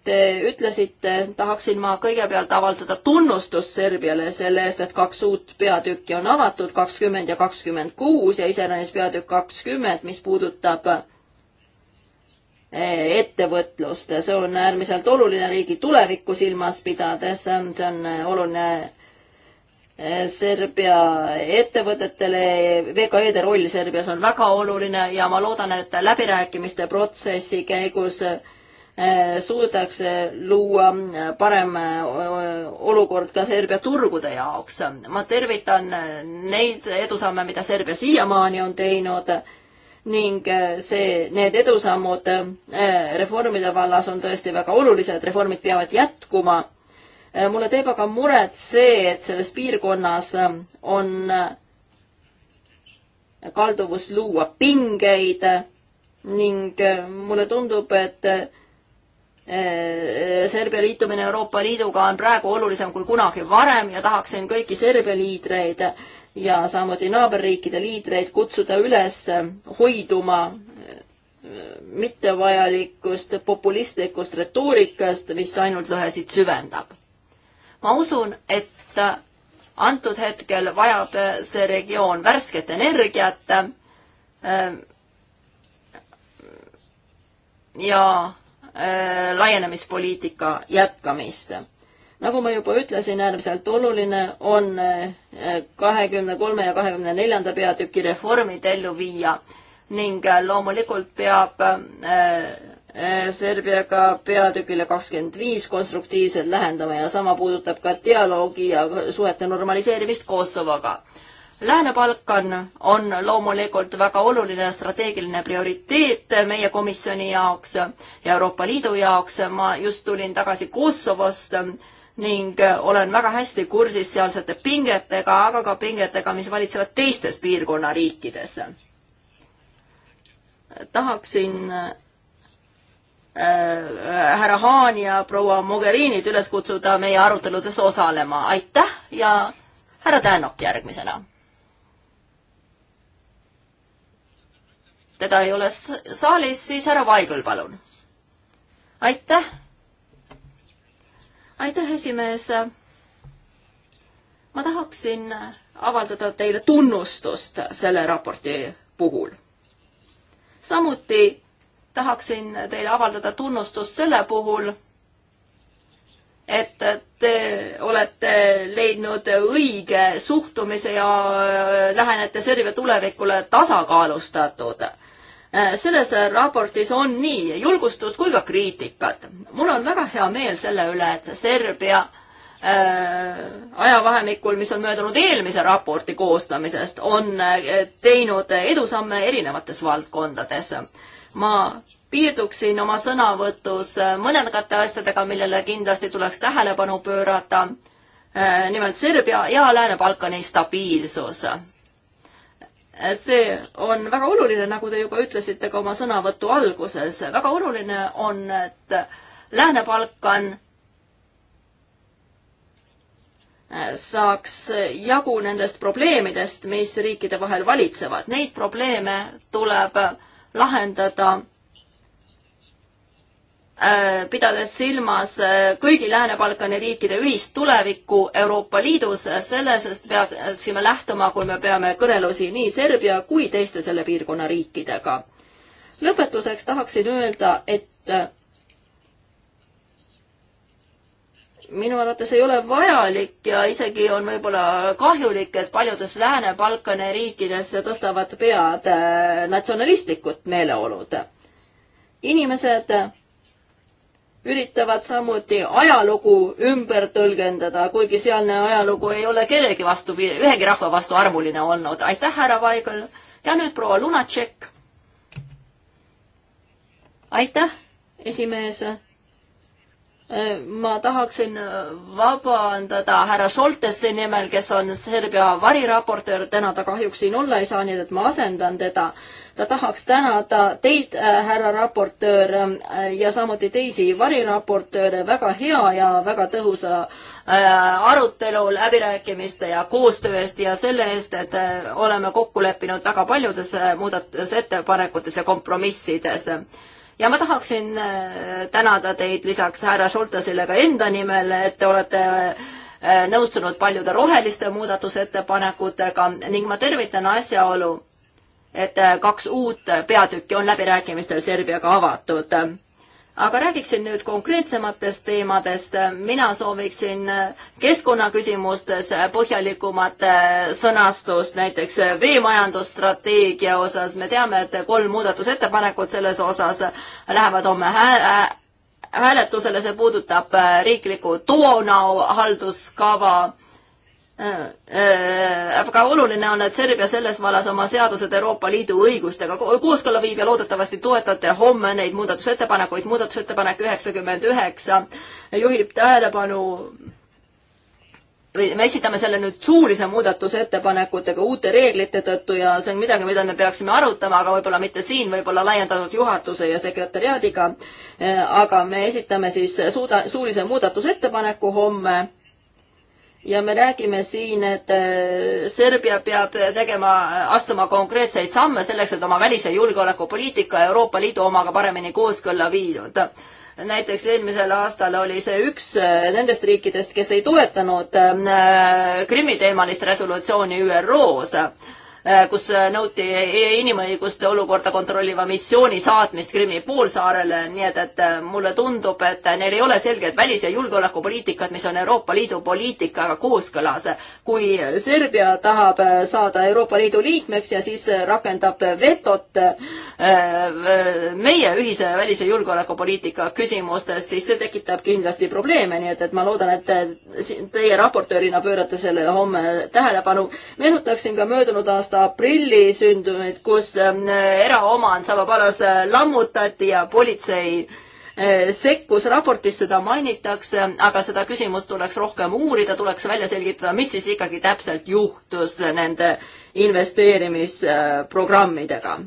te ütlesite, tahaksin ma kõigepealt avaldada tunnustust Serbiale selle eest, et kaks uut peatükki on avatud, kakskümmend ja kakskümmend kuus ja iseäranis peatükk kakskümmend, mis puudutab eh, ettevõtlust. see on äärmiselt oluline riigi tulevikku silmas pidades, see on oluline Serbia ettevõtetele, VKE-de roll Serbias on väga oluline ja ma loodan, et läbirääkimiste protsessi käigus eh, suudakse luua parem eh, olukord ka Serbia turgude jaoks. ma tervitan neid edusamme, mida Serbia siiamaani on teinud ning eh, see, need edusammud reformide vallas on tõesti väga olulised, reformid peavad jätkuma Äh, mulle teeb aga muret see, et selles piirkonnas äh, on äh, kalduvus luua pingeid ning mulle tundub, et Serbia liitumine Euroopa Liiduga on praegu olulisem kui kunagi varem ja tahaksin kõiki Serbia liidreid ja samuti naaberriikide liidreid kutsuda üles hoiduma mittevajalikust populistlikust retoorikast, mis ainult lõhesid süvendab ma usun, et antud hetkel vajab see regioon värsket energiat. Ähm, ja äh, laienemispoliitika jätkamist. nagu ma juba ütlesin, äärmiselt oluline on äh, kahekümne kolme ja kahekümne neljanda peatüki reformid ellu viia ning äh, loomulikult peab Äh, Serbiaga peatükile kakskümmend viis konstruktiivselt lähendame ja sama puudutab ka dialoogi ja suhete normaliseerimist Kosovoga. Lääne-Balkan on loomulikult väga oluline strateegiline prioriteet meie komisjoni jaoks ja Euroopa Liidu jaoks. ma just tulin tagasi Kosovost ning olen väga hästi kursis sealsete pingetega, aga ka pingetega, mis valitsevad teistes piirkonna riikides. tahaksin Äh, härra Haan ja proua Mogherinit üles kutsuda meie aruteludes osalema. aitäh ja härra Tänok järgmisena. teda ei ole saalis, siis härra Vaigel, palun. aitäh. aitäh, esimees. ma tahaksin avaldada teile tunnustust selle raporti puhul. samuti tahaksin teile avaldada tunnustust selle puhul, et te olete leidnud õige suhtumise ja äh, lähenete Serbia tulevikule tasakaalustatud. Äh, selles raportis on nii julgustust kui ka kriitikat. mul on väga hea meel selle üle, et Serbia äh, ajavahemikul, mis on möödunud eelmise raporti koostamisest, on teinud edusamme erinevates valdkondades ma piirduksin oma sõnavõtus äh, mõnedate asjadega, millele kindlasti tuleks tähelepanu pöörata. Äh, nimelt Serbia ja Lääne-Balkani stabiilsus. Äh, see on väga oluline, nagu te juba ütlesite ka oma sõnavõtu alguses, väga oluline on, et Lääne-Balkan saaks jagu nendest probleemidest, mis riikide vahel valitsevad. Neid probleeme tuleb äh, lahendada, äh, pidades silmas äh, kõigi Lääne-Balkani riikide ühist tulevikku Euroopa Liidus, äh, sellest peaksime lähtuma, kui me peame kõnelusi nii Serbia kui teiste selle piirkonna riikidega. lõpetuseks tahaksin öelda, et minu arvates ei ole vajalik ja isegi on võib-olla kahjulik, et paljudes Lääne-Balkani riikides tõstavad pead äh, natsionalistlikud meeleolud. inimesed üritavad samuti ajalugu ümber tõlgendada, kuigi sealne ajalugu ei ole kellegi vastu, ühegi rahva vastu armuline olnud. aitäh, härra Vaigel. ja nüüd proua Lunatšek. aitäh, esimees ma tahaksin vabandada härra Šoltesi nimel, kes on Serbia variraportöör, täna ta kahjuks siin olla ei saa, nii et ma asendan teda. ta tahaks tänada teid, äh, härra raportöör, äh, ja samuti teisi variraportööre väga hea ja väga tõhusa äh, arutelu, läbirääkimiste ja koostöö eest ja selle eest, et oleme kokku leppinud väga paljudes muudatusettepanekutes ja kompromissides ja ma tahaksin äh, tänada teid lisaks härra Šoltasile ka enda nimel, et te olete äh, nõustunud paljude roheliste muudatusettepanekutega ning ma tervitan asjaolu, et äh, kaks uut peatükki on läbirääkimistel Serbiaga avatud aga räägiksin nüüd konkreetsematest teemadest. mina sooviksin keskkonnaküsimustes põhjalikumat äh, sõnastust, näiteks äh, veemajandusstrateegia osas. me teame, et kolm muudatusettepanekut selles osas lähevad homme hääletusele, see puudutab äh, riiklikku toonau halduskava väga äh, äh, oluline on, et Serbia selles vallas oma seadused Euroopa Liidu õigustega kooskõlla viib ja loodetavasti toetate homme neid muudatusettepanekuid. muudatusettepanek üheksakümmend üheksa juhib tähelepanu või me esitame selle nüüd suulise muudatusettepanekutega uute reeglite tõttu ja see on midagi, mida me peaksime arutama, aga võib-olla mitte siin, võib-olla laiendatud juhatuse ja sekretäriaadiga. Äh, aga me esitame siis suuda, suulise muudatusettepaneku homme ja me räägime siin, et äh, Serbia peab tegema, äh, astuma konkreetseid samme selleks, et oma välis- ja julgeolekupoliitika Euroopa Liidu omaga paremini kooskõlla viidud. näiteks eelmisel aastal oli see üks äh, nendest riikidest, kes ei toetanud Krimmi teemalist resolutsiooni ÜRO-s Äh, kus äh, nõuti e-, inimõiguste olukorda kontrolliva missiooni saatmist Krimmi poolsaarele, nii et, et äh, mulle tundub, et neil ei ole selget välis- ja julgeolekupoliitikat, mis on Euroopa Liidu poliitikaga kooskõlas. kui Serbia tahab saada Euroopa Liidu liikmeks ja siis rakendab vetot meie ühise välis- ja julgeolekupoliitika küsimustes, siis see tekitab kindlasti probleeme, nii et, et ma loodan, et teie raportöörina pöörate sellele homme tähelepanu. meenutaksin ka möödunud aasta aasta aprilli sündmeid, kus ähm, eraomand Savapalas äh, lammutati ja politsei äh, sekkus, raportis seda mainitakse, aga seda küsimust tuleks rohkem uurida, tuleks välja selgitada, mis siis ikkagi täpselt juhtus nende investeerimisprogrammidega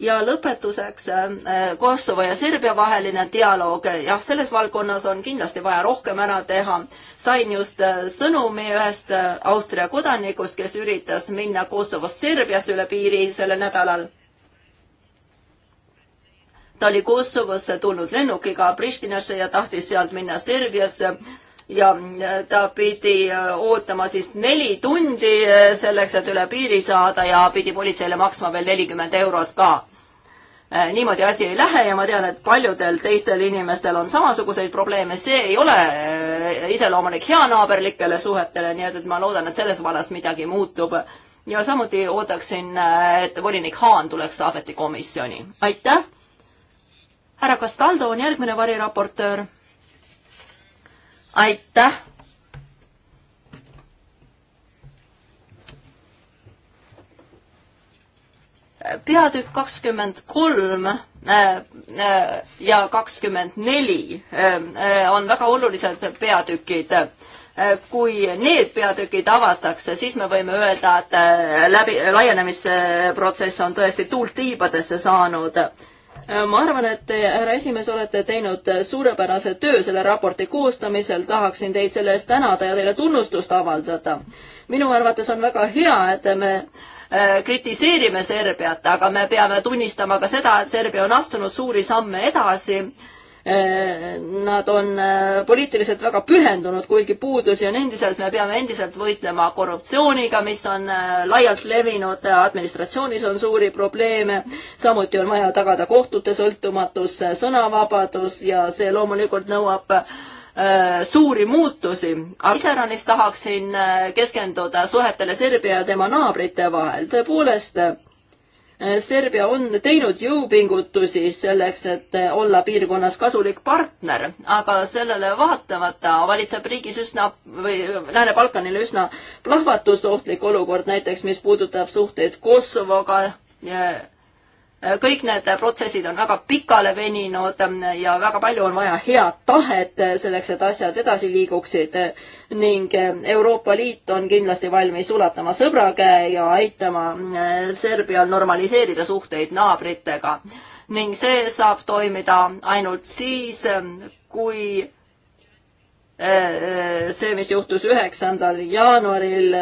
ja lõpetuseks äh, Kosovo ja Serbia vaheline dialoog, jah, selles valdkonnas on kindlasti vaja rohkem ära teha. sain just äh, sõnumi ühest äh, Austria kodanikust, kes üritas minna Kosovost Serbiasse üle piiri sellel nädalal. ta oli Kosovosse tulnud lennukiga Pristinasse ja tahtis sealt minna Serbiasse ja ta pidi ootama siis neli tundi selleks, et üle piiri saada ja pidi politseile maksma veel nelikümmend eurot ka. Äh, niimoodi asi ei lähe ja ma tean, et paljudel teistel inimestel on samasuguseid probleeme, see ei ole äh, iseloomulik heanaaberlikele suhetele, nii et, et ma loodan, et selles vallas midagi muutub. ja samuti ootaksin, äh, et volinik Haan tuleks Ahveti komisjoni. aitäh! härra Castaldo on järgmine variraportöör. aitäh! peatükk kakskümmend kolm äh, äh, ja kakskümmend neli äh, on väga olulised peatükid. kui need peatükid avatakse, siis me võime öelda, et läbi, laienemisprotsess on tõesti tuult tiibadesse saanud ma arvan, et te, härra esimees, olete teinud suurepärase töö selle raporti koostamisel, tahaksin teid selle eest tänada ja teile tunnustust avaldada. minu arvates on väga hea, et me äh, Äh, kritiseerime Serbiat, aga me peame tunnistama ka seda, et Serbia on astunud suuri samme edasi. Äh, nad on äh, poliitiliselt väga pühendunud, kuigi puudusi on endiselt, me peame endiselt võitlema korruptsiooniga, mis on laialt levinud, administratsioonis on suuri probleeme, samuti on vaja tagada kohtute sõltumatus, sõnavabadus ja see loomulikult nõuab äh, Äh, suuri muutusi, aga iseäranis tahaksin äh, keskenduda suhetele Serbia ja tema naabrite vahel. tõepoolest, äh, Serbia on teinud jõupingutusi selleks, et olla piirkonnas kasulik partner, aga sellele vaatamata valitseb riigis üsna või Lääne-Balkanil üsna plahvatusohtlik olukord, näiteks mis puudutab suhteid Kosovoga ja kõik need protsessid on väga pikale veninud ja väga palju on vaja head tahet selleks, et asjad edasi liiguksid ning Euroopa Liit on kindlasti valmis ulatama sõbra käe ja aitama äh, Serbial normaliseerida suhteid naabritega. ning see saab toimida ainult siis, äh, kui äh, see, mis juhtus üheksandal jaanuaril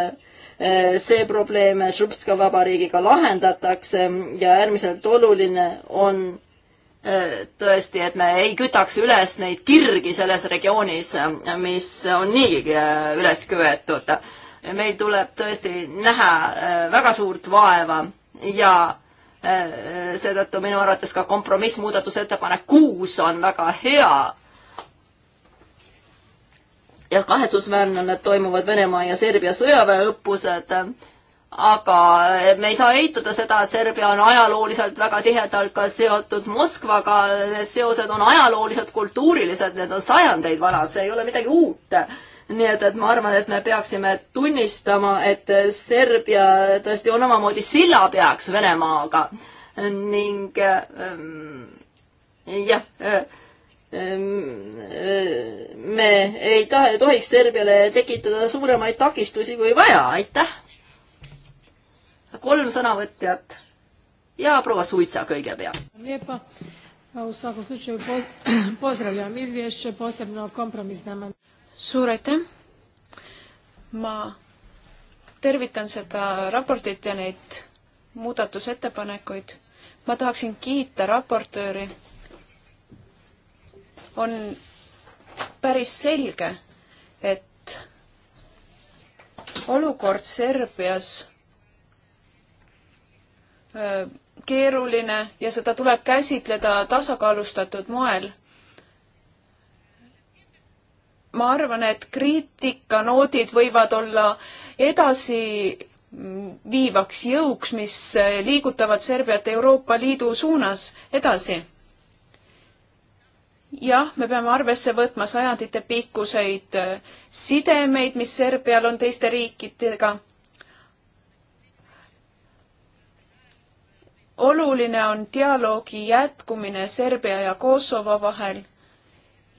Äh, see probleem Šrubska vabariigiga lahendatakse ja äärmiselt oluline on äh, tõesti, et me ei kütaks üles neid kirgi selles regioonis, mis on niigi äh, üles köetud. meil tuleb tõesti näha väga suurt vaeva ja seetõttu minu arvates ka kompromissmuudatusettepanek kuus on väga hea ja kahetsusväärne on, et toimuvad Venemaa ja Serbia sõjaväeõppused, aga me ei saa eitada seda, et Serbia on ajalooliselt väga tihedalt ka seotud Moskvaga, need seosed on ajalooliselt kultuurilised, need on sajandeid vanad, see ei ole midagi uut. nii et, et ma arvan, et me peaksime tunnistama, et Serbia tõesti on omamoodi sillapeaks Venemaaga ning ähm, jah äh,, Ehm, eh, me ei tahe, tohiks Serbiale tekitada suuremaid takistusi kui vaja, aitäh! kolm sõnavõtjat ja proua Suitsa kõigepealt. suur aitäh! ma tervitan seda raportit ja neid muudatusettepanekuid. ma tahaksin kiita raportööri on päris selge, et olukord Serbias keeruline ja seda tuleb käsitleda tasakaalustatud moel. ma arvan, et kriitikanoodid võivad olla edasiviivaks jõuks, mis liigutavad Serbiat Euroopa Liidu suunas edasi jah, me peame arvesse võtma sajandite pikkuseid äh, sidemeid, mis Serbial on teiste riikidega. oluline on dialoogi jätkumine Serbia ja Kosovo vahel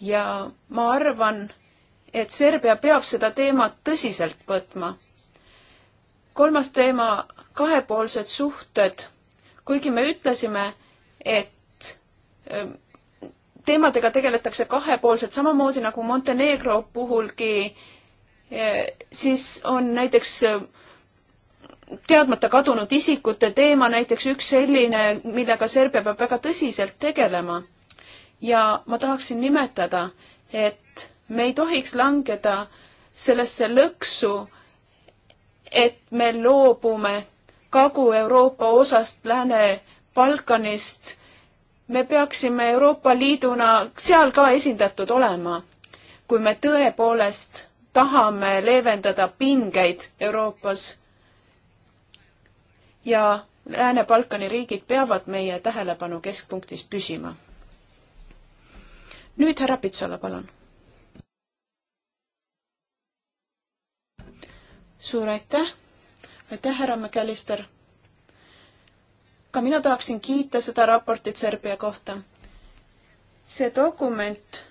ja ma arvan, et Serbia peab seda teemat tõsiselt võtma. kolmas teema, kahepoolsed suhted. kuigi me ütlesime, et äh, teemadega tegeletakse kahepoolselt, samamoodi nagu Montenegro puhulgi, eh, siis on näiteks eh, teadmata kadunud isikute teema näiteks üks selline, millega Serbia peab väga tõsiselt tegelema. ja ma tahaksin nimetada, et me ei tohiks langeda sellesse lõksu, et me loobume Kagu-Euroopa osast Lääne-Balkanist me peaksime Euroopa Liiduna seal ka esindatud olema, kui me tõepoolest tahame leevendada pingeid Euroopas. ja Lääne-Balkani riigid peavad meie tähelepanu keskpunktis püsima. nüüd härra Pitsola, palun. suur aitäh, aitäh, härra McAllister ka mina tahaksin kiita seda raportit Serbia kohta. see dokument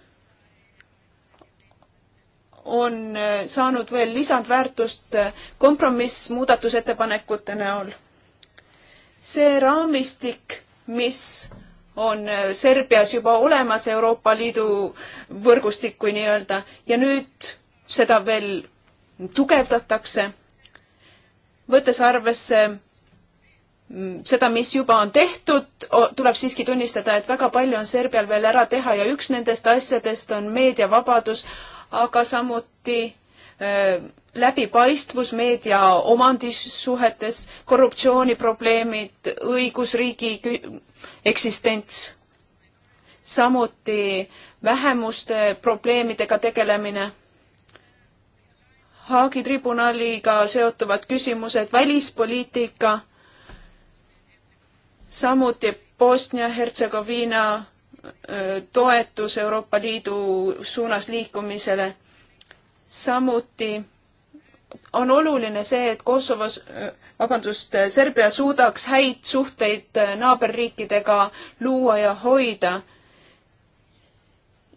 on eh, saanud veel lisandväärtust eh, kompromiss muudatusettepanekute näol. see raamistik, mis on eh, Serbias juba olemas Euroopa Liidu võrgustikku nii-öelda ja nüüd seda veel tugevdatakse, võttes arvesse Mm, seda, mis juba on tehtud, tuleb siiski tunnistada, et väga palju on Serbial veel ära teha ja üks nendest asjadest on meediavabadus, aga samuti äh, läbipaistvus meedia omandisuhetes, korruptsiooniprobleemid, õigusriigi eksistents, samuti vähemuste probleemidega tegelemine Haagi tribunaliga seotuvad küsimused, välispoliitika samuti Bosnia-Hertsegoviina äh, toetus Euroopa Liidu suunas liikumisele. samuti on oluline see, et Kosovos, äh, vabandust, äh, Serbia suudaks häid suhteid naaberriikidega luua ja hoida.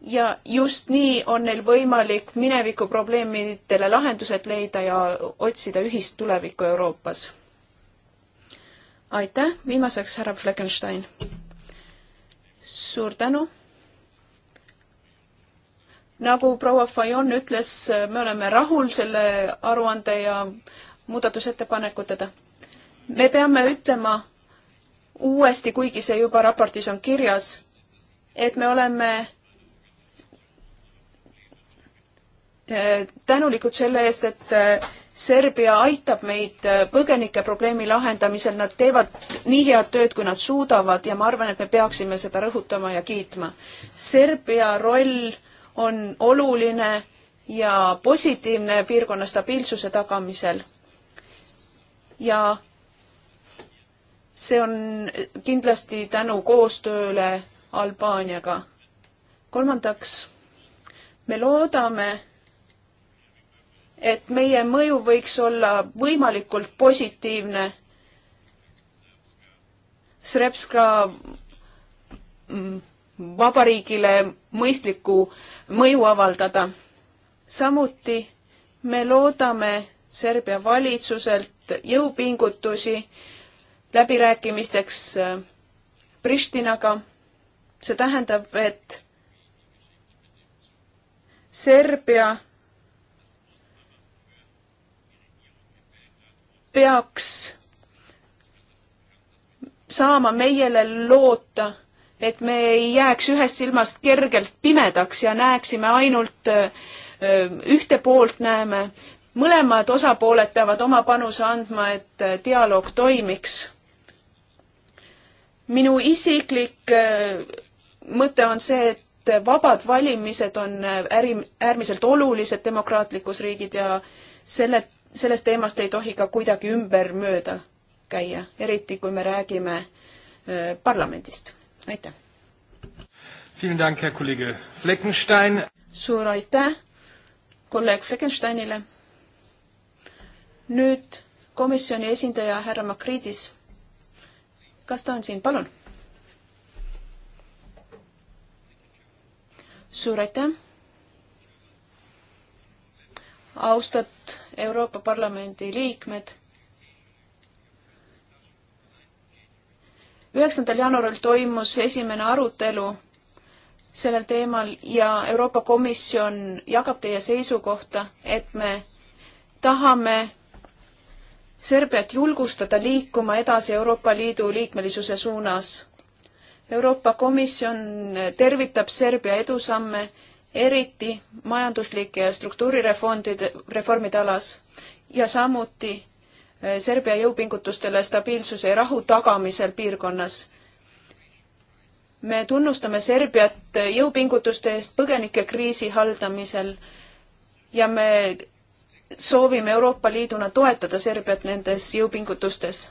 ja just nii on neil võimalik mineviku probleemidele lahendused leida ja otsida ühist tulevikku Euroopas aitäh, viimaseks härra Fleckenstein. suur tänu. nagu proua Fajon ütles, me oleme rahul selle aruande ja muudatusettepanekutega. me peame ütlema uuesti, kuigi see juba raportis on kirjas, et me oleme eh, tänulikud selle eest, et Serbia aitab meid äh, põgenike probleemi lahendamisel, nad teevad nii head tööd, kui nad suudavad ja ma arvan, et me peaksime seda rõhutama ja kiitma. Serbia roll on oluline ja positiivne piirkonna stabiilsuse tagamisel. ja see on kindlasti tänu koostööle Albaaniaga. kolmandaks, me loodame, et meie mõju võiks olla võimalikult positiivne. Srebska mm, vabariigile mõistlikku mõju avaldada. samuti me loodame Serbia valitsuselt jõupingutusi läbirääkimisteks äh, Pristinaga. see tähendab, et Serbia peaks saama meiele loota, et me ei jääks ühest silmast kergelt pimedaks ja näeksime ainult ühte poolt näeme. mõlemad osapooled peavad oma panuse andma, et dialoog toimiks. minu isiklik mõte on see, et vabad valimised on äri, äärmiselt olulised demokraatlikus riigid ja selle sellest teemast ei tohi ka kuidagi ümbermööda käia, eriti kui me räägime äh, parlamendist. aitäh! suur aitäh kolleeg Fleckensteinile. nüüd komisjoni esindaja härra Makridis. kas ta on siin, palun? suur aitäh austat Euroopa Parlamendi liikmed. üheksandal jaanuaril toimus esimene arutelu sellel teemal ja Euroopa Komisjon jagab teie seisukohta, et me tahame Serbiat julgustada liikuma edasi Euroopa Liidu liikmelisuse suunas. Euroopa Komisjon tervitab Serbia edusamme eriti majanduslike ja struktuurireformide, reformide alas ja samuti eh, Serbia jõupingutustele stabiilsuse ja rahu tagamisel piirkonnas. me tunnustame Serbiat jõupingutuste eest põgenikekriisi haldamisel ja me soovime Euroopa Liiduna toetada Serbiat nendes jõupingutustes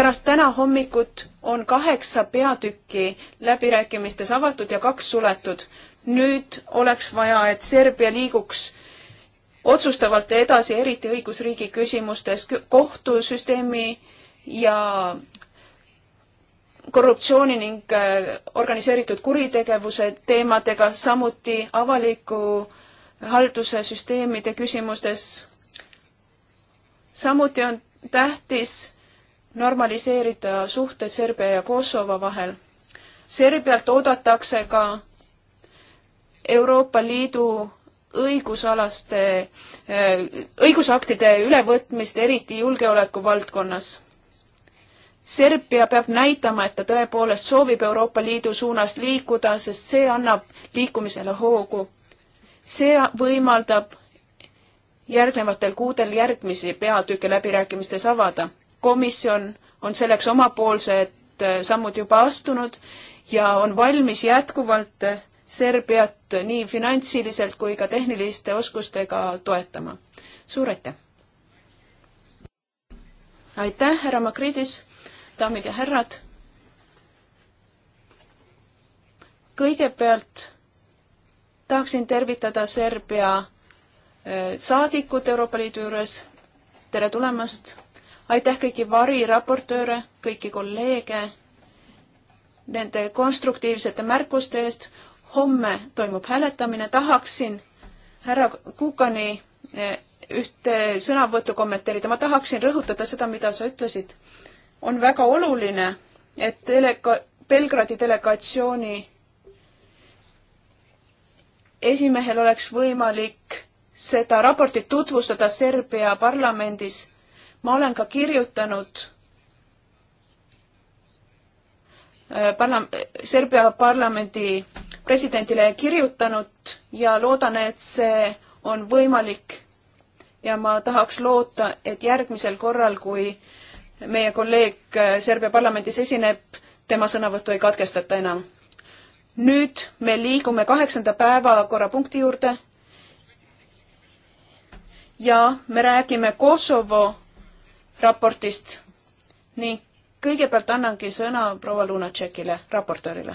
pärast täna hommikut on kaheksa peatükki läbirääkimistes avatud ja kaks suletud. nüüd oleks vaja, et Serbia liiguks otsustavalt edasi, eriti õigusriigi küsimustes, kohtusüsteemi ja korruptsiooni ning äh, organiseeritud kuritegevuse teemadega, samuti avaliku halduse süsteemide küsimustes. samuti on tähtis normaliseerida suhted Serbia ja Kosovo vahel. Serbialt oodatakse ka Euroopa Liidu õigusalaste, eh, õigusaktide ülevõtmist, eriti julgeoleku valdkonnas. Serbia peab näitama, et ta tõepoolest soovib Euroopa Liidu suunas liikuda, sest see annab liikumisele hoogu. see võimaldab järgnevatel kuudel järgmisi peatükke läbirääkimistes avada komisjon on selleks omapoolsed eh, sammud juba astunud ja on valmis jätkuvalt eh, Serbiat nii finantsiliselt kui ka tehniliste oskustega toetama. suur aitäh! aitäh, härra Makridis, daamid ja härrad! kõigepealt tahaksin tervitada Serbia eh, saadikut Euroopa Liidu juures. tere tulemast! aitäh kõiki variraportööre, kõiki kolleege nende konstruktiivsete märkuste eest. homme toimub hääletamine, tahaksin härra Kukani eh, ühte sõnavõttu kommenteerida, ma tahaksin rõhutada seda, mida sa ütlesid. on väga oluline, et delega-, Belgradi delegatsiooni esimehel oleks võimalik seda raportit tutvustada Serbia parlamendis ma olen ka kirjutanud äh, parla-, Serbia parlamendi presidendile kirjutanud ja loodan, et see on võimalik. ja ma tahaks loota, et järgmisel korral, kui meie kolleeg äh, Serbia parlamendis esineb, tema sõnavõttu ei katkestata enam. nüüd me liigume kaheksanda päevakorrapunkti juurde ja me räägime Kosovo raportist ning kõigepealt annangi sõna proua Lunatšekile, raportöörile.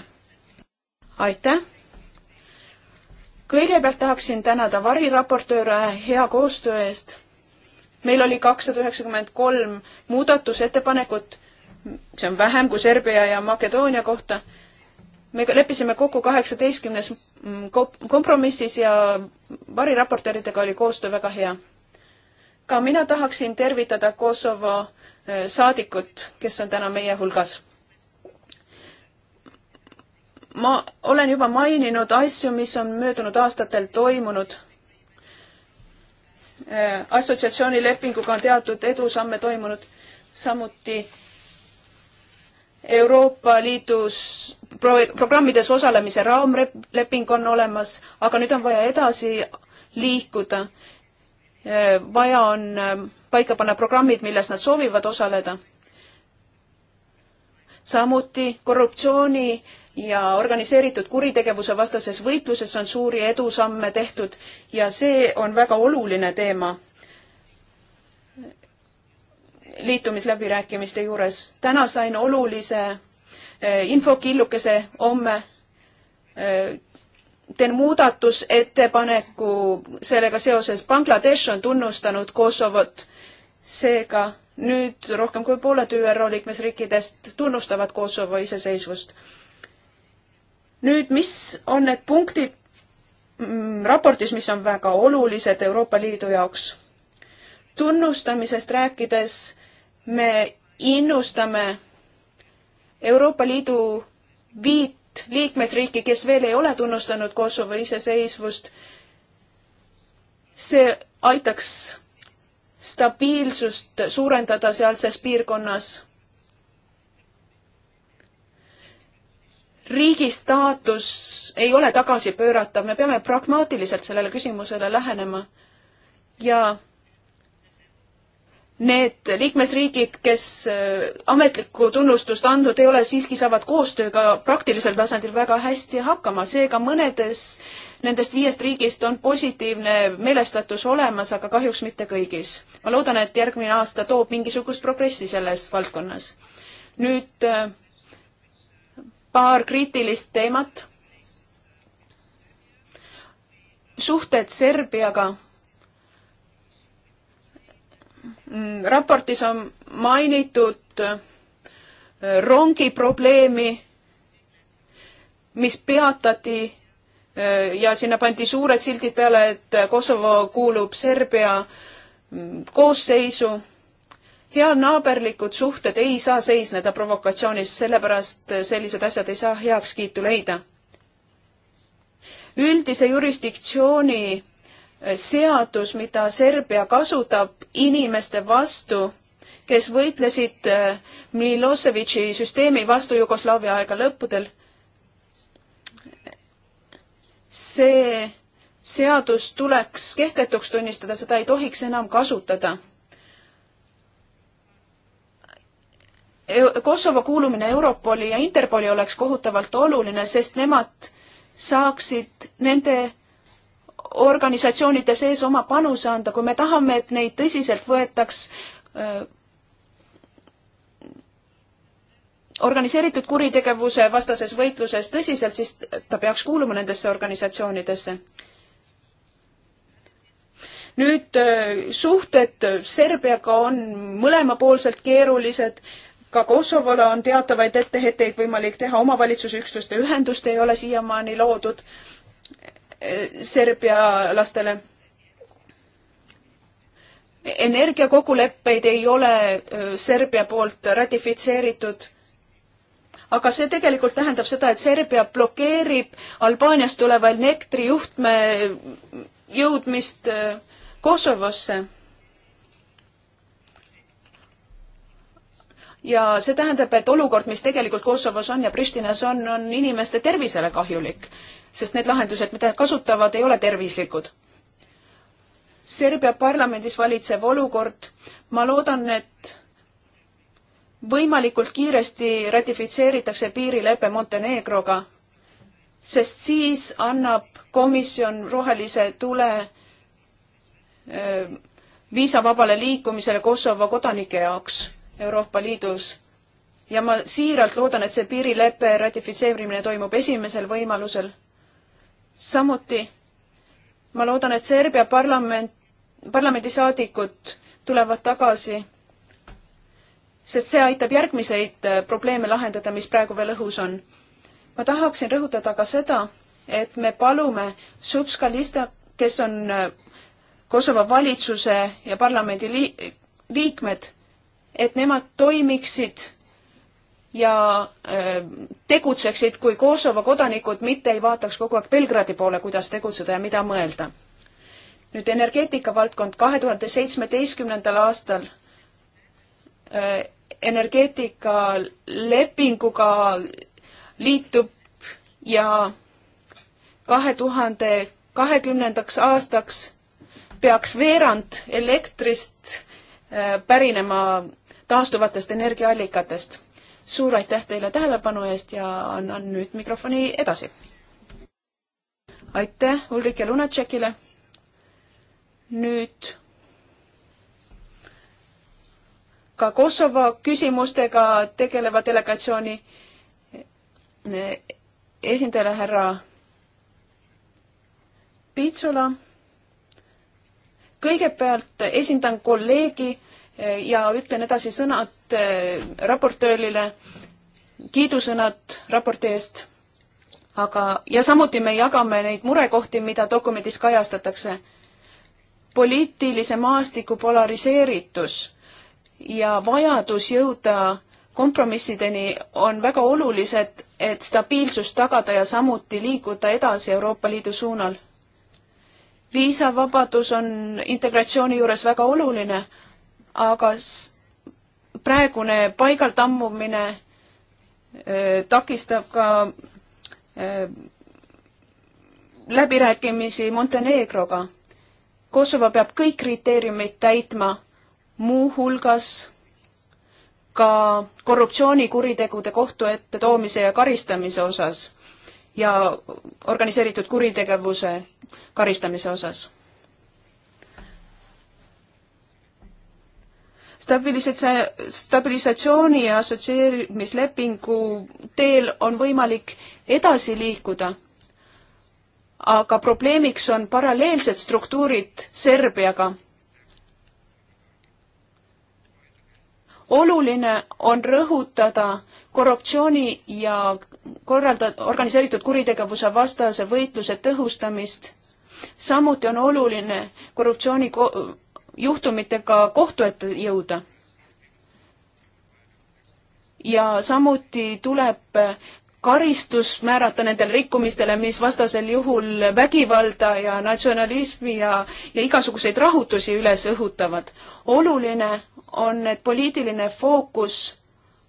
aitäh! kõigepealt tahaksin tänada variraportööre hea koostöö eest. meil oli kakssada üheksakümmend kolm muudatusettepanekut, see on vähem kui Serbia ja Makedoonia kohta. me leppisime kokku kaheksateistkümnes kompromissis ja variraportööridega oli koostöö väga hea ka mina tahaksin tervitada Kosovo eh, saadikut, kes on täna meie hulgas. ma olen juba maininud asju, mis on möödunud aastatel toimunud. Eh, assotsiatsioonilepinguga on teatud edusamme toimunud, samuti Euroopa Liidus pro programmides osalemise raamleping on olemas, aga nüüd on vaja edasi liikuda Äh, vaja on äh, paika panna programmid, milles nad soovivad osaleda. samuti korruptsiooni ja organiseeritud kuritegevuse vastases võitluses on suuri edusamme tehtud ja see on väga oluline teema liitumisläbirääkimiste juures. täna sain olulise äh, infokillukese, homme teen muudatusettepaneku sellega seoses. Bangladesh on tunnustanud Kosovot, seega nüüd rohkem kui pooled ÜRO liikmesriikidest tunnustavad Kosovo iseseisvust. nüüd, mis on need punktid mm, raportis, mis on väga olulised Euroopa Liidu jaoks? tunnustamisest rääkides me innustame Euroopa Liidu viit viit liikmesriiki, kes veel ei ole tunnustanud Kosovo iseseisvust. see aitaks stabiilsust suurendada sealses piirkonnas. riigi staatus ei ole tagasipööratav, me peame pragmaatiliselt sellele küsimusele lähenema ja need liikmesriigid, kes äh, ametlikku tunnustust andnud ei ole, siiski saavad koostööga praktilisel tasandil väga hästi hakkama, seega mõnedes nendest viiest riigist on positiivne meelestatus olemas, aga kahjuks mitte kõigis. ma loodan, et järgmine aasta toob mingisugust progressi selles valdkonnas. nüüd äh, paar kriitilist teemat. suhted Serbiaga Mm, raportis on mainitud äh, rongi probleemi, mis peatati äh, ja sinna pandi suured sildid peale, et äh, Kosovo kuulub Serbia mm, koosseisu. head naaberlikud suhted ei saa seisneda provokatsioonis, sellepärast sellised asjad ei saa heakskiitu leida. üldise jurisdiktsiooni seadus, mida Serbia kasutab inimeste vastu, kes võitlesid äh, Milosevici süsteemi vastu Jugoslaavia aega lõppudel. see seadus tuleks kehtetuks tunnistada, seda ei tohiks enam kasutada e-, Kosovo kuulumine Europoli ja Interpoli oleks kohutavalt oluline, sest nemad saaksid nende organisatsioonide sees oma panuse anda, kui me tahame, et neid tõsiselt võetaks äh, organiseeritud kuritegevuse vastases võitluses tõsiselt, siis ta peaks kuuluma nendesse organisatsioonidesse. nüüd äh, suhted Serbiaga on mõlemapoolselt keerulised, ka Kosovole on teatavaid etteheiteid võimalik teha, omavalitsusüksuste ühendust ei ole siiamaani loodud Serbia lastele. energiakokkuleppeid ei ole Serbia poolt ratifitseeritud aga see tegelikult tähendab seda, et Serbia blokeerib Albaaniast tuleva elektrijuhtme jõudmist Kosovosse. ja see tähendab, et olukord, mis tegelikult Kosovos on ja Pristinas on, on inimeste tervisele kahjulik sest need lahendused, mida nad kasutavad, ei ole tervislikud. Serbia parlamendis valitsev olukord, ma loodan, et võimalikult kiiresti ratifitseeritakse piirilepe Montenegroga, sest siis annab komisjon rohelise tule viisavabale liikumisele Kosovo kodanike jaoks Euroopa Liidus. ja ma siiralt loodan, et see piirilepe ratifitseerimine toimub esimesel võimalusel samuti ma loodan, et Serbia parlament, parlamendisaadikud tulevad tagasi, sest see aitab järgmiseid äh, probleeme lahendada, mis praegu veel õhus on. ma tahaksin rõhutada ka seda, et me palume Subska Lista, kes on äh, Kosovo valitsuse ja parlamendi liikmed, et nemad toimiksid ja äh, tegutseksid kui Kosovo kodanikud, mitte ei vaataks kogu aeg Belgradi poole, kuidas tegutseda ja mida mõelda. nüüd energeetika valdkond kahe tuhande seitsmeteistkümnendal aastal äh, energeetikalepinguga liitub ja kahe tuhande kahekümnendaks aastaks peaks veerand elektrist äh, pärinema taastuvatest energiaallikatest suur aitäh teile tähelepanu eest ja annan nüüd mikrofoni edasi. aitäh Ulrike Lunatšekile. nüüd ka Kosovo küsimustega tegeleva delegatsiooni esindajale härra Pitsula. kõigepealt esindan kolleegi ja ütlen edasi sõnad eh, raportöörile, kiidusõnad raporti eest, aga, ja samuti me jagame neid murekohti, mida dokumendis kajastatakse. poliitilise maastiku polariseeritus ja vajadus jõuda kompromissideni on väga olulised, et stabiilsust tagada ja samuti liikuda edasi Euroopa Liidu suunal. viisavabadus on integratsiooni juures väga oluline aga praegune paigalt ammumine äh, takistab ka äh, läbirääkimisi Montenegroga. Kosovo peab kõik kriteeriumid täitma, muuhulgas ka korruptsioonikuritegude kohtu ette toomise ja karistamise osas ja organiseeritud kuritegevuse karistamise osas. stabilisatsioon, stabilisatsiooni ja assotsieerimislepingu teel on võimalik edasi liikuda. aga probleemiks on paralleelsed struktuurid Serbiaga. oluline on rõhutada korruptsiooni ja korralda-, organiseeritud kuritegevuse vastase võitluse tõhustamist. samuti on oluline korruptsiooni ko-, juhtumitega kohtu ette jõuda. ja samuti tuleb karistus määrata nendele rikkumistele, mis vastasel juhul vägivalda ja natsionalismi ja, ja igasuguseid rahutusi üles õhutavad. oluline on, et poliitiline fookus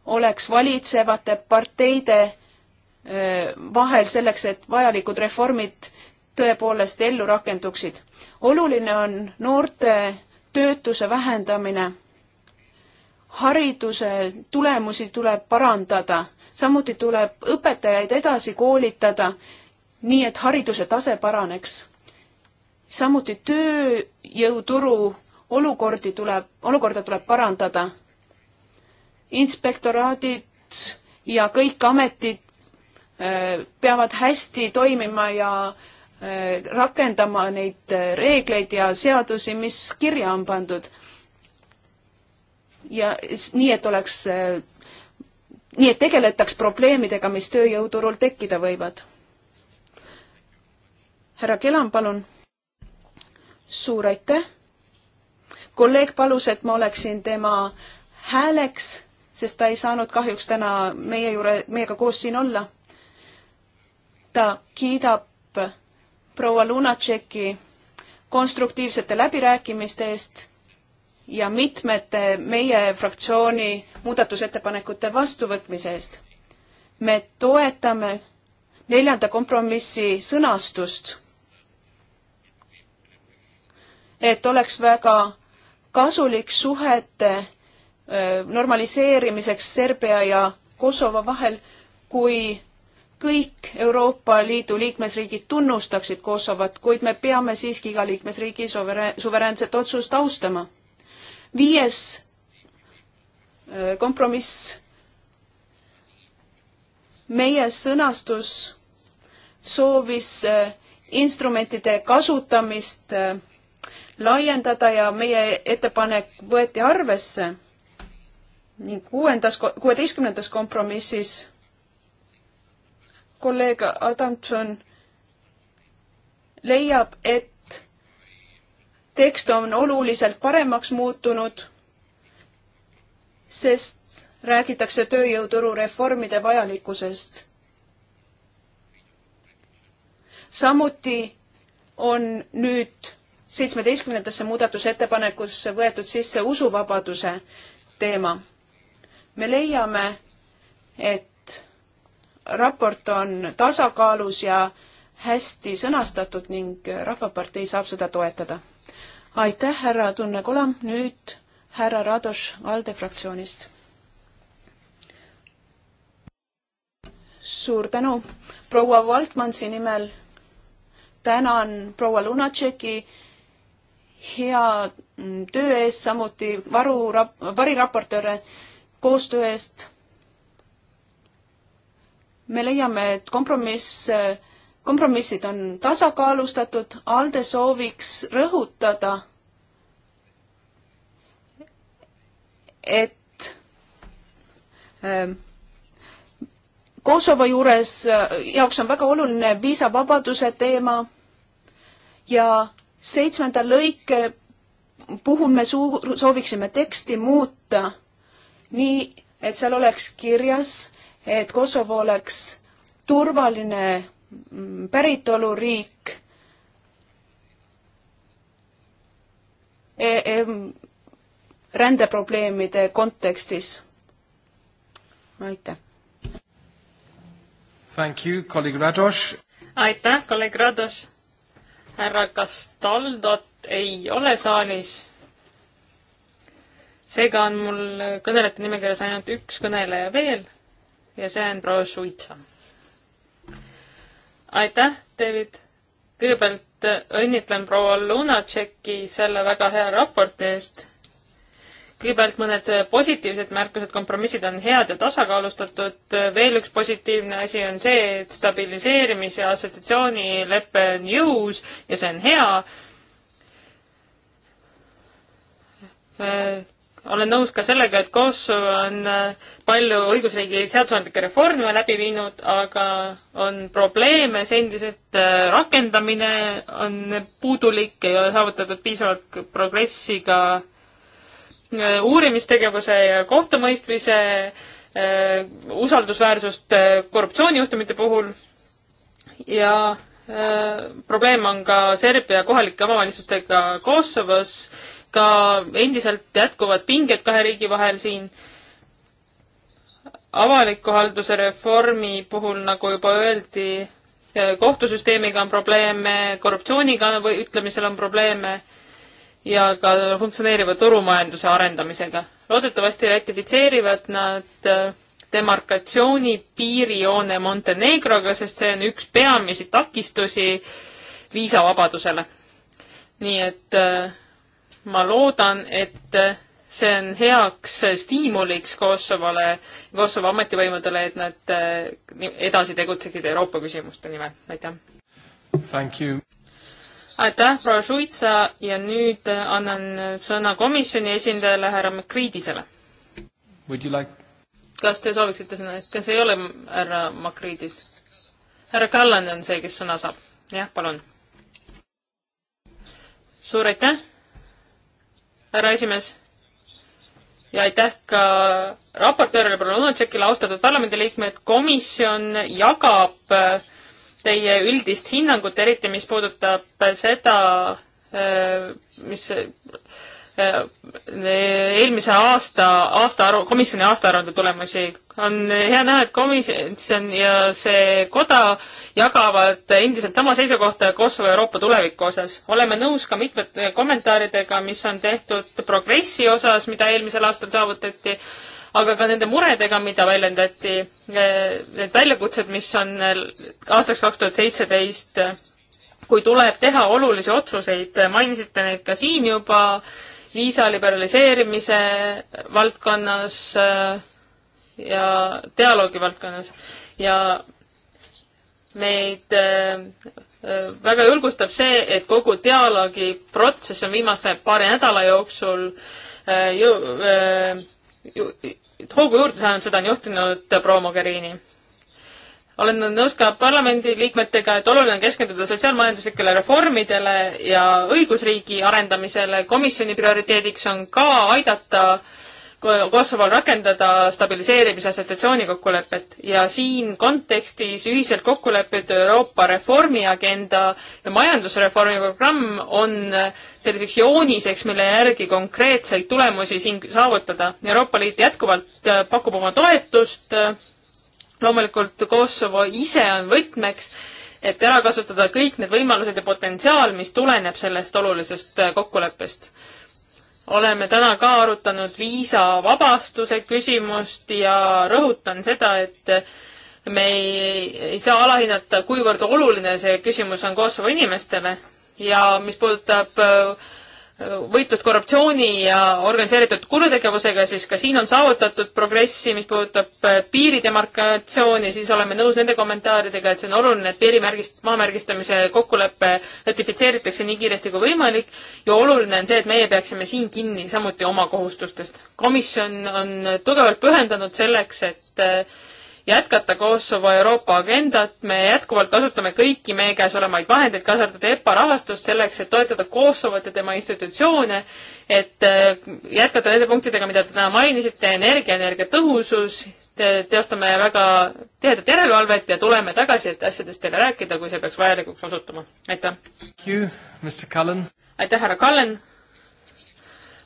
oleks valitsevate parteide vahel selleks, et vajalikud reformid tõepoolest ellu rakenduksid. oluline on noorte töötuse vähendamine. hariduse tulemusi tuleb parandada, samuti tuleb õpetajaid edasi koolitada, nii et hariduse tase paraneks. samuti tööjõuturu olukordi tuleb, olukorda tuleb parandada. inspektoraadid ja kõik ametid äh, peavad hästi toimima ja äh, Äh, rakendama neid äh, reegleid ja seadusi, mis kirja on pandud. ja nii, et oleks, äh, nii et tegeletaks probleemidega, mis tööjõuturul tekkida võivad. härra Kelam, palun. suur aitäh. kolleeg palus, et ma oleksin tema hääleks, sest ta ei saanud kahjuks täna meie juure, meiega koos siin olla. ta kiidab proua Lunatšeki konstruktiivsete läbirääkimiste eest ja mitmete meie fraktsiooni muudatusettepanekute vastuvõtmise eest. me toetame neljanda kompromissi sõnastust, et oleks väga kasulik suhete normaliseerimiseks Serbia ja Kosovo vahel, kui kõik Euroopa Liidu liikmesriigid tunnustaksid Kosovot, kuid me peame siiski iga liikmesriigi suverään-, suveräänset otsust austama. viies äh, kompromiss, meie sõnastus soovis äh, instrumentide kasutamist äh, laiendada ja meie ettepanek võeti arvesse ning kuuendas, kuueteistkümnendas kompromissis kolleeg Adamson leiab, et tekst on oluliselt paremaks muutunud, sest räägitakse tööjõuturu reformide vajalikkusest. samuti on nüüd seitsmeteistkümnendasse muudatusettepanekusse võetud sisse usuvabaduse teema. me leiame, et raport on tasakaalus ja hästi sõnastatud ning Rahvapartei saab seda toetada. aitäh, härra Tunne Kolam, nüüd härra Radoš ALDE fraktsioonist. suur tänu proua Waldmansi nimel. tänan proua Lunatšeki hea töö eest, samuti varu, variraportööre koostöö eest me leiame, et kompromiss, kompromissid on tasakaalustatud, ALDE sooviks rõhutada, et ähm, Kosovo juures äh, jaoks on väga oluline viisavabaduse teema ja seitsmenda lõike puhul me suu-, sooviksime teksti muuta nii, et seal oleks kirjas, et Kosovo oleks turvaline päritoluriik e e rändeprobleemide kontekstis. aitäh. Thank you, kolleeg Radoš. aitäh, kolleeg Radoš. härra Kastaldot ei ole saalis. seega on mul kõnelejate nimekirjas ainult üks kõneleja veel ja see on proua Šuitsa. aitäh, David. kõigepealt äh, õnnitlen proua Lunatšeki selle väga hea raporti eest. kõigepealt mõned äh, positiivsed märkused, kompromissid on head ja tasakaalustatud. Äh, veel üks positiivne asi on see, et stabiliseerimis- ja assotsiatsioonilepe on jõus ja see on hea olen nõus ka sellega, et Kosovo on äh, palju õigusriigi seadusandlikke reforme läbi viinud, aga on probleeme, see endiselt äh, rakendamine on puudulik, ei ole saavutatud piisavalt progressi ka äh, uurimistegevuse ja kohtumõistmise usaldusväärsust korruptsioonijuhtumite puhul ja probleem on ka Serbia kohalike omavalitsustega Kosovos ka endiselt jätkuvad pinged kahe riigi vahel siin. avaliku halduse reformi puhul, nagu juba öeldi, kohtusüsteemiga on probleeme, korruptsiooniga või ütlemisel on probleeme ja ka funktsioneeriva turumajanduse arendamisega. loodetavasti ratifitseerivad nad äh, demarkatsiooni piirijoone Montenegroga, sest see on üks peamisi takistusi viisavabadusele. nii et äh, ma loodan, et see on heaks stiimuliks Kosovole, Kosovo ametivõimudele, et nad eh, edasi tegutseksid Euroopa küsimuste nimel. aitäh! aitäh, proua Suitsa ja nüüd annan sõna komisjoni esindajale, härra Makriidisele. Like... kas te sooviksite sõna, kas ei ole härra Makriidis? härra Kallan on see, kes sõna saab. jah, palun. suur aitäh härra esimees. ja aitäh ka raportöörile proua Lunatšekile, austatud parlamendiliikmed, komisjon jagab äh, teie üldist hinnangut, eriti mis puudutab äh, seda, äh, mis Äh, eelmise aasta, aastaaru-, komisjoni aastaaruande tulemusi. on hea näha, et komisjon ja see koda jagavad endiselt sama seisukohta Kosovo Euroopa tuleviku osas. oleme nõus ka mitmete kommentaaridega, mis on tehtud progressi osas, mida eelmisel aastal saavutati, aga ka nende muredega, mida väljendati, äh, need väljakutsed, mis on aastaks kaks tuhat seitseteist, kui tuleb teha olulisi otsuseid, mainisite neid ka siin juba, viisa liberaliseerimise valdkonnas äh, ja dialoogi valdkonnas ja meid äh, äh, väga julgustab see, et kogu dialoogi protsess on viimase paari nädala jooksul ju, ju, hoogu juurde saanud, seda on juhtinud proua Mogherini olen nõus ka parlamendiliikmetega, et oluline on keskenduda sotsiaalmajanduslikele reformidele ja õigusriigi arendamisele. komisjoni prioriteediks on ka aidata Kosovol rakendada stabiliseerimise assotsiatsiooni kokkulepet ja siin kontekstis ühiselt kokkulepet Euroopa reformiagenda ja majandusreformi programm on selliseks jooniseks, mille järgi konkreetseid tulemusi siin saavutada. Euroopa Liit jätkuvalt pakub oma toetust äh, loomulikult Kosovo ise on võtmeks, et ära kasutada kõik need võimalused ja potentsiaal, mis tuleneb sellest olulisest äh, kokkuleppest. oleme täna ka arutanud viisavabastuse küsimust ja rõhutan seda, et äh, me ei, ei saa alahinnata, kuivõrd oluline see küsimus on Kosovo inimestele ja mis puudutab äh, võitlust korruptsiooni ja organiseeritud kuritegevusega, siis ka siin on saavutatud progressi, mis puudutab äh, piiridemarkatsiooni, siis oleme nõus nende kommentaaridega, et see on oluline, et piirimärgist, maamärgistamise kokkulepe ratifitseeritakse nii kiiresti kui võimalik ja oluline on see, et meie peaksime siin kinni samuti oma kohustustest. komisjon on tugevalt pühendunud selleks, et äh, jätkata Kosovo Euroopa agendat, me jätkuvalt kasutame kõiki meie käes olemaid vahendeid, kaasa arvatud EPA rahastust, selleks, et toetada Kosovot ja tema institutsioone, et äh, jätkata nende punktidega, mida te täna mainisite, energia, energia tõhusus, teostame väga tihedat järelevalvet ja tuleme tagasi, et asjadest teile rääkida, kui see peaks vajalikuks osutuma. aitäh! aitäh, härra Cullen!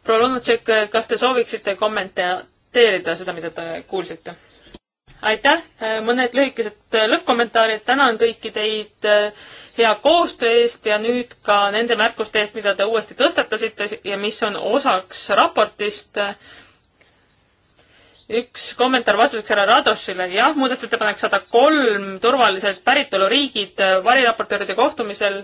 proua Lunatšek, kas te sooviksite kommenteerida seda, mida te kuulsite? aitäh, äh, mõned lühikesed äh, lõppkommentaarid, tänan kõiki teid äh, hea koostöö eest ja nüüd ka nende märkuste eest, mida te uuesti tõstatasite ja mis on osaks raportist. üks kommentaar vastuseks härra Radošile, jah, muudatusettepanek sada kolm, turvalised päritoluriigid variraportööride kohtumisel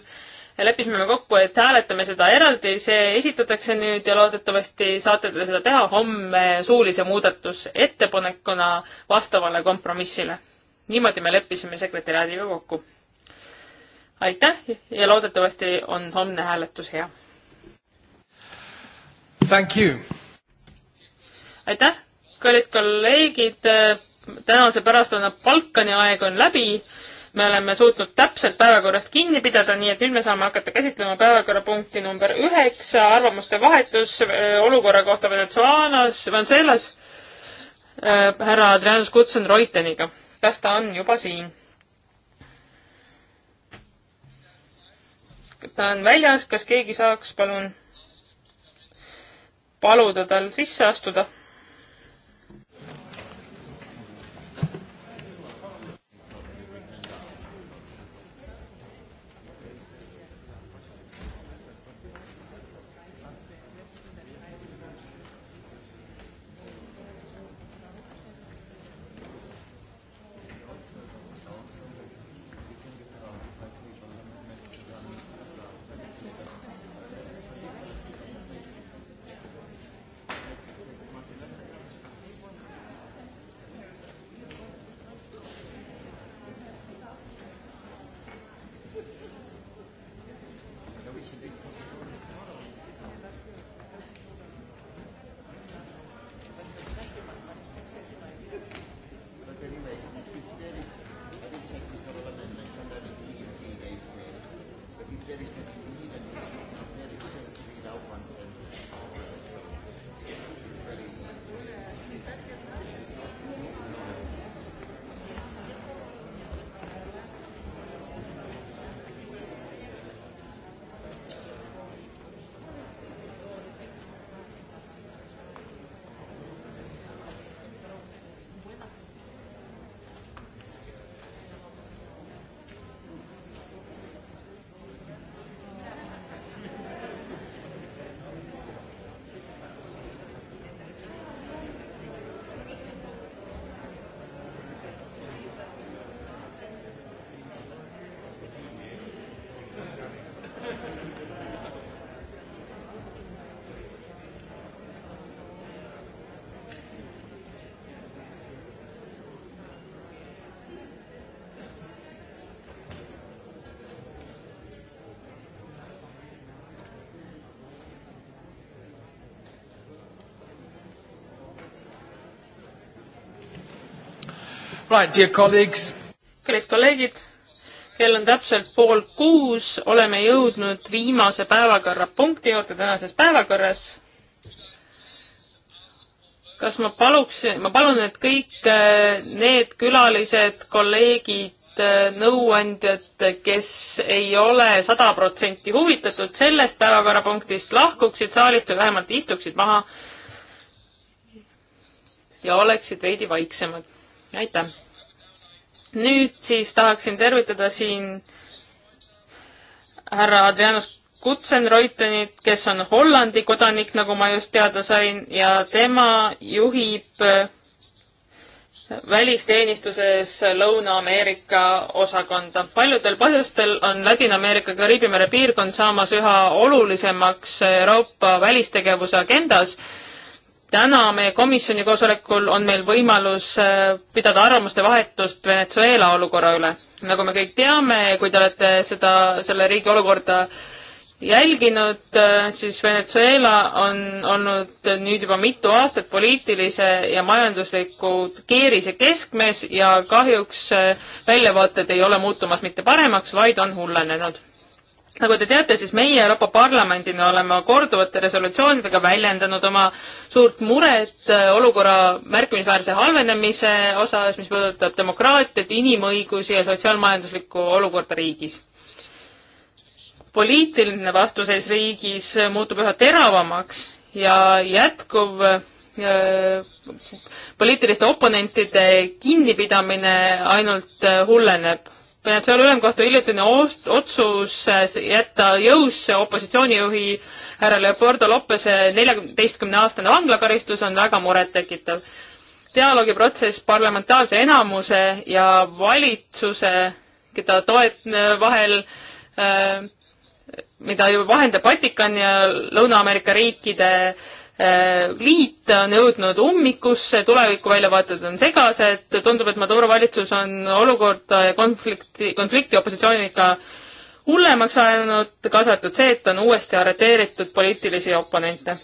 leppisime me kokku, et hääletame seda eraldi, see esitatakse nüüd ja loodetavasti saate te seda teha homme suulise muudatusettepanekuna vastavale kompromissile. niimoodi me leppisime sekretäriaadiga kokku. aitäh ja loodetavasti on homne hääletus hea. aitäh, kallid kolleegid, tänase pärastlõuna Balkani aeg on läbi me oleme suutnud täpselt päevakorrast kinni pidada, nii et nüüd me saame hakata käsitlema päevakorrapunkti number üheksa, arvamuste vahetus äh, olukorra kohta Venezuelas, Venezuelas äh,, härra Adrianus Kutsen Reuteniga. kas ta on juba siin? ta on väljas, kas keegi saaks palun paluda tal sisse astuda? Right, dear colleagues. kallid kolleegid, kell on täpselt pool kuus, oleme jõudnud viimase päevakorrapunkti juurde tänases päevakorras. kas ma paluksin, ma palun, et kõik äh, need külalised, kolleegid, äh, nõuandjad, kes ei ole sada protsenti huvitatud sellest päevakorrapunktist, lahkuksid saalist või vähemalt istuksid maha ja oleksid veidi vaiksemad. aitäh! nüüd siis tahaksin tervitada siin härra Adrianus Kutsenreutenit, kes on Hollandi kodanik, nagu ma just teada sain, ja tema juhib äh, välisteenistuses Lõuna-Ameerika osakonda. paljudel põhjustel on Ladina-Ameerika Kariibi mere piirkond saamas üha olulisemaks Euroopa välistegevuse agendas täna meie komisjoni koosolekul on meil võimalus äh, pidada arvamuste vahetust Venezuela olukorra üle. nagu me kõik teame, kui te olete seda, selle riigi olukorda jälginud, äh, siis Venezuela on olnud nüüd juba mitu aastat poliitilise ja majandusliku keerise keskmes ja kahjuks äh, väljavaated ei ole muutumas mitte paremaks, vaid on hullenenud nagu te teate, siis meie Euroopa Parlamendina oleme korduvate resolutsioonidega väljendanud oma suurt muret äh, olukorra märkimisväärse halvenemise osas, mis puudutab demokraatiat, inimõigusi ja sotsiaalmajanduslikku olukorda riigis. poliitiline vastuseis riigis muutub üha teravamaks ja jätkuv äh, poliitiliste oponentide kinnipidamine ainult äh, hulleneb Venezuela ülemkohtu hiljutine otsus äh, jätta jõusse opositsioonijuhi härra Leopoldo Lopese neljateistkümne aastane vanglakaristus on väga murettekitav. dialoogiprotsess parlamentaarse enamuse ja valitsuse, keda toet-, vahel äh, mida ju vahendab Vatikan ja Lõuna-Ameerika riikide äh, Äh, liit on jõudnud ummikusse, tulevikuväljavaated on segased, tundub, et Maduro valitsus on olukorda ja konflikti, konflikti opositsiooniga hullemaks ajanud, kaasa arvatud see, et on uuesti arreteeritud poliitilisi oponente.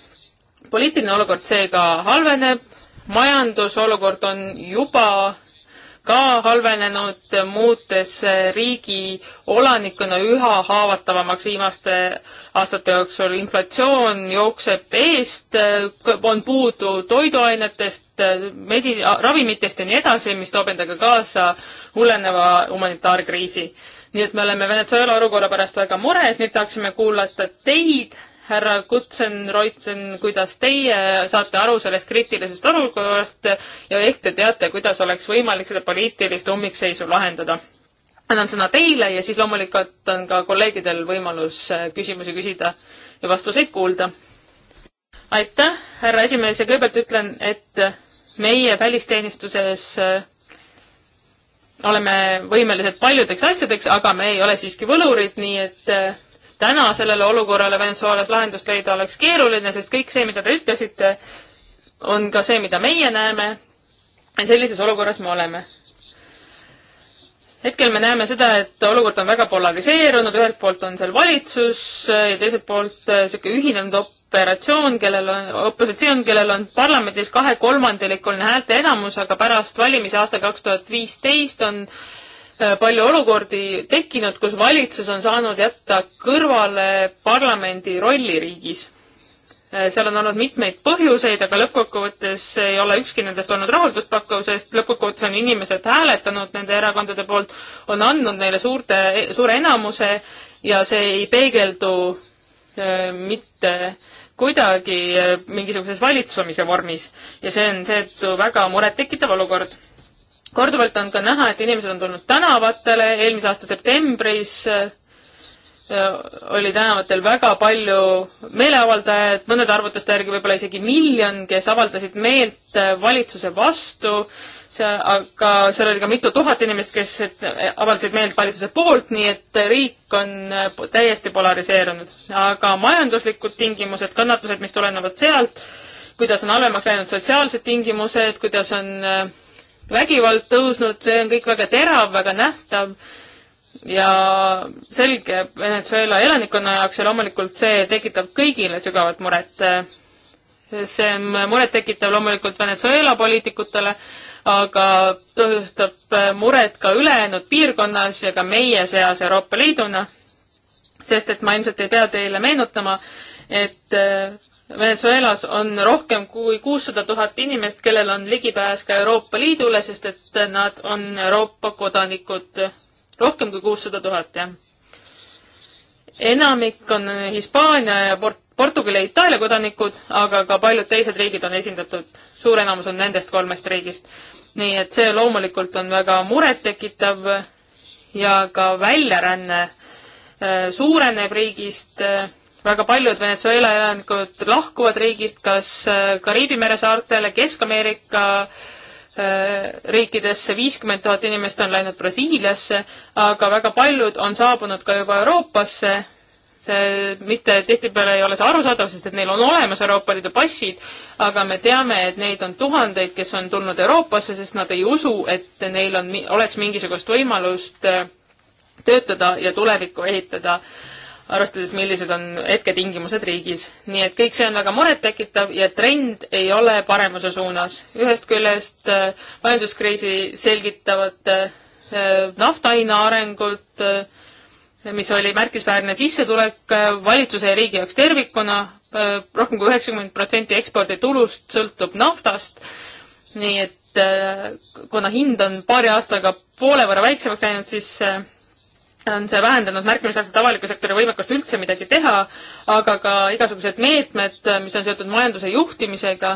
poliitiline olukord seega halveneb, majandusolukord on juba ka halvenenud, muutes riigi olanikuna üha haavatavamaks viimaste aastate jooksul. inflatsioon jookseb eest, on puudu toiduainetest, medi-, ravimitest ja nii edasi, mis toob endaga kaasa hulleneva humanitaarkriisi. nii et me oleme Venezuela olukorra pärast väga mures, nüüd tahaksime kuulata teid härra Kutsenreutlen, kuidas teie saate aru sellest kriitilisest olukorrast ja ehk te teate, kuidas oleks võimalik seda poliitilist ummikseisu lahendada? annan sõna teile ja siis loomulikult on ka kolleegidel võimalus äh, küsimusi küsida ja vastuseid kuulda. aitäh, härra esimees ja kõigepealt ütlen, et meie välisteenistuses äh, oleme võimelised paljudeks asjadeks, aga me ei ole siiski võlurid, nii et äh, täna sellele olukorrale Venezuelas lahendust leida oleks keeruline, sest kõik see, mida te ütlesite, on ka see, mida meie näeme. ja sellises olukorras me oleme. hetkel me näeme seda, et olukord on väga polariseerunud, ühelt poolt on seal valitsus ja teiselt poolt niisugune äh, ühinenud operatsioon, kellel on, opositsioon, kellel on parlamendis kahekolmandikuline häälte enamus, aga pärast valimisi aastal kaks tuhat viisteist on Äh, palju olukordi tekkinud, kus valitsus on saanud jätta kõrvale parlamendi rolli riigis. Äh, seal on olnud mitmeid põhjuseid, aga lõppkokkuvõttes ei ole ükski nendest olnud rahulduspakkuv, sest lõppkokkuvõttes on inimesed hääletanud nende erakondade poolt, on andnud neile suurte, suure enamuse ja see ei peegeldu äh, mitte kuidagi mingisuguses valitsemise vormis ja see on seetõttu väga murettekitav olukord korduvalt on ka näha, et inimesed on tulnud tänavatele, eelmise aasta septembris äh, oli tänavatel väga palju meeleavaldajaid, mõnede arvutuste järgi võib-olla isegi miljon, kes avaldasid meelt äh, valitsuse vastu, see, aga seal oli ka mitu tuhat inimest, kes äh, avaldasid meelt valitsuse poolt, nii et riik on täiesti polariseerunud. aga majanduslikud tingimused, kannatused, mis tulenevad sealt, kuidas on halvemaks läinud sotsiaalsed tingimused, kuidas on äh, vägivald tõusnud, see on kõik väga terav, väga nähtav ja selge Venezuela elanikkonna jaoks ja loomulikult see tekitab kõigile sügavat muret. see on murettekitav loomulikult Venezuela poliitikutele, aga tõustab muret ka ülejäänud piirkonnas ja ka meie seas Euroopa Liiduna, sest et ma ilmselt ei pea teile meenutama, et Venezuelas on rohkem kui kuussada tuhat inimest, kellel on ligipääs ka Euroopa Liidule, sest et nad on Euroopa kodanikud. rohkem kui kuussada tuhat, jah. enamik on Hispaania ja Port-, Portugali ja Itaalia kodanikud, aga ka paljud teised riigid on esindatud. suur enamus on nendest kolmest riigist. nii et see loomulikult on väga murettekitav ja ka väljaränne eh, suureneb riigist eh, väga paljud Venezuela elanikud lahkuvad riigist kas äh, Kariibi mere saartele, Kesk-Ameerika äh, riikidesse, viiskümmend tuhat inimest on läinud Brasiiliasse, aga väga paljud on saabunud ka juba Euroopasse, see mitte tihtipeale ei ole see arusaadav, sest et neil on olemas Euroopa Liidu passid, aga me teame, et neid on tuhandeid, kes on tulnud Euroopasse, sest nad ei usu, et neil on, oleks mingisugust võimalust äh, töötada ja tulevikku ehitada äh, arvestades, millised on hetketingimused riigis. nii et kõik see on väga murettekitav ja trend ei ole paremuse suunas. ühest küljest äh, majanduskriisi selgitavad äh, naftahinna arengud äh,, mis oli märkisväärne sissetulek äh, valitsuse ja riigi jaoks tervikuna, äh, rohkem kui üheksakümmend protsenti eksporditulust sõltub naftast, nii et äh, kuna hind on paari aastaga poole võrra väiksemaks läinud, siis on see vähendanud märkimisväärselt avaliku sektori võimekust üldse midagi teha, aga ka igasugused meetmed, mis on seotud majanduse juhtimisega,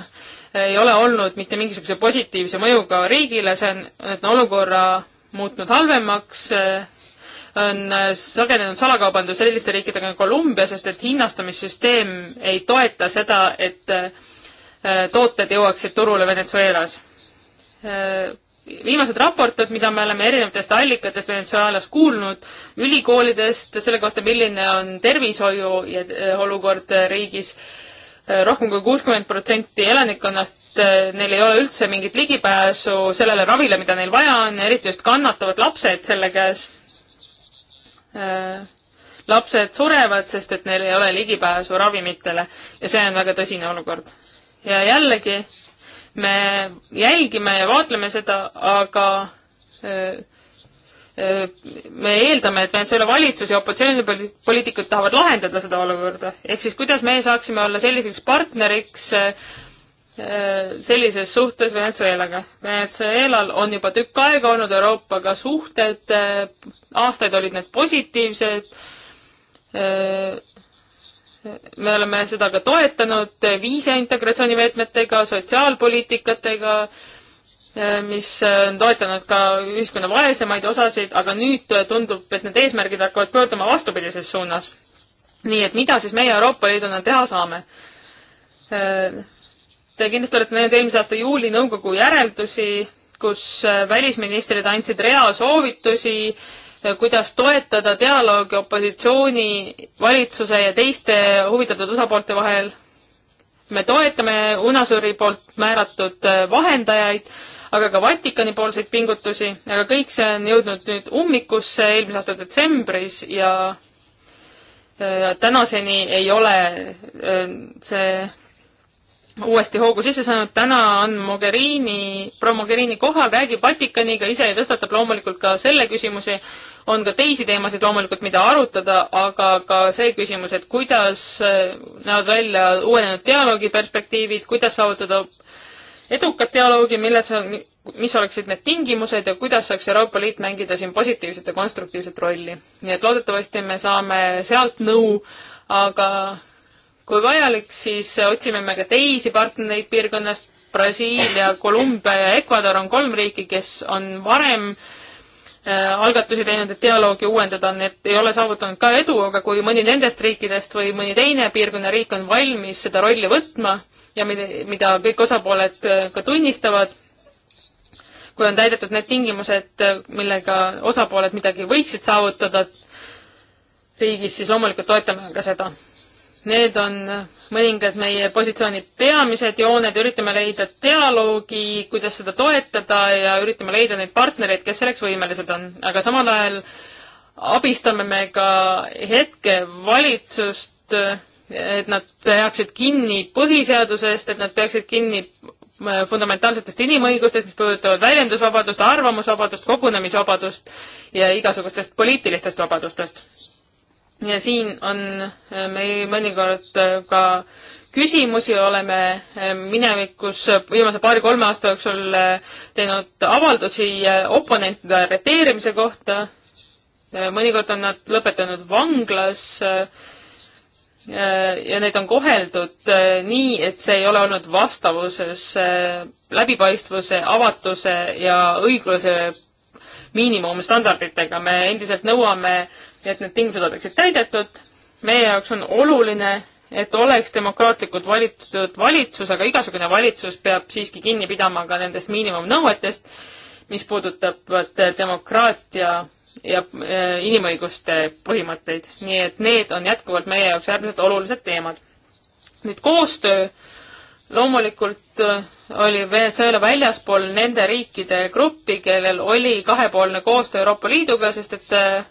ei ole olnud mitte mingisuguse positiivse mõjuga riigile, see on, on olukorra muutnud halvemaks, on sagenenud salakaubandus selliste riikidega nagu Kolumbia, sest et hinnastamissüsteem ei toeta seda, et tooted jõuaksid turule Venezuelas viimased raportid, mida me oleme erinevatest allikatest Venezuelas kuulnud, ülikoolidest, selle kohta, milline on tervishoiu ja eh, olukord eh, riigis, eh, rohkem kui kuuskümmend protsenti elanikkonnast, neil ei ole üldse mingit ligipääsu sellele ravile, mida neil vaja on, eriti just kannatavad lapsed selle käes. lapsed surevad, sest et neil ei ole ligipääsu ravimitele ja see on väga tõsine olukord. ja jällegi me jälgime ja vaatleme seda, aga äh, äh, me eeldame, et Venezuela valitsus ja opositsioonipoliitikud tahavad lahendada seda olukorda. ehk siis kuidas meie saaksime olla selliseks partneriks äh, sellises suhtes Venezuelaga. Venezuelal on juba tükk aega olnud Euroopaga suhted, aastaid olid need positiivsed, me oleme seda ka toetanud viisaintegratsioonimeetmetega, sotsiaalpoliitikatega, eh, mis eh, on toetanud ka ühiskonna vaesemaid osasid, aga nüüd tundub, et need eesmärgid hakkavad pöörduma vastupidises suunas. nii et mida siis meie Euroopa Liiduna teha saame? Eh, Te kindlasti olete näinud eelmise aasta juuli nõukogu järeldusi, kus välisministrid andsid rea soovitusi äh, Äh, kuidas toetada dialoogi opositsiooni, valitsuse ja teiste huvitatud osapoolte vahel. me toetame UNASUR-i poolt määratud äh, vahendajaid, aga ka Vatikani poolseid pingutusi, aga kõik see on jõudnud nüüd ummikusse eelmise aasta detsembris ja äh, tänaseni ei ole see uuesti hoogu sisse saanud, täna on Mogherini, proua Mogherini kohal, räägib Vatikaniga ise ja tõstatab loomulikult ka selle küsimuse, on ka teisi teemasid loomulikult, mida arutada, aga ka see küsimus, et kuidas äh, näevad välja uuenenud dialoogi perspektiivid, kuidas saavutada edukat dialoogi, milles on, mis oleksid need tingimused ja kuidas saaks Euroopa Liit mängida siin positiivset ja konstruktiivset rolli. nii et loodetavasti me saame sealt nõu, aga kui vajalik, siis otsime me ka teisi partnereid piirkonnast. Brasiilia, Kolumbia ja Ecuador on kolm riiki, kes on varem äh, algatusi teinud, et dialoogi uuendada, need ei ole saavutanud ka edu, aga kui mõni nendest riikidest või mõni teine piirkonna riik on valmis seda rolli võtma ja mida, mida kõik osapooled äh, ka tunnistavad, kui on täidetud need tingimused, äh, millega osapooled midagi võiksid saavutada riigis, siis loomulikult toetame ka seda. Need on mõningad meie positsiooni peamised jooned, üritame leida dialoogi, kuidas seda toetada ja üritame leida neid partnereid, kes selleks võimelised on, aga samal ajal abistame me ka hetkevalitsust, et nad peaksid kinni põhiseadusest, et nad peaksid kinni äh, fundamentaalsetest inimõigustest, mis puudutavad väljendusvabadust, arvamusvabadust, kogunemisvabadust ja igasugustest poliitilistest vabadustest ja siin on äh, meil mõnikord äh, ka küsimusi, oleme äh, minevikus viimase paari-kolme aasta jooksul teinud avaldusi oponentide arreteerimise kohta. mõnikord on nad lõpetanud vanglas ja neid on koheldud nii, et see ei ole olnud vastavuses läbipaistvuse, avatuse ja õigluse miinimumstandarditega. me endiselt nõuame äh, ja et need tingimused oleksid täidetud. meie jaoks on oluline, et oleks demokraatlikult valitud valitsus, aga igasugune valitsus peab siiski kinni pidama ka nendest miinimumnõuetest, mis puudutavad demokraatia ja äh, inimõiguste põhimõtteid. nii et need on jätkuvalt meie jaoks äärmiselt olulised teemad. nüüd koostöö loomulikult äh, oli Venezuela väljaspool nende riikide gruppi, kellel oli kahepoolne koostöö Euroopa Liiduga, sest et äh,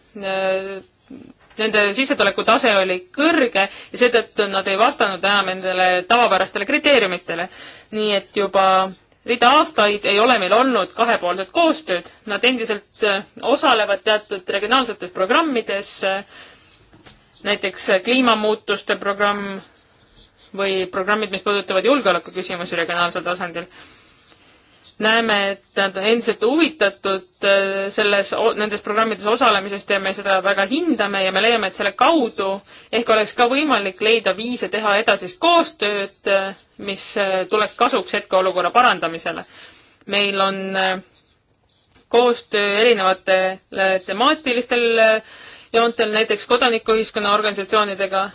nende sissetuleku tase oli kõrge ja seetõttu nad ei vastanud enam nendele tavapärastele kriteeriumitele. nii et juba rida aastaid ei ole meil olnud kahepoolset koostööd, nad endiselt äh, osalevad teatud regionaalsetes programmides, näiteks kliimamuutuste programm või programmid, mis puudutavad julgeolekuküsimusi regionaalsel tasandil. näeme, et nad on endiselt huvitatud äh, selles, nendes programmides osalemisest ja me seda väga hindame ja me leiame, et selle kaudu ehk oleks ka võimalik leida viise teha edasist koostööd, äh, mis äh, tuleks kasuks hetkeolukorra parandamisele. meil on koostöö erinevatel temaatilistel joontel, näiteks kodanikuühiskonna organisatsioonidega,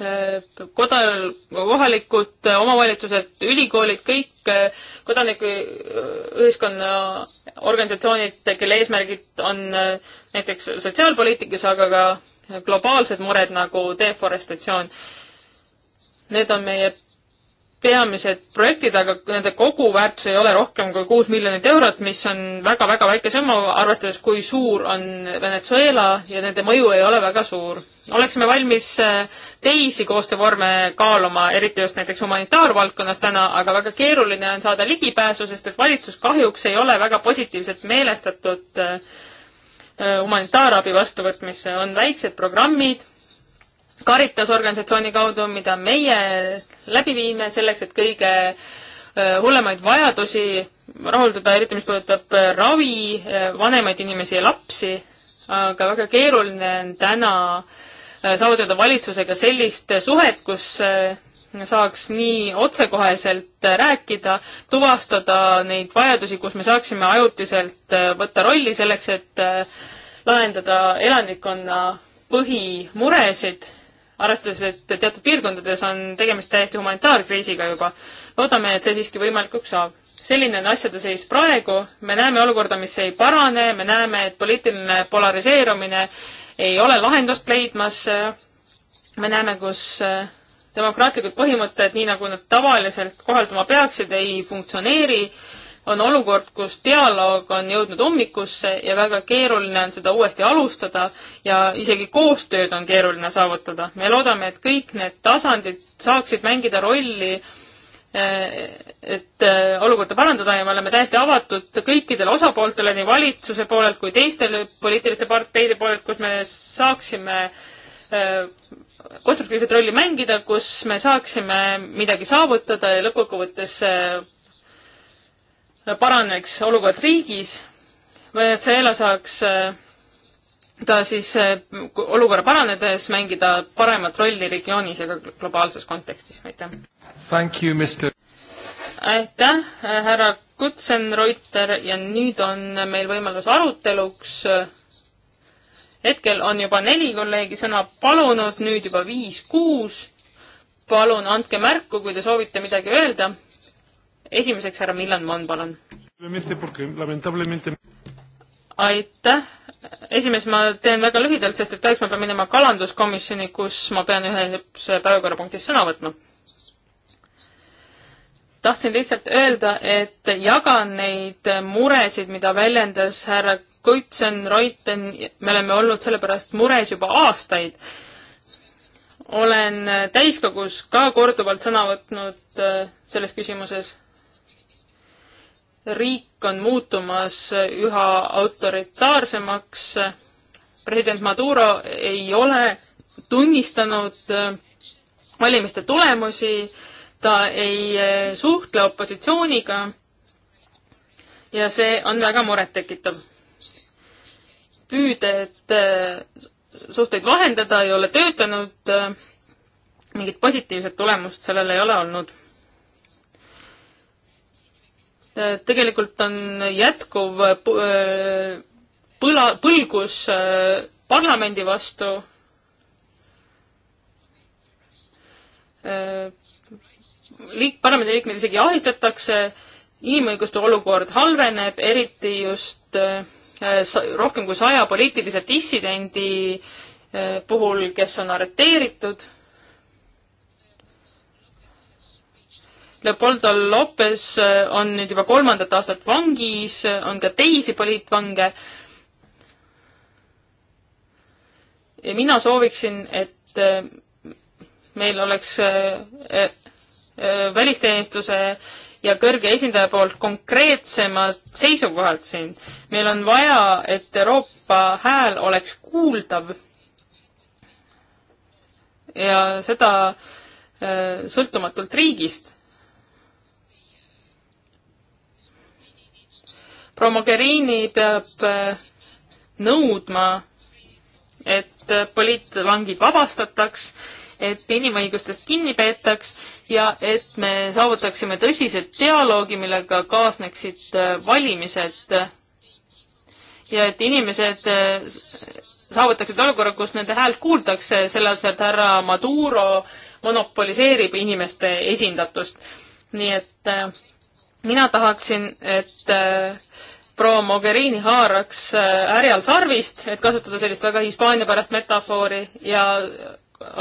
Äh, koda-, kohalikud äh, omavalitsused, ülikoolid, kõik äh, kodanikuühiskonna organisatsioonid, kelle eesmärgid on näiteks sotsiaalpoliitikas, aga ka globaalsed mured nagu deforestatsioon. Need on meie peamised projektid, aga nende koguväärtus ei ole rohkem kui kuus miljonit eurot, mis on väga-väga väike summa, arvestades, kui suur on Venezuela ja nende mõju ei ole väga suur oleksime valmis äh, teisi koostöövorme kaaluma, eriti just näiteks humanitaarvaldkonnas täna, aga väga keeruline on saada ligipääsu, sest et valitsus kahjuks ei ole väga positiivselt meelestatud äh, äh, humanitaarabi vastuvõtmisse, on väiksed programmid, Caritas organisatsiooni kaudu, mida meie läbi viime selleks, et kõige hullemaid vajadusi rahuldada, eriti mis puudutab ravi, vanemaid inimesi ja lapsi, aga väga keeruline on täna äh, Äh, saavutada valitsusega sellist suhet, kus äh, saaks nii otsekoheselt äh, rääkida, tuvastada neid vajadusi, kus me saaksime ajutiselt võtta rolli selleks, et lahendada elanikkonna põhimuresid, arvestades, et teatud piirkondades on tegemist täiesti humanitaarkriisiga juba. loodame, et see siiski võimalikuks saab. selline on asjade seis praegu, me näeme olukorda, mis ei parane, me näeme, et poliitiline polariseerumine ei ole lahendust leidmas. me näeme, kus äh, demokraatlikud põhimõtted, nii nagu nad tavaliselt kohalduma peaksid, ei funktsioneeri. on olukord, kus dialoog on jõudnud ummikusse ja väga keeruline on seda uuesti alustada ja isegi koostööd on keeruline saavutada. me loodame, et kõik need tasandid saaksid mängida rolli äh, Eh, et eh, olukorda parandada ja me oleme täiesti avatud kõikidele osapooltele, nii valitsuse poolelt kui teistele poliitiliste parteide poolelt, kus me saaksime eh, konstruktiivset rolli mängida, kus me saaksime midagi saavutada ja lõppkokkuvõttes paraneks olukord riigis, või et see ELA saaks ta siis eh, olukorra paranedes mängida paremat rolli regioonis ja ka globaalses kontekstis, aitäh! aitäh, eh, härra Kutsenreuter ja nüüd on meil võimalus aruteluks. hetkel on juba neli kolleegi sõna palunud, nüüd juba viis-kuus. palun andke märku, kui te soovite midagi öelda. esimeseks härra Millan Mann, palun. aitäh esimees, ma teen väga lühidalt, sest et kahjuks ma pean minema kalanduskomisjoni, kus ma pean ühes päevakorrapunktis sõna võtma. tahtsin lihtsalt öelda, et jagan neid muresid, mida väljendas härra Kutsen, Reuten, me oleme olnud selle pärast mures juba aastaid. olen täiskogus ka korduvalt sõna võtnud äh, selles küsimuses riik on muutumas üha autoritaarsemaks. president Maduro ei ole tunnistanud äh, valimiste tulemusi, ta ei äh, suhtle opositsiooniga ja see on väga murettekitav. püüded äh, suhteid vahendada ei ole töötanud, mingit positiivset tulemust sellel ei ole olnud tegelikult on jätkuv põla, põlgus äh, parlamendi vastu. Äh, liik-, parlamendiliikmeid isegi ahistatakse, inimõiguste olukord halveneb, eriti just äh, rohkem kui saja poliitilise dissidendi puhul, kes on arreteeritud Leopoldo Lopes äh, on nüüd juba kolmandat aastat vangis, on ka teisi poliitvange. ja mina sooviksin, et äh, meil oleks äh, välisteenistuse ja kõrge esindaja poolt konkreetsemad seisukohad siin. meil on vaja, et Euroopa hääl oleks kuuldav. ja seda sõltumatult riigist proua Mogherini peab äh, nõudma, et äh, poliitvangid vabastataks, et inimõigustest kinni peetaks ja et me saavutaksime tõsise dialoogi, millega kaasneksid äh, valimised ja et inimesed saavutaksid olukorra, kus nende häält kuuldakse, selle asemel, et härra Maduro monopoliseerib inimeste esindatust. nii et mina tahaksin, et äh, proua Mogherini haaraks härjal äh, sarvist, et kasutada sellist väga hispaaniapärast metafoori ja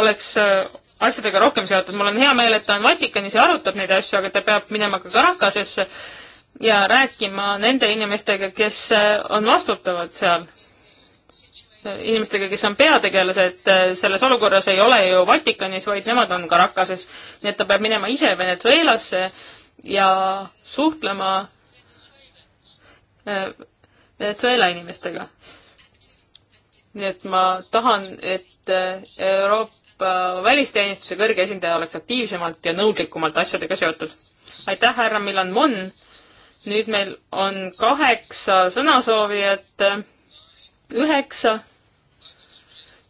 oleks äh, asjadega rohkem seotud. mul on hea meel, et ta on Vatikanis ja arutab neid asju, aga ta peab minema ka Caracasesse ja rääkima nende inimestega, kes on vastutavad seal. inimestega, kes on peategelased selles olukorras, ei ole ju Vatikanis, vaid nemad on Caracases. nii et ta peab minema ise Venezuelasse ja suhtlema äh, Venezuela inimestega. nii et ma tahan, et äh, Euroopa välisteenistuse kõrge esindaja oleks aktiivsemalt ja nõudlikumalt asjadega seotud. aitäh, härra Milan Mon! nüüd meil on kaheksa sõnasoovijat, üheksa.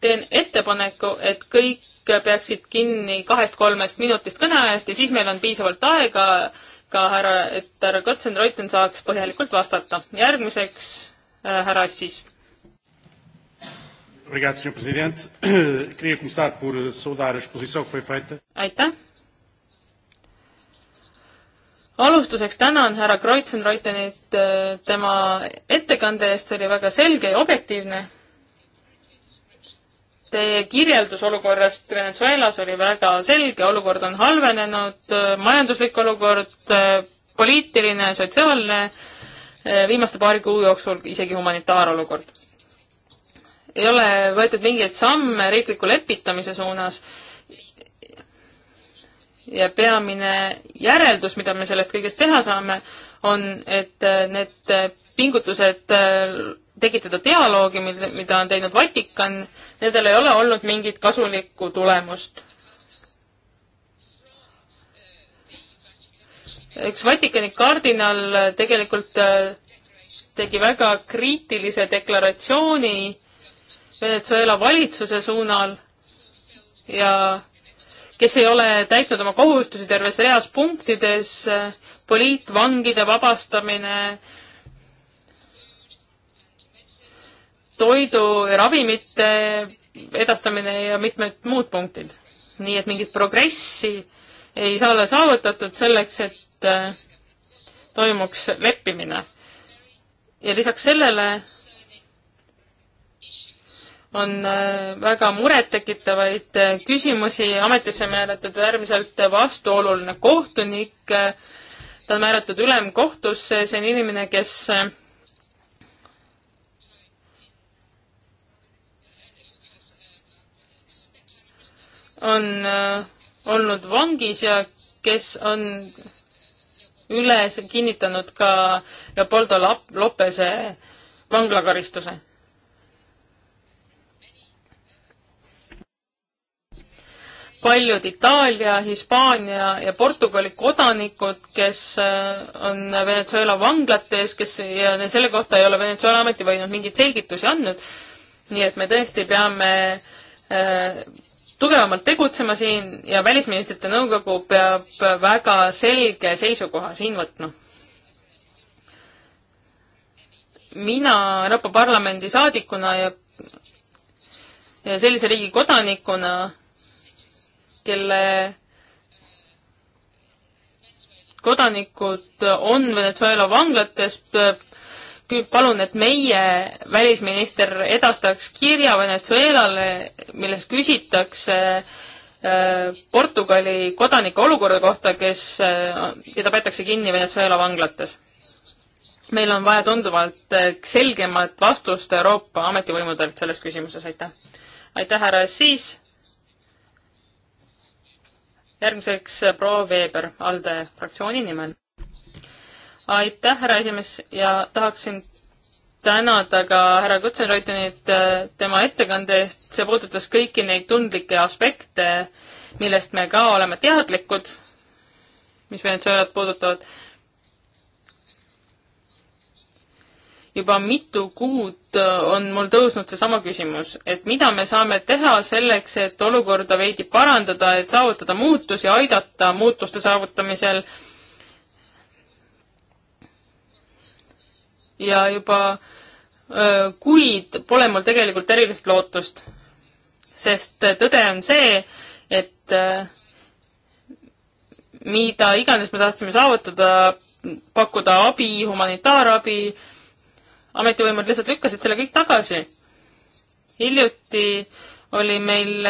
teen ettepaneku, et kõik kõik peaksid kinni kahest-kolmest minutist kõneajast ja siis meil on piisavalt aega ka härra, et härra Kotsen-Reuten saaks põhjalikult vastata. järgmiseks äh, härra Assis. aitäh. alustuseks tänan härra Kreutzen-Reutenit äh, tema ettekande eest, see oli väga selge ja objektiivne Teie kirjeldus olukorrast Venezuelas oli väga selge, olukord on halvenenud, majanduslik olukord, poliitiline, sotsiaalne, viimaste paari kuu jooksul isegi humanitaarolukord. ei ole võetud mingeid samme riikliku lepitamise suunas ja peamine järeldus, mida me sellest kõigest teha saame, on, et need pingutused tekitada dialoogi, mida on teinud Vatikan, nendel ei ole olnud mingit kasulikku tulemust. üks Vatikani kardinal tegelikult äh, tegi väga kriitilise deklaratsiooni Venezuela valitsuse suunal ja kes ei ole täitnud oma kohustusi terves reas punktides, äh, poliitvangide vabastamine äh,, toidu ja ravimite edastamine ja mitmed muud punktid. nii et mingit progressi ei saa olla saavutatud selleks, et äh, toimuks leppimine. ja lisaks sellele on äh, väga murettekitavaid äh, küsimusi, ametisse määratud äärmiselt vastuoluline kohtunik, ta on määratud ülemkohtusse, see on inimene, kes on äh, olnud vangis ja kes on üle kinnitanud ka Leopoldo Lopese vanglakaristuse. paljud Itaalia, Hispaania ja Portugali kodanikud, kes äh, on Venezuela vanglates, kes ja selle kohta ei ole Venezuela ametivõimud mingeid selgitusi andnud. nii et me tõesti peame äh, tugevamalt tegutsema siin ja Välisministrite Nõukogu peab väga selge seisukoha siin võtma. mina Euroopa Parlamendi saadikuna ja, ja sellise riigi kodanikuna, kelle kodanikud on Venezuela vanglates, palun, et meie välisminister edastaks kirja Venezuelale, milles küsitakse äh, Portugali kodanike olukorra kohta, kes, äh, keda peetakse kinni Venezuela vanglates. meil on vaja tunduvalt äh, selgemat vastust Euroopa ametivõimudelt selles küsimuses, aitäh. aitäh, härra Assis. järgmiseks proua Veeber ALDE fraktsiooni nimel aitäh, härra esimees, ja tahaksin tänada ka härra Kutsenreutenit äh, tema ettekande eest, see puudutas kõiki neid tundlikke aspekte, millest me ka oleme teadlikud, mis Venezuelat puudutavad. juba mitu kuud äh, on mul tõusnud seesama küsimus, et mida me saame teha selleks, et olukorda veidi parandada, et saavutada muutusi, aidata muutuste saavutamisel äh, ja juba öö, kuid pole mul tegelikult erilist lootust. sest äh, tõde on see, et öö, äh, mida iganes me tahtsime saavutada, pakkuda abi, humanitaarabi, ametivõimud lihtsalt lükkasid selle kõik tagasi. hiljuti oli meil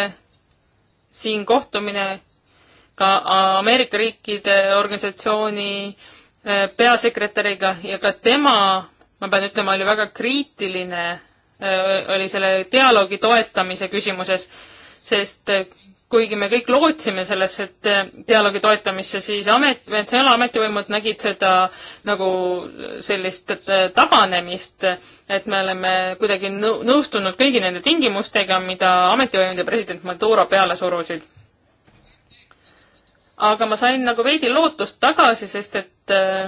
siin kohtumine ka Ameerika riikide organisatsiooni äh, peasekretäriga ja ka tema ma pean ütlema, oli väga kriitiline, äh, oli selle dialoogi toetamise küsimuses, sest äh, kuigi me kõik lootsime sellesse äh, dialoogi toetamisse, siis amet, Venezuela ametivõimud nägid seda nagu sellist taganemist, et me oleme kuidagi nõustunud kõigi nende tingimustega, mida ametivõimud ja president Maduro peale surusid. aga ma sain nagu veidi lootust tagasi, sest et äh,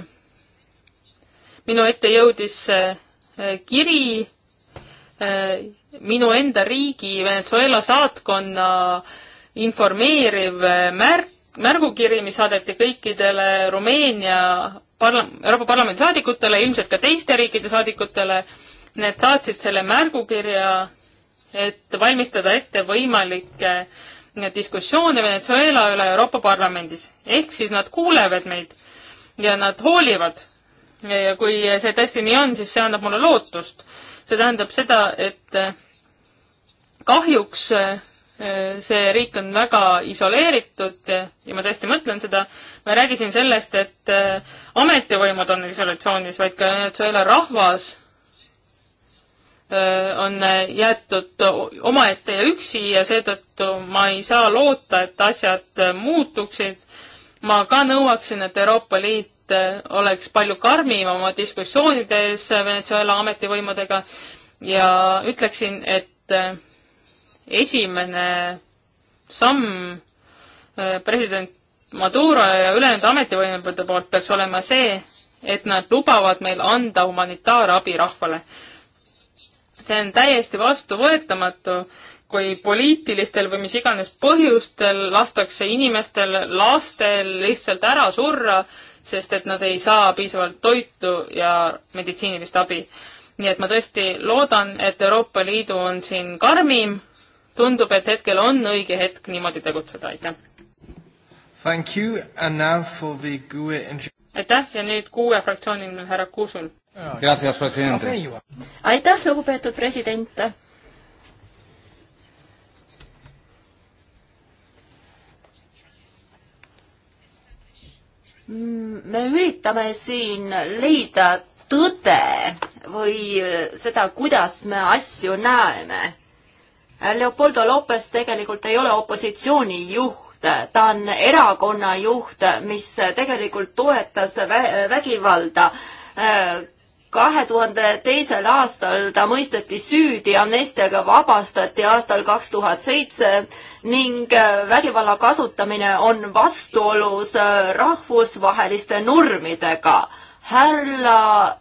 minu ette jõudis äh, kiri äh, minu enda riigi Venezuela saatkonna informeeriv äh, märk, märgukiri, mis saadeti kõikidele Rumeenia parla-, Euroopa Parlamendi saadikutele, ilmselt ka teiste riikide saadikutele. Need saatsid selle märgukirja, et valmistada ette võimalikke diskussioone Venezuela üle Euroopa Parlamendis. ehk siis nad kuulevad meid ja nad hoolivad ja kui see tõesti nii on, siis see annab mulle lootust. see tähendab seda, et eh, kahjuks eh, see riik on väga isoleeritud ja, ja ma tõesti mõtlen seda, ma ei räägi siin sellest, et eh, ametivõimud on isolatsioonis, vaid ka Venezuela rahvas on jäetud omaette ja üksi ja seetõttu ma ei saa loota, et asjad muutuksid. ma ka nõuaksin, et Euroopa Liit Äh, oleks palju karmim oma diskussioonides Venezuela ametivõimudega ja ütleksin, et äh, esimene samm äh, president Maduro ja ülejäänud ametivõimude poolt peaks olema see, et nad lubavad meil anda humanitaarabi rahvale. see on täiesti vastuvõetamatu, kui poliitilistel või mis iganes põhjustel lastakse inimestel, lastel lihtsalt ära surra sest et nad ei saa piisavalt toitu ja meditsiinilist abi. nii et ma tõesti loodan, et Euroopa Liidu on siin karmim. tundub, et hetkel on õige hetk niimoodi tegutseda, aitäh. Thank you and now for the GUE aitäh ja nüüd kuue fraktsiooni nimel härra Kuusul. aitäh, lugupeetud president me üritame siin leida tõde või äh, seda, kuidas me asju näeme. Leopoldo Lopes tegelikult ei ole opositsiooni juht, ta on erakonna juht, mis tegelikult toetas vä vägivalda äh, kahe tuhande teisel aastal ta mõisteti süüdi, amnestiaga vabastati aastal kaks tuhat seitse ning äh, vägivalla kasutamine on vastuolus äh, rahvusvaheliste normidega. härra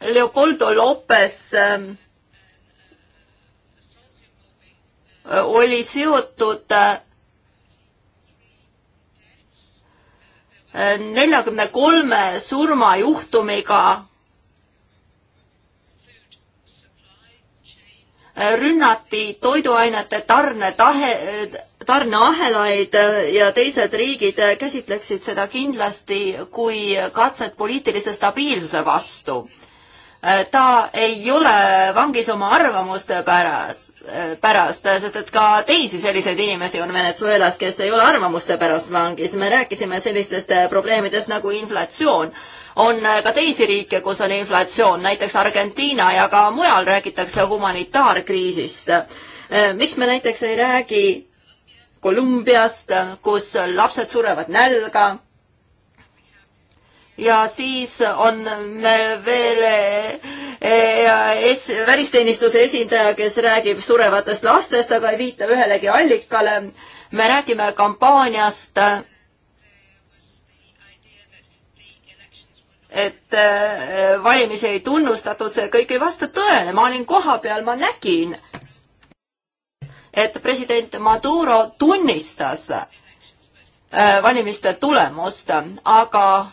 Leopoldo Lopes ähm, äh, oli seotud neljakümne kolme surmajuhtumiga rünnati toiduainete tarnetahe, tarneahelaid ja teised riigid käsitleksid seda kindlasti kui katset poliitilise stabiilsuse vastu. ta ei ole vangis oma arvamuste pärast Äh, pärast, sest et ka teisi selliseid inimesi on Venezuelas, kes ei ole arvamuste pärast vangis. me rääkisime sellistest äh, probleemidest nagu inflatsioon. on äh, ka teisi riike, kus on inflatsioon, näiteks Argentiina ja ka mujal räägitakse humanitaarkriisist. miks me näiteks ei räägi Kolumbiast, kus lapsed surevad nälga ja siis on meil veel eh, es-, välisteenistuse esindaja, kes räägib surevatest lastest, aga ei viita ühelegi allikale. me räägime kampaaniast, et eh, valimisi ei tunnustatud, see kõik ei vasta tõele, ma olin kohapeal, ma nägin, et president Maduro tunnistas eh, valimiste tulemust, aga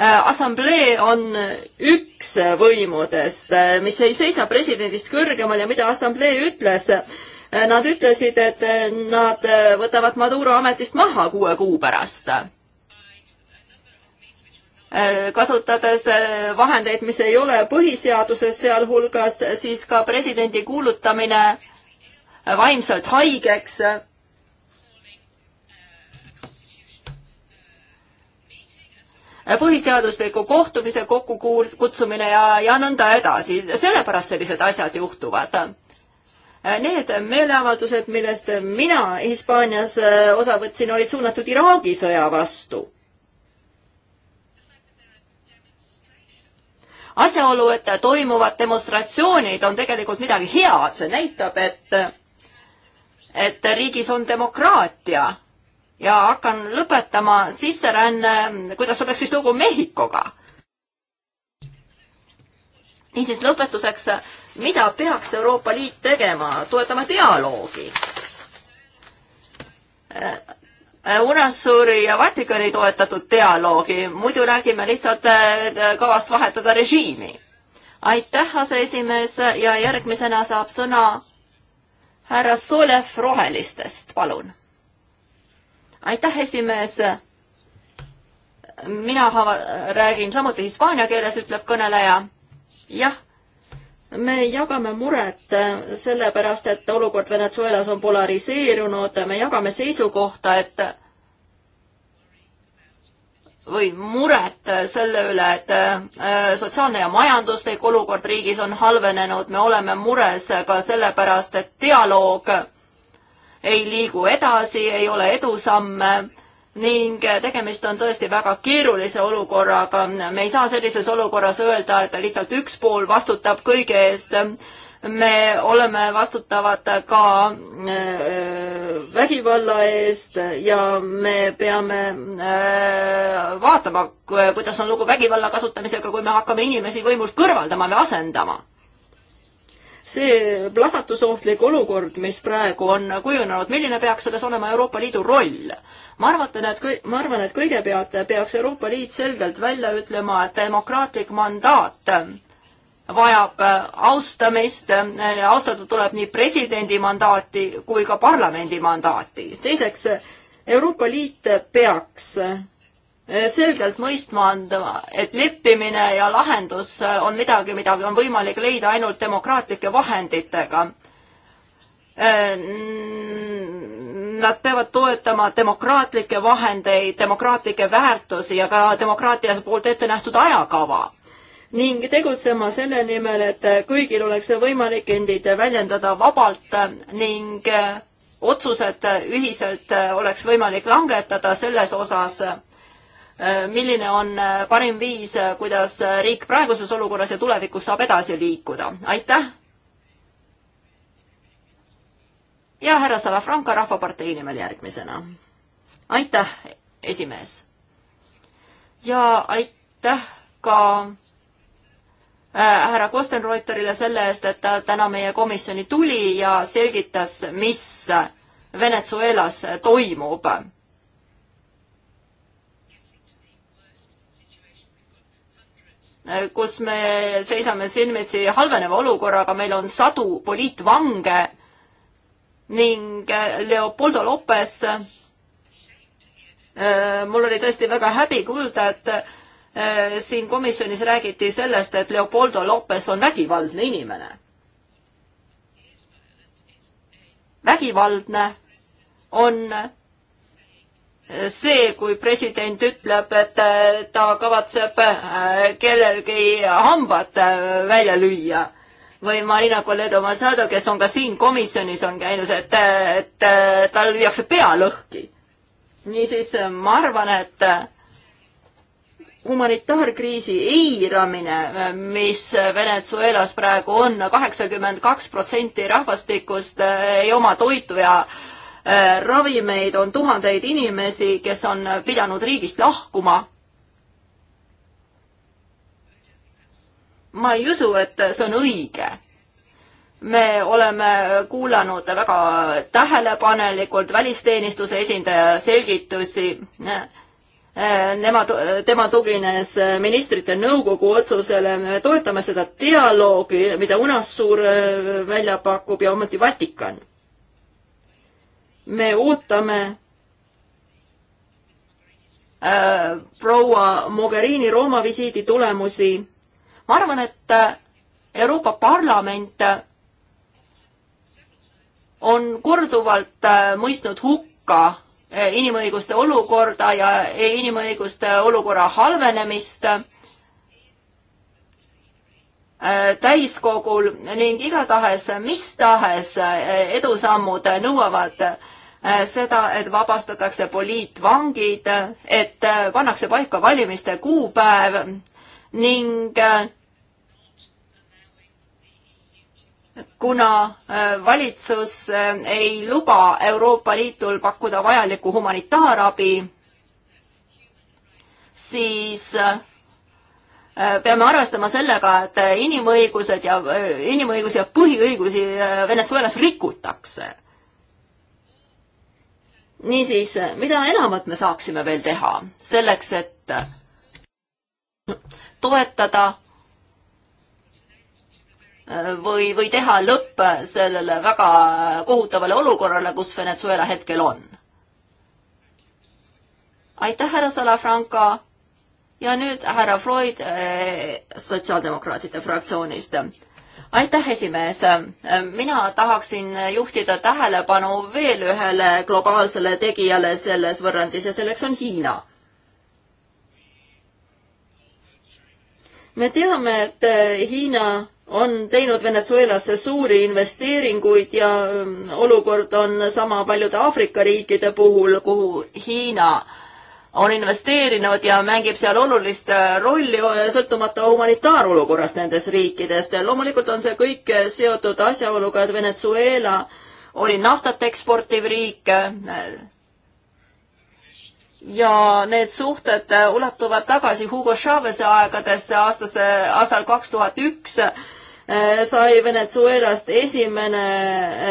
Äh, assamblee on üks võimudest, äh, mis ei seisa presidendist kõrgemal ja mida assamblee ütles. Äh, nad ütlesid, et nad võtavad Maduro ametist maha kuue kuu pärast. kasutades vahendeid, mis ei ole põhiseaduses sealhulgas, siis ka presidendi kuulutamine vaimselt haigeks põhiseadusliku kohtumise kokkukutsumine ja, ja nõnda edasi. sellepärast sellised asjad juhtuvad. Need meeleavaldused, millest mina Hispaanias äh, osa võtsin, olid suunatud Iraagi sõja vastu asjaolu, et toimuvad demonstratsioonid, on tegelikult midagi head, see näitab, et, et riigis on demokraatia ja hakkan lõpetama sisseränne, kuidas oleks siis lugu Mehhikoga? niisiis lõpetuseks, mida peaks Euroopa Liit tegema, toetama dialoogi? UNASUR-i ja Vatikani toetatud dialoogi, muidu räägime lihtsalt äh, kavast vahetada režiimi. aitäh, aseesimees ja järgmisena saab sõna härra Solev Rohelistest, palun aitäh, esimees. mina räägin samuti hispaania keeles, ütleb kõneleja. jah, me jagame muret sellepärast, et olukord Venezuelas on polariseerunud, me jagame seisukohta, et või muret selle üle, et äh, sotsiaalne ja majanduslik olukord riigis on halvenenud, me oleme mures ka sellepärast, et dialoog ei liigu edasi, ei ole edusamme ning tegemist on tõesti väga keerulise olukorraga. me ei saa sellises olukorras öelda, et lihtsalt üks pool vastutab kõige eest. me oleme vastutavad ka äh, vägivalla eest ja me peame äh, vaatama, kuidas on lugu vägivalla kasutamisega, kui me hakkame inimesi võimult kõrvaldama või asendama see plahvatusohtlik olukord, mis praegu on kujunenud, milline peaks selles olema Euroopa Liidu roll? ma arvatan, et, ma arvan, et kõigepealt peaks Euroopa Liit selgelt välja ütlema, et demokraatlik mandaat vajab äh, austamist, äh, austada tuleb nii presidendi mandaati kui ka parlamendi mandaati. teiseks, Euroopa Liit peaks Äh, selgelt mõistma andma, et leppimine ja lahendus äh, on midagi, mida on võimalik leida ainult demokraatlike vahenditega. Äh, nad peavad toetama demokraatlikke vahendeid, demokraatlikke väärtusi ja ka demokraatia poolt ette nähtud ajakava ning tegutsema selle nimel, et kõigil oleks võimalik endid väljendada vabalt ning otsused ühiselt oleks võimalik langetada selles osas, Äh, milline on äh, parim viis, äh, kuidas riik praeguses olukorras ja tulevikus saab edasi liikuda. aitäh! ja härra Salafranca Rahvapartei nimel järgmisena. aitäh, esimees! ja aitäh ka härra Kostenreuterile selle eest, et ta täna meie komisjoni tuli ja selgitas, mis Venezuelas toimub Äh, kus me seisame silmitsi halveneva olukorraga, meil on sadu poliitvange ning äh, Leopoldo Lopes, äh, mul oli tõesti väga häbi kuulda, et siin komisjonis räägiti sellest, et Leopoldo Lopes on vägivaldne inimene. vägivaldne on see, kui president ütleb, et äh, ta kavatseb äh, kellelgi hambad äh, välja lüüa või Marina Koledo-Mansado, kes on ka siin komisjonis on käinud, et, et tal lüüakse pea lõhki. niisiis ma arvan, et humanitaarkriisi eiramine, mis Venezuelas praegu on, kaheksakümmend kaks protsenti rahvastikust ei oma toitu ja äh, Äh, ravimeid, on tuhandeid inimesi, kes on pidanud riigist lahkuma. ma ei usu, et see on õige me oleme kuulanud väga tähelepanelikult välisteenistuse esindaja selgitusi. Äh, Nemad, tema tugines ministrite nõukogu otsusele, me toetame seda dialoogi, mida UNASUR äh, välja pakub ja ometi Vatikan me ootame äh, proua Mogherini Rooma visiidi tulemusi. ma arvan, et Euroopa Parlament on korduvalt äh, mõistnud hukka äh, inimõiguste olukorda ja äh, inimõiguste olukorra halvenemist äh, täiskogul ning igatahes mis tahes äh, edusammud nõuavad Äh, seda, et vabastatakse poliitvangid, et äh, pannakse paika valimiste kuupäev ning äh, kuna valitsus ei luba Euroopa Liitul pakkuda vajalikku humanitaarabi, siis peame arvestama sellega, et inimõigused ja, inimõigusi ja põhiõigusi Venezuelas rikutakse niisiis, mida enamat me saaksime veel teha selleks, et toetada või, või teha lõpp sellele väga kohutavale olukorrale, kus Venezuela hetkel on? aitäh, härra Salafranca ja nüüd härra Freud eh, sotsiaaldemokraatide fraktsioonist aitäh, esimees. Äh, mina tahaksin juhtida tähelepanu veel ühele globaalsele tegijale selles võrrandis ja selleks on Hiina me teame, et äh, Hiina on teinud Venezuelasse suuri investeeringuid ja ähm, olukord on sama paljude Aafrika riikide puhul, kuhu Hiina on investeerinud ja mängib seal olulist äh, rolli äh, sõltumata humanitaarolukorrast nendes riikidest. loomulikult on see kõik seotud asjaoluga, et Venezuela oli naftat eksportiv riik. Äh, ja need suhted ulatuvad tagasi Hugo Chavez'e aegadesse aastase, aastal kaks tuhat üks Äh, sai Venezuelast esimene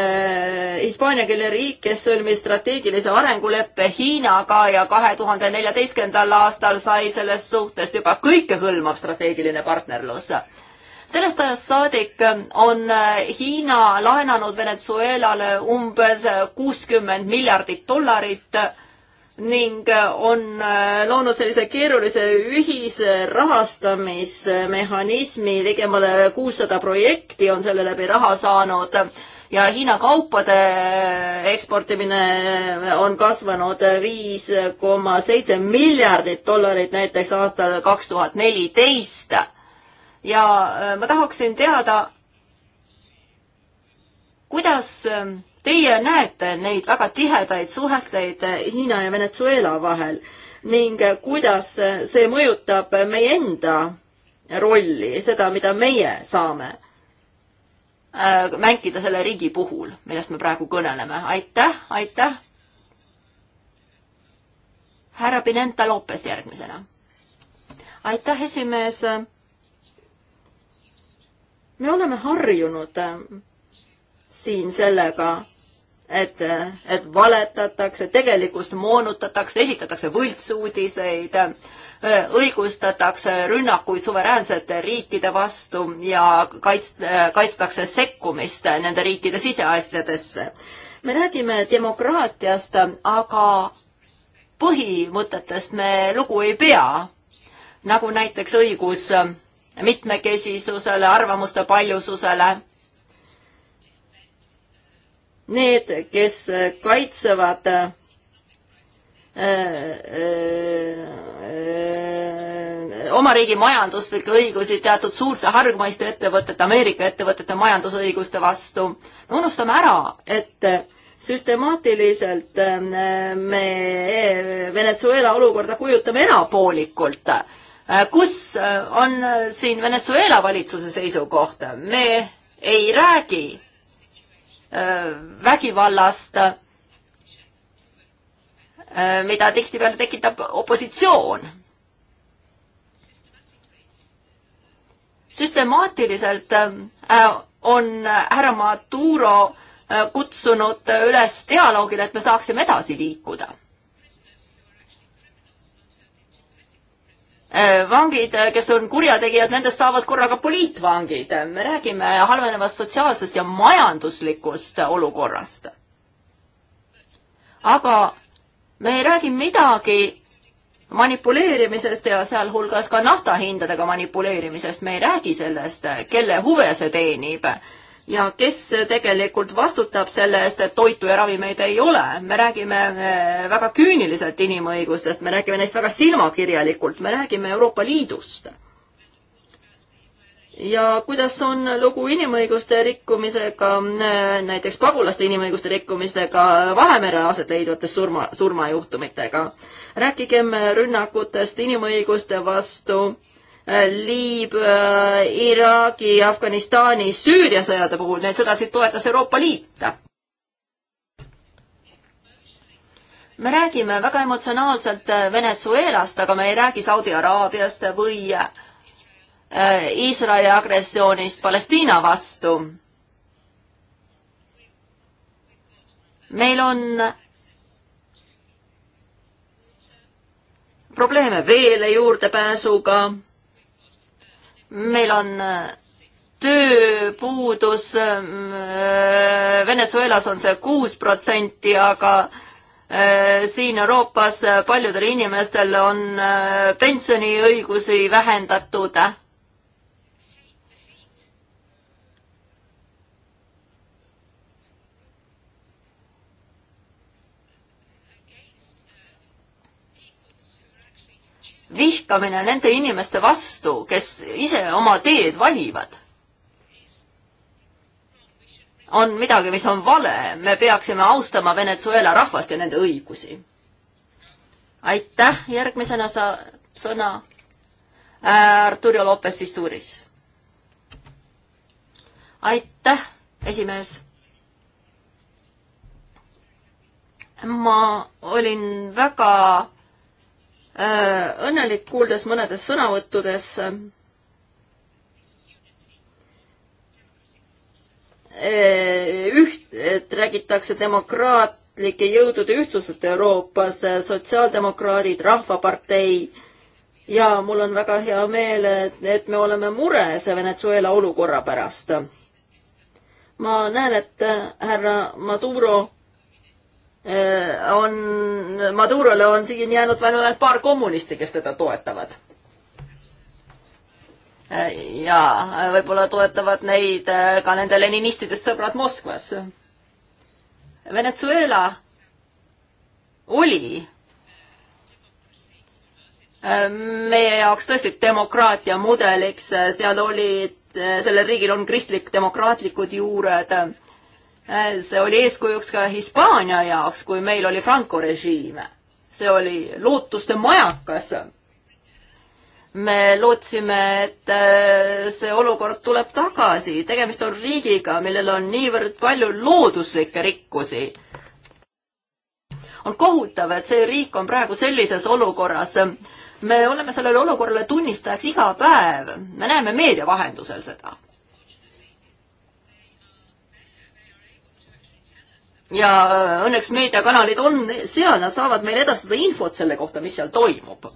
äh, hispaania keele riik, kes sõlmis strateegilise arenguleppe Hiinaga ja kahe tuhande neljateistkümnendal aastal sai sellest suhtest juba kõikehõlmav strateegiline partnerlus. sellest ajast saadik on äh, Hiina laenanud Venezuelale umbes kuuskümmend miljardit dollarit ning äh, on äh, loonud sellise keerulise ühise rahastamismehhanismi, ligemale kuussada projekti on selle läbi raha saanud ja Hiina kaupade äh, eksportimine on kasvanud viis koma seitse miljardit dollarit näiteks aastal kaks tuhat neliteist. ja ma tahaksin teada, kuidas Teie näete neid väga tihedaid suhteid Hiina ja Venezuela vahel ning kuidas see mõjutab meie enda rolli, seda, mida meie saame äh, mängida selle riigi puhul, millest me praegu kõneleme. aitäh, aitäh. härra Pinenta Lopes järgmisena. aitäh, esimees. me oleme harjunud siin sellega, et, et valetatakse, tegelikkust moonutatakse, esitatakse võltsuudiseid, õigustatakse rünnakuid suveräänsete riikide vastu ja kaitst-, kaitstakse sekkumist nende riikide siseasjadesse. me räägime demokraatiast, aga põhimõtetest me lugu ei pea, nagu näiteks õigus mitmekesisusele, arvamuste paljususele need, kes kaitsevad äh, äh, oma riigi majanduslikke õigusi teatud suurte hargmaiste ettevõtete, Ameerika ettevõtete majandusõiguste vastu. me unustame ära, et süstemaatiliselt äh, me Venezuela olukorda kujutame erapoolikult. kus on siin Venezuela valitsuse seisukoht? me ei räägi Äh, vägivallast, äh, mida tihtipeale tekitab opositsioon. süstemaatiliselt äh, on härra Maduro kutsunud üles dialoogile, et me saaksime edasi liikuda Äh, vangid, äh, kes on kurjategijad, nendest saavad korraga poliitvangid. me räägime halvenevast sotsiaalsest ja majanduslikust olukorrast. aga me ei räägi midagi manipuleerimisest ja sealhulgas ka naftahindadega manipuleerimisest, me ei räägi sellest, kelle huve see teenib ja kes tegelikult vastutab selle eest, et toitu ja ravimeid ei ole. me räägime eh, väga küüniliselt inimõigustest, me räägime neist väga silmakirjalikult, me räägime Euroopa Liidust ja kuidas on lugu inimõiguste rikkumisega, eh, näiteks pagulaste inimõiguste rikkumistega, Vahemere aset leidvates surma, surmajuhtumitega? rääkigem rünnakutest inimõiguste vastu Liibüa, äh, Iraagi, Afganistani, Süüria sõjade puhul, neid sõdasid toetas Euroopa Liit. me räägime väga emotsionaalselt äh, Venezuelast, aga me ei räägi Saudi Araabiast või äh, Iisraeli agressioonist Palestiina vastu. meil on probleeme veele juurdepääsuga meil on äh, tööpuudus, ähm, äh, Venezuelas on see kuus protsenti, aga äh, siin Euroopas paljudel inimestel on pensioniõigusi vähendatud vihkamine nende inimeste vastu, kes ise oma teed valivad, on midagi, mis on vale. me peaksime austama Venezuela rahvast ja nende õigusi. aitäh, järgmisena sa sõna äh, Arturo Lopez Isturis. aitäh, esimees ma olin väga Äh, õnnelik kuuldes mõnedes sõnavõttudes äh, üht, et räägitakse demokraatlike jõudude ühtsusest Euroopas, sotsiaaldemokraadid, Rahvapartei ja mul on väga hea meel, et, et me oleme mures Venezuela olukorra pärast. ma näen, et äh, härra Maduro Äh, on, Madurole on siin jäänud ainult paar kommunisti, kes teda toetavad. Äh, ja võib-olla toetavad neid äh, ka nende leninistidest sõbrad Moskvas. Venezuela oli meie jaoks tõesti demokraatia mudeliks, seal olid, sellel riigil on kristlik-demokraatlikud juured Äh, see oli eeskujuks ka Hispaania jaoks, kui meil oli Franco režiim. see oli lootuste majakas. me lootsime, et äh, see olukord tuleb tagasi. tegemist on riigiga, millel on niivõrd palju looduslikke rikkusi. on kohutav, et see riik on praegu sellises olukorras. me oleme sellele olukorrale tunnistajaks iga päev. me näeme meedia vahendusel seda ja äh, õnneks meediakanalid on seal, nad saavad meile edastada infot selle kohta, mis seal toimub.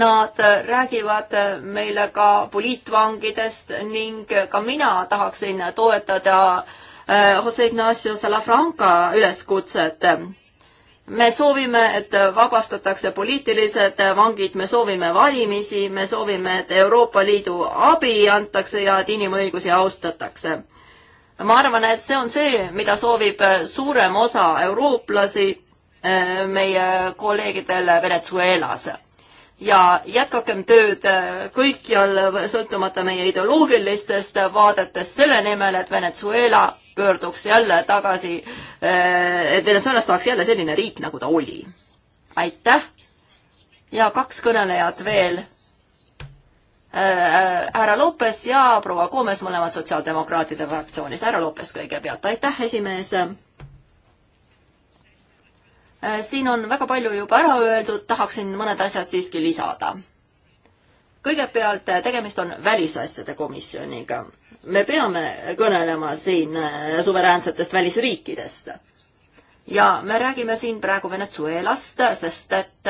Nad äh, räägivad äh, meile ka poliitvangidest ning ka mina tahaksin toetada Jose Ignacio Salafranca üleskutset. me soovime, et vabastatakse poliitilised vangid, me soovime valimisi, me soovime, et Euroopa Liidu abi antakse ja et inimõigusi austatakse ma arvan, et see on see, mida soovib äh, suurem osa eurooplasi äh, meie kolleegidel Venezuelas. ja jätkakem tööd äh, kõikjal, sõltumata meie ideoloogilistest vaadetest, selle nimel, et Venezuela pöörduks jälle tagasi, et Venezuelast saaks jälle selline riik, nagu ta oli. aitäh! ja kaks kõnelejat veel Äh, härra Lopes ja proua Koomes, mõlemad sotsiaaldemokraatide fraktsioonist. härra Lopes kõigepealt, aitäh, esimees. Äh, siin on väga palju juba ära öeldud, tahaksin mõned asjad siiski lisada. kõigepealt äh, tegemist on välisasjade komisjoniga. me peame kõnelema siin suveräänsetest välisriikidest. ja me räägime siin praegu Venezuelast, sest et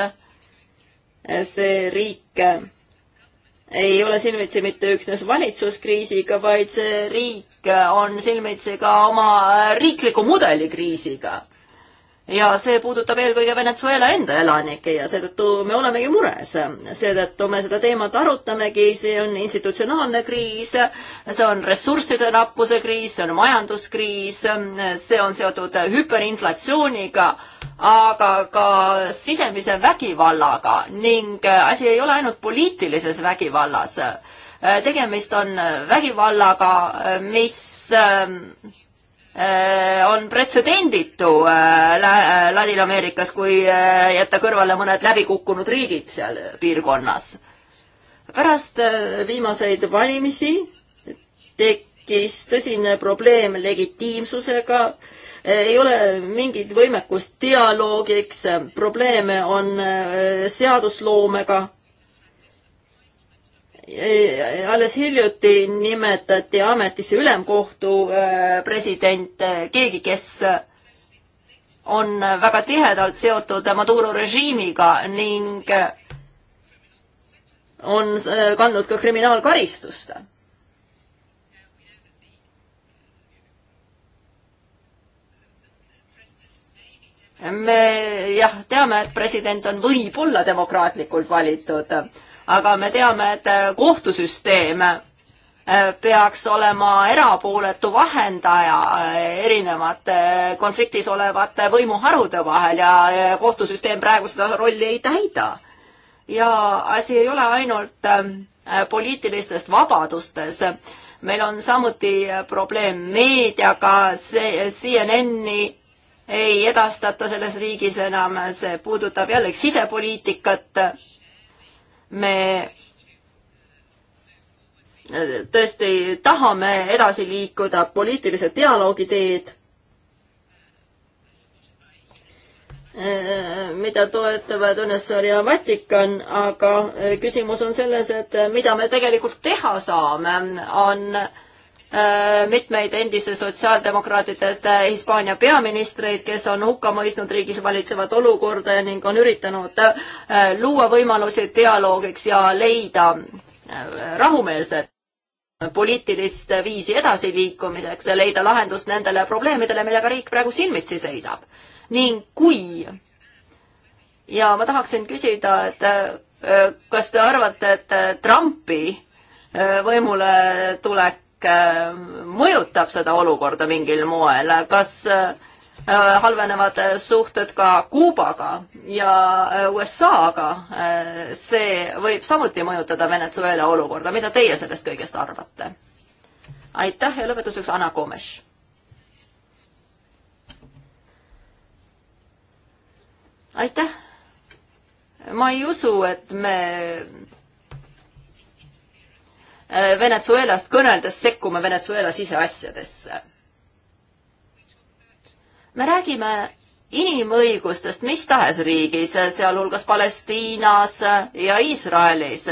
see riik ei ole silmitsi mitte üksnes valitsuskriisiga, vaid see riik on silmitsi ka oma riikliku mudeli kriisiga ja see puudutab eelkõige Venezuela enda elanikke ja seetõttu me olemegi mures. seetõttu me seda teemat arutamegi, see on institutsionaalne kriis, see on ressursside nappuse kriis, see on majanduskriis, see on seotud hüperinflatsiooniga, aga ka sisemise vägivallaga ning asi ei ole ainult poliitilises vägivallas. tegemist on vägivallaga, mis Äh, on pretsedenditu äh, äh, Ladina-Ameerikas, kui jätta kõrvale mõned läbikukkunud riigid seal piirkonnas. pärast viimaseid valimisi tekkis tõsine probleem legitiimsusega, ei ole mingit võimekust dialoogiks, probleeme on seadusloomega Äh, alles hiljuti nimetati ametisse ülemkohtu äh, president, äh, keegi, kes on väga tihedalt seotud Maduro režiimiga ning on kandnud ka kriminaalkaristust. me jah, teame, et president on võib-olla demokraatlikult valitud aga me teame, et äh, kohtusüsteem äh, peaks olema erapooletu vahendaja äh, erinevate konfliktis olevate võimuharude vahel ja kohtusüsteem praegu seda rolli ei täida. ja asi ei ole ainult poliitilistes vabadustes. meil on samuti probleem meediaga, see CNN-i ei edastata selles riigis enam, see puudutab jällegi sisepoliitikat me tõesti tahame edasi liikuda poliitilise dialoogi teed, mida toetavad UNESCO ja Vatikan, aga küsimus on selles, et mida me tegelikult teha saame, on äh, Äh, mitmeid endise sotsiaaldemokraatidest äh, Hispaania peaministreid, kes on hukka mõistnud riigis valitsevat olukorda ning on üritanud äh, luua võimalusi dialoogiks ja leida rahumeelset poliitilist viisi edasiliikumiseks ja leida lahendust nendele probleemidele, millega riik praegu silmitsi seisab. ning kui ja ma tahaksin küsida, et kas te arvate, et Trumpi võimule tulek kõik äh, mõjutab seda olukorda mingil moel, kas äh, halvenevad suhted ka Kuubaga ja äh, USA-ga, see võib samuti mõjutada Venezuela olukorda, mida teie sellest kõigest arvate? aitäh ja lõpetuseks Anna Komes. aitäh. ma ei usu, et me Äh, Venezuelast kõneldes sekkume Venezuela siseasjadesse. me räägime inimõigustest mis tahes riigis, sealhulgas Palestiinas ja Iisraelis.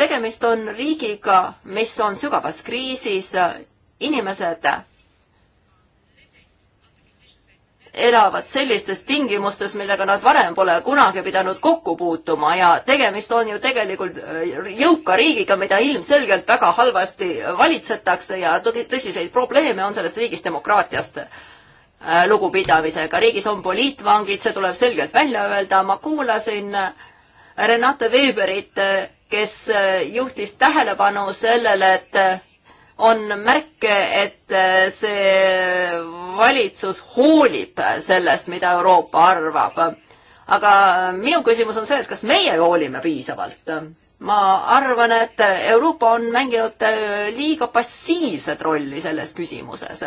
tegemist on riigiga, mis on sügavas kriisis, inimesed elavad sellistes tingimustes, millega nad varem pole kunagi pidanud kokku puutuma ja tegemist on ju tegelikult äh, jõuka riigiga, mida ilmselgelt väga halvasti valitsetakse ja tõsiseid probleeme on selles riigis demokraatiast äh, lugupidamisega. riigis on poliitvangid, see tuleb selgelt välja öelda, ma kuulasin äh, Renate Weberit, kes juhtis tähelepanu sellele, et on märke, et äh, see valitsus hoolib sellest, mida Euroopa arvab. aga minu küsimus on see, et kas meie hoolime piisavalt? ma arvan, et Euroopa on mänginud äh, liiga passiivset rolli selles küsimuses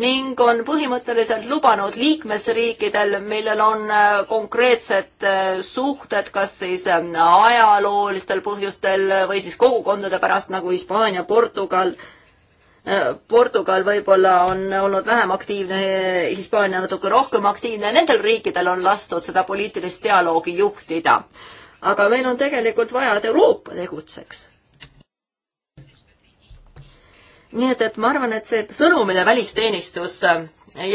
ning on põhimõtteliselt lubanud liikmesriikidel, millel on äh, konkreetsed suhted, kas siis ajaloolistel põhjustel või siis kogukondade pärast nagu Hispaania, Portugal Portugal võib-olla on olnud vähem aktiivne, Hispaania natuke rohkem aktiivne, nendel riikidel on lastud seda poliitilist dialoogi juhtida. aga meil on tegelikult vaja, et Euroopa tegutseks. nii et, et ma arvan, et see sõnum, mille välisteenistus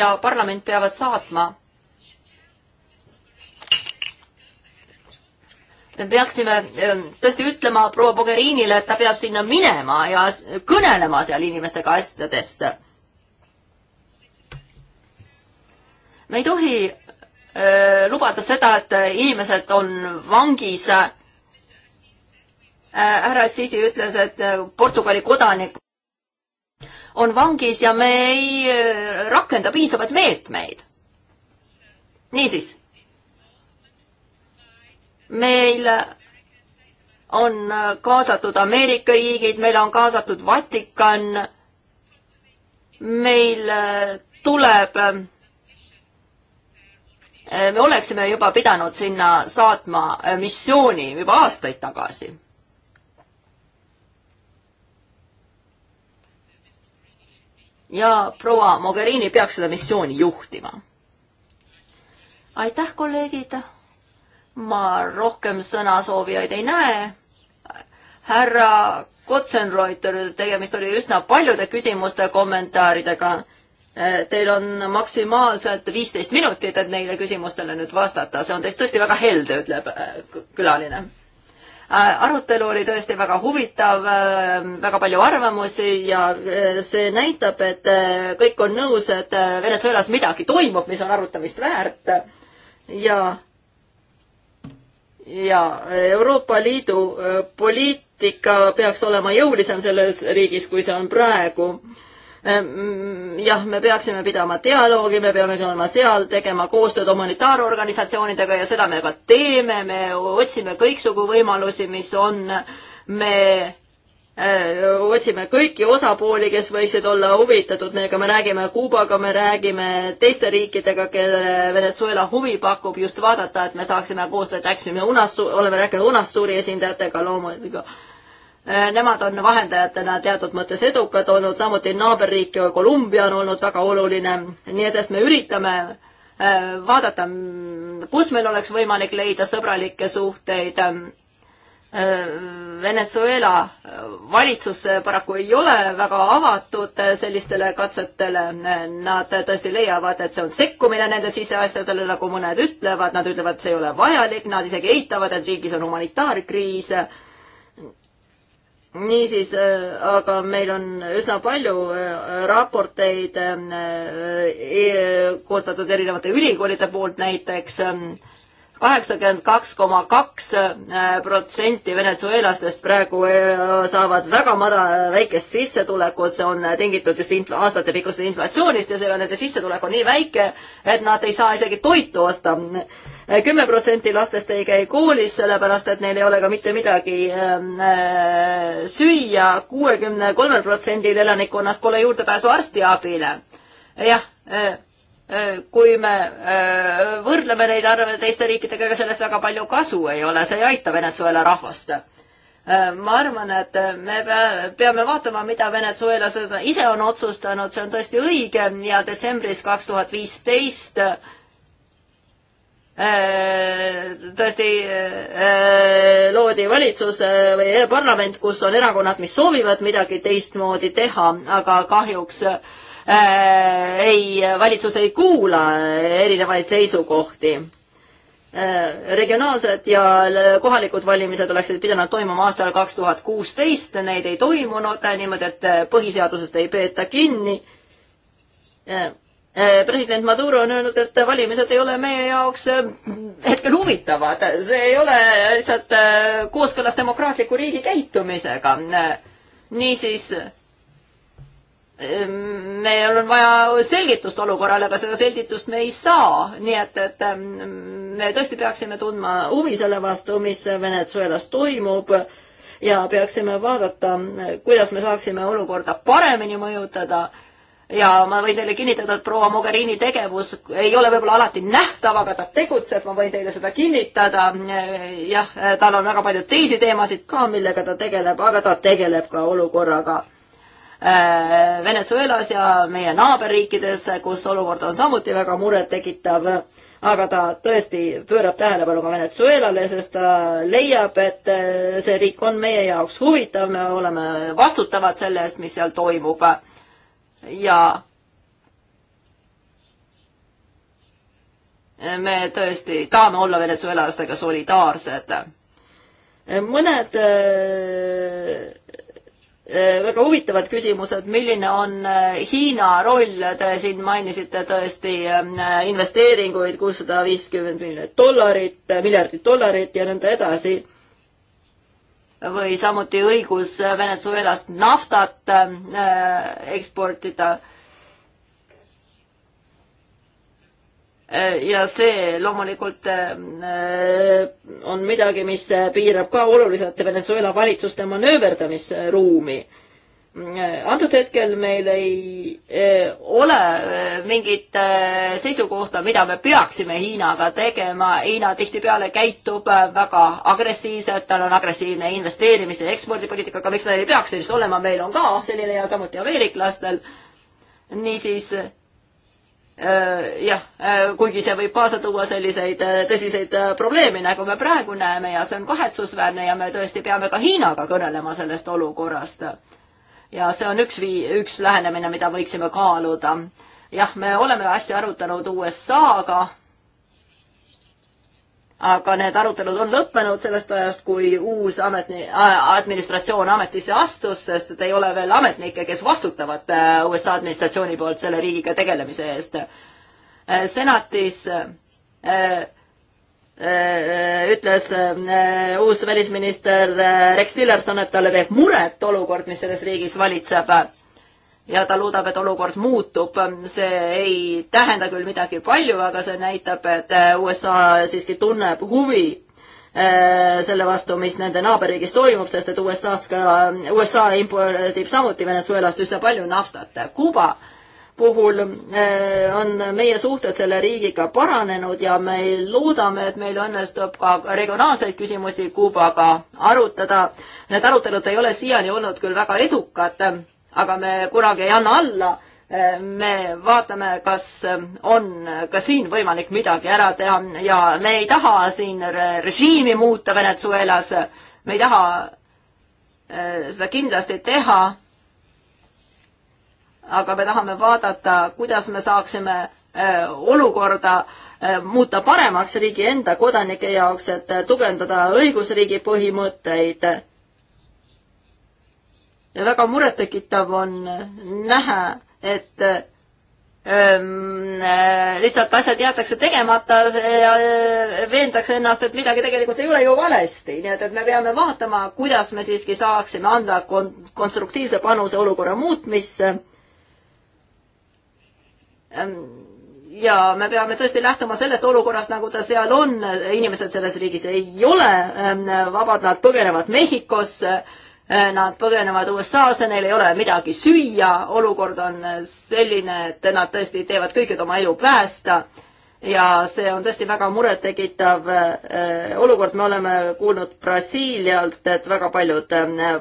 ja parlament peavad saatma, me peaksime ähm, tõesti ütlema proua Mogherinile, et ta peab sinna minema ja kõnelema seal inimestega asjadest. me ei tohi öö, äh, lubada seda, et inimesed on vangis. Äh, härra Sisi ütles, et äh, Portugali kodanik on vangis ja me ei rakenda piisavalt meetmeid. niisiis meil on kaasatud Ameerika riigid, meil on kaasatud Vatikan, meil tuleb, me oleksime juba pidanud sinna saatma missiooni juba aastaid tagasi. ja proua Mogherini peaks seda missiooni juhtima. aitäh, kolleegid ma rohkem sõnasoovijaid ei näe. härra Kotsenreuter, tegemist oli üsna paljude küsimuste, kommentaaridega. Eh, teil on maksimaalselt viisteist minutit, et neile küsimustele nüüd vastata, see on teist tõesti väga helde, ütleb eh, külaline. Eh, arutelu oli tõesti väga huvitav, väga palju arvamusi ja see näitab, et kõik on nõus, et Venezuelas midagi toimub, mis on arutamist väärt ja ja Euroopa Liidu äh, poliitika peaks olema jõulisem selles riigis, kui see on praegu. Ähm, mm, jah, me peaksime pidama dialoogi, me peame olema seal, tegema koostööd humanitaarorganisatsioonidega ja seda me ka teeme, me otsime kõiksugu võimalusi, mis on, me Äh, otsime kõiki osapooli, kes võiksid olla huvitatud, meiega me räägime Kuubaga, me räägime teiste riikidega, kelle Venezuela huvi pakub just vaadata, et me saaksime koostööd, äksime UNASU-, oleme rääkinud UNASUR-i esindajatega loomulikult. Äh, nemad on vahendajatena teatud mõttes edukad olnud, samuti naaberriik Kolumbia on olnud väga oluline, nii et, et me üritame äh, vaadata, kus meil oleks võimalik leida sõbralikke suhteid Venezuela valitsus paraku ei ole väga avatud sellistele katsetele. Nad tõesti leiavad, et see on sekkumine nende siseasjadele, nagu mõned ütlevad, nad ütlevad, et see ei ole vajalik, nad isegi eitavad, et riigis on humanitaarkriis. niisiis, aga meil on üsna palju äh, raporteid äh, äh, koostatud erinevate ülikoolide poolt näiteks ähm, kaheksakümmend kaks koma kaks protsenti venezuelastest praegu äh, saavad väga madala, väikest sissetulekut, see on äh, tingitud just infla, aastatepikkusest inflatsioonist ja seega nende sissetulek on nii väike, et nad ei saa isegi toitu osta. kümme protsenti lastest ei käi koolis, sellepärast et neil ei ole ka mitte midagi ähm, äh, süüa, kuuekümne kolmel protsendil elanikkonnast pole juurdepääsu arstiabile. jah Äh, kui me äh, võrdleme neid arve teiste riikidega, ega sellest väga palju kasu ei ole, see ei aita Venezuela rahvast. Äh, ma arvan, et me peame vaatama, mida venezuelased ise on otsustanud, see on tõesti õige ja detsembris kaks tuhat viisteist tõesti loodi valitsus või parlament, kus on erakonnad, mis soovivad midagi teistmoodi teha, aga kahjuks äh, Äh, ei, valitsus ei kuula erinevaid seisukohti äh, regionaalsed ja kohalikud valimised oleksid pidanud toimuma aastal kaks tuhat kuusteist, neid ei toimunud, niimoodi et põhiseadusest ei peeta kinni. Äh, president Maduro on öelnud, et valimised ei ole meie jaoks hetkel huvitavad, see ei ole lihtsalt kooskõlas demokraatliku riigi käitumisega. niisiis Ehm, meil on vaja selgitust olukorrale, aga seda selgitust me ei saa, nii et, et ehm, me tõesti peaksime tundma huvi selle vastu, mis Venezuelas toimub ja peaksime vaadata, kuidas me saaksime olukorda paremini mõjutada. ja ma võin teile kinnitada, et proua Mogherini tegevus ei ole võib-olla alati nähtav, aga ta tegutseb, ma võin teile seda kinnitada. jah, tal on väga palju teisi teemasid ka, millega ta tegeleb, aga ta tegeleb ka olukorraga Äh, Venezuelas ja meie naaberriikides, kus olukord on samuti väga murettekitav, aga ta tõesti pöörab tähelepanu ka Venezuelale, sest ta leiab, et äh, see riik on meie jaoks huvitav, me oleme vastutavad selle eest, mis seal toimub. ja me tõesti tahame olla venezuelastega solidaarsed. mõned äh, Äh, väga huvitavad küsimused, milline on äh, Hiina roll, te siin mainisite tõesti ähm, äh, investeeringuid kuussada viiskümmend miljonit dollarit, miljardit dollarit ja nõnda edasi. või samuti õigus Venezuelast naftat eksportida Äh, ja see loomulikult äh, on midagi, mis piirab ka oluliselt Venezuela valitsuste manööverdamisruumi. Äh, antud hetkel meil ei ole mingit seisukohta, mida me peaksime Hiinaga tegema. Hiina tihtipeale käitub väga agressiivselt, tal on agressiivne investeerimis- ja ekspordipoliitika, aga miks tal ei peaks sellist olema, meil on ka selline ja samuti ameeriklastel. niisiis Äh, jah, äh, kuigi see võib kaasa tuua selliseid äh, tõsiseid probleeme, nagu me praegu näeme ja see on kahetsusväärne ja me tõesti peame ka Hiinaga kõnelema sellest olukorrast. ja see on üks vii-, üks lähenemine, mida võiksime kaaluda. jah, me oleme asja arutanud USA-ga aga need arutelud on lõppenud sellest ajast, kui uus ametni-, administratsioon ametisse astus, sest et ei ole veel ametnikke, kes vastutavad äh, USA administratsiooni poolt selle riigiga tegelemise eest. Äh, senatis äh, ütles uus välisminister Rex Tillerson, et talle teeb muret olukord, mis selles riigis valitseb ja ta loodab, et olukord muutub. see ei tähenda küll midagi palju, aga see näitab, et äh, USA siiski tunneb huvi äh, selle vastu, mis nende naaberriigis toimub, sest et USA-st ka, USA impordib samuti Venezuelast üsna palju naftat. Kuuba puhul äh, on meie suhted selle riigiga paranenud ja me loodame, et meil õnnestub ka regionaalseid küsimusi Kuubaga arutada. Need arutelud ei ole siiani olnud küll väga edukad aga me kunagi ei anna alla. me vaatame, kas on ka siin võimalik midagi ära teha ja me ei taha siin režiimi muuta Venezuelas. me ei taha eh, seda kindlasti teha. aga me tahame vaadata, kuidas me saaksime eh, olukorda eh, muuta paremaks riigi enda kodanike jaoks, et tugevdada õigusriigi põhimõtteid ja väga murettekitav on näha, et ähm, äh, lihtsalt asjad jäetakse tegemata ja äh, veendakse ennast, et midagi tegelikult ei ole ju valesti, nii et, et me peame vaatama, kuidas me siiski saaksime anda kon-, konstruktiivse panuse olukorra muutmisse ähm, ja me peame tõesti lähtuma sellest olukorrast, nagu ta seal on, inimesed selles riigis ei ole ähm, vabad, nad põgenevad Mehhikosse äh, Äh, nad põgenevad USA-sse, neil ei ole midagi süüa, olukord on äh, selline, et nad tõesti teevad kõik, et oma elu päästa ja see on tõesti väga murettekitav äh, olukord, me oleme kuulnud Brasiilialt, et väga paljud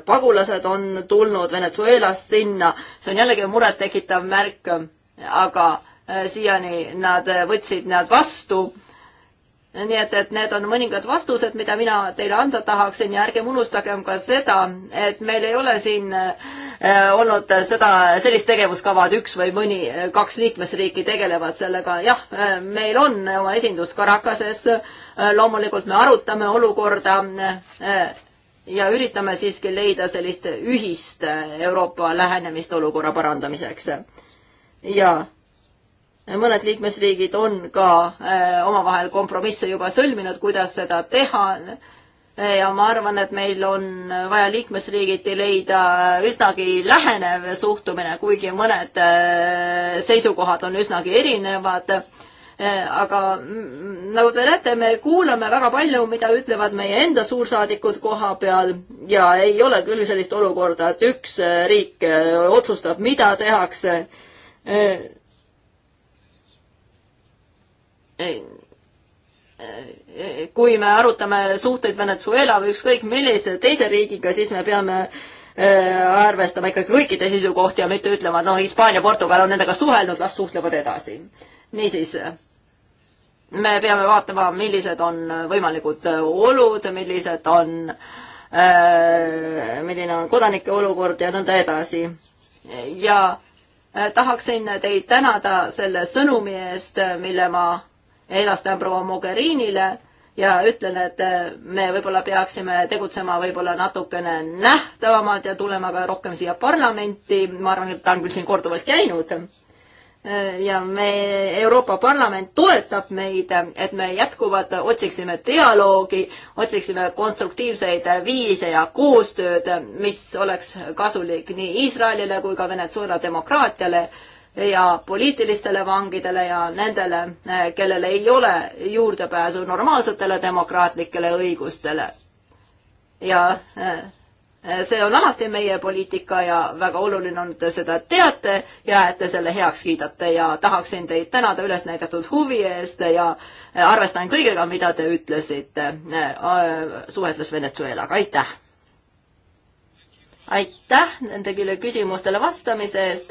pagulased on tulnud Venezuelast sinna, see on jällegi murettekitav märk, aga siiani nad võtsid nad vastu nii et, et need on mõningad vastused, mida mina teile anda tahaksin ja ärgem unustagem ka seda, et meil ei ole siin äh, olnud seda, sellist tegevuskavad üks või mõni, äh, kaks liikmesriiki tegelevad sellega, jah, äh, meil on oma esindus Caracases, loomulikult me arutame olukorda ja üritame siiski leida sellist ühist Euroopa lähenemist olukorra parandamiseks. jaa mõned liikmesriigid on ka äh, omavahel kompromisse juba sõlminud, kuidas seda teha. Äh, ja ma arvan, et meil on vaja liikmesriigiti leida üsnagi lähenev suhtumine, kuigi mõned äh, seisukohad on üsnagi erinevad aga nagu te näete, me kuulame väga palju, mida ütlevad meie enda suursaadikud koha peal ja ei ole küll sellist olukorda, et üks riik otsustab, mida tehakse kui me arutame suhteid Venezuela või ükskõik millise teise riigiga, siis me peame äh, arvestama ikkagi kõikide seisukohti ja mitte ütlema, et noh, Hispaania, Portugal on nendega suhelnud, las suhtlevad edasi. niisiis, me peame vaatama, millised on võimalikud olud, millised on, äh, milline on kodanike olukord ja nõnda edasi. ja äh, tahaksin teid tänada selle sõnumi eest, mille ma edastan proua Mogherinile ja ütlen, et eh, me võib-olla peaksime tegutsema võib-olla natukene nähtavamalt ja tulema ka rohkem siia parlamenti, ma arvan, et ta on küll siin korduvalt käinud. Eh, ja me, Euroopa Parlament toetab meid, et me jätkuvalt otsiksime dialoogi, otsiksime konstruktiivseid viise ja koostööd, mis oleks kasulik nii Iisraelile kui ka Venezuela demokraatiale ja poliitilistele vangidele ja nendele, eh, kellel ei ole juurdepääsu normaalsetele demokraatlikele õigustele. ja eh, see on alati meie poliitika ja väga oluline on, et te seda teate ja et te selle heaks kiidate ja tahaksin teid tänada üles näidatud huvi eest ja eh, arvestan kõigega, mida te ütlesite suhetles Venezuelaga, aitäh! aitäh nendele küsimustele vastamise eest,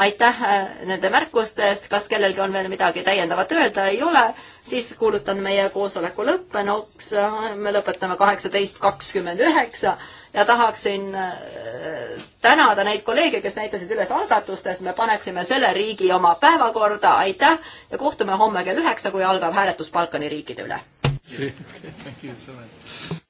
aitäh äh, nende märkuste eest, kas kellelgi on veel midagi täiendavat öelda, ei ole, siis kuulutan meie koosoleku lõppenuks, me lõpetame kaheksateist kakskümmend üheksa ja tahaksin äh, tänada neid kolleege, kes näitasid üles algatust, et me paneksime selle riigi oma päevakorda, aitäh, ja kohtume homme kell üheksa, kui algab hääletus Balkani riikide üle. Okay, thank you so much.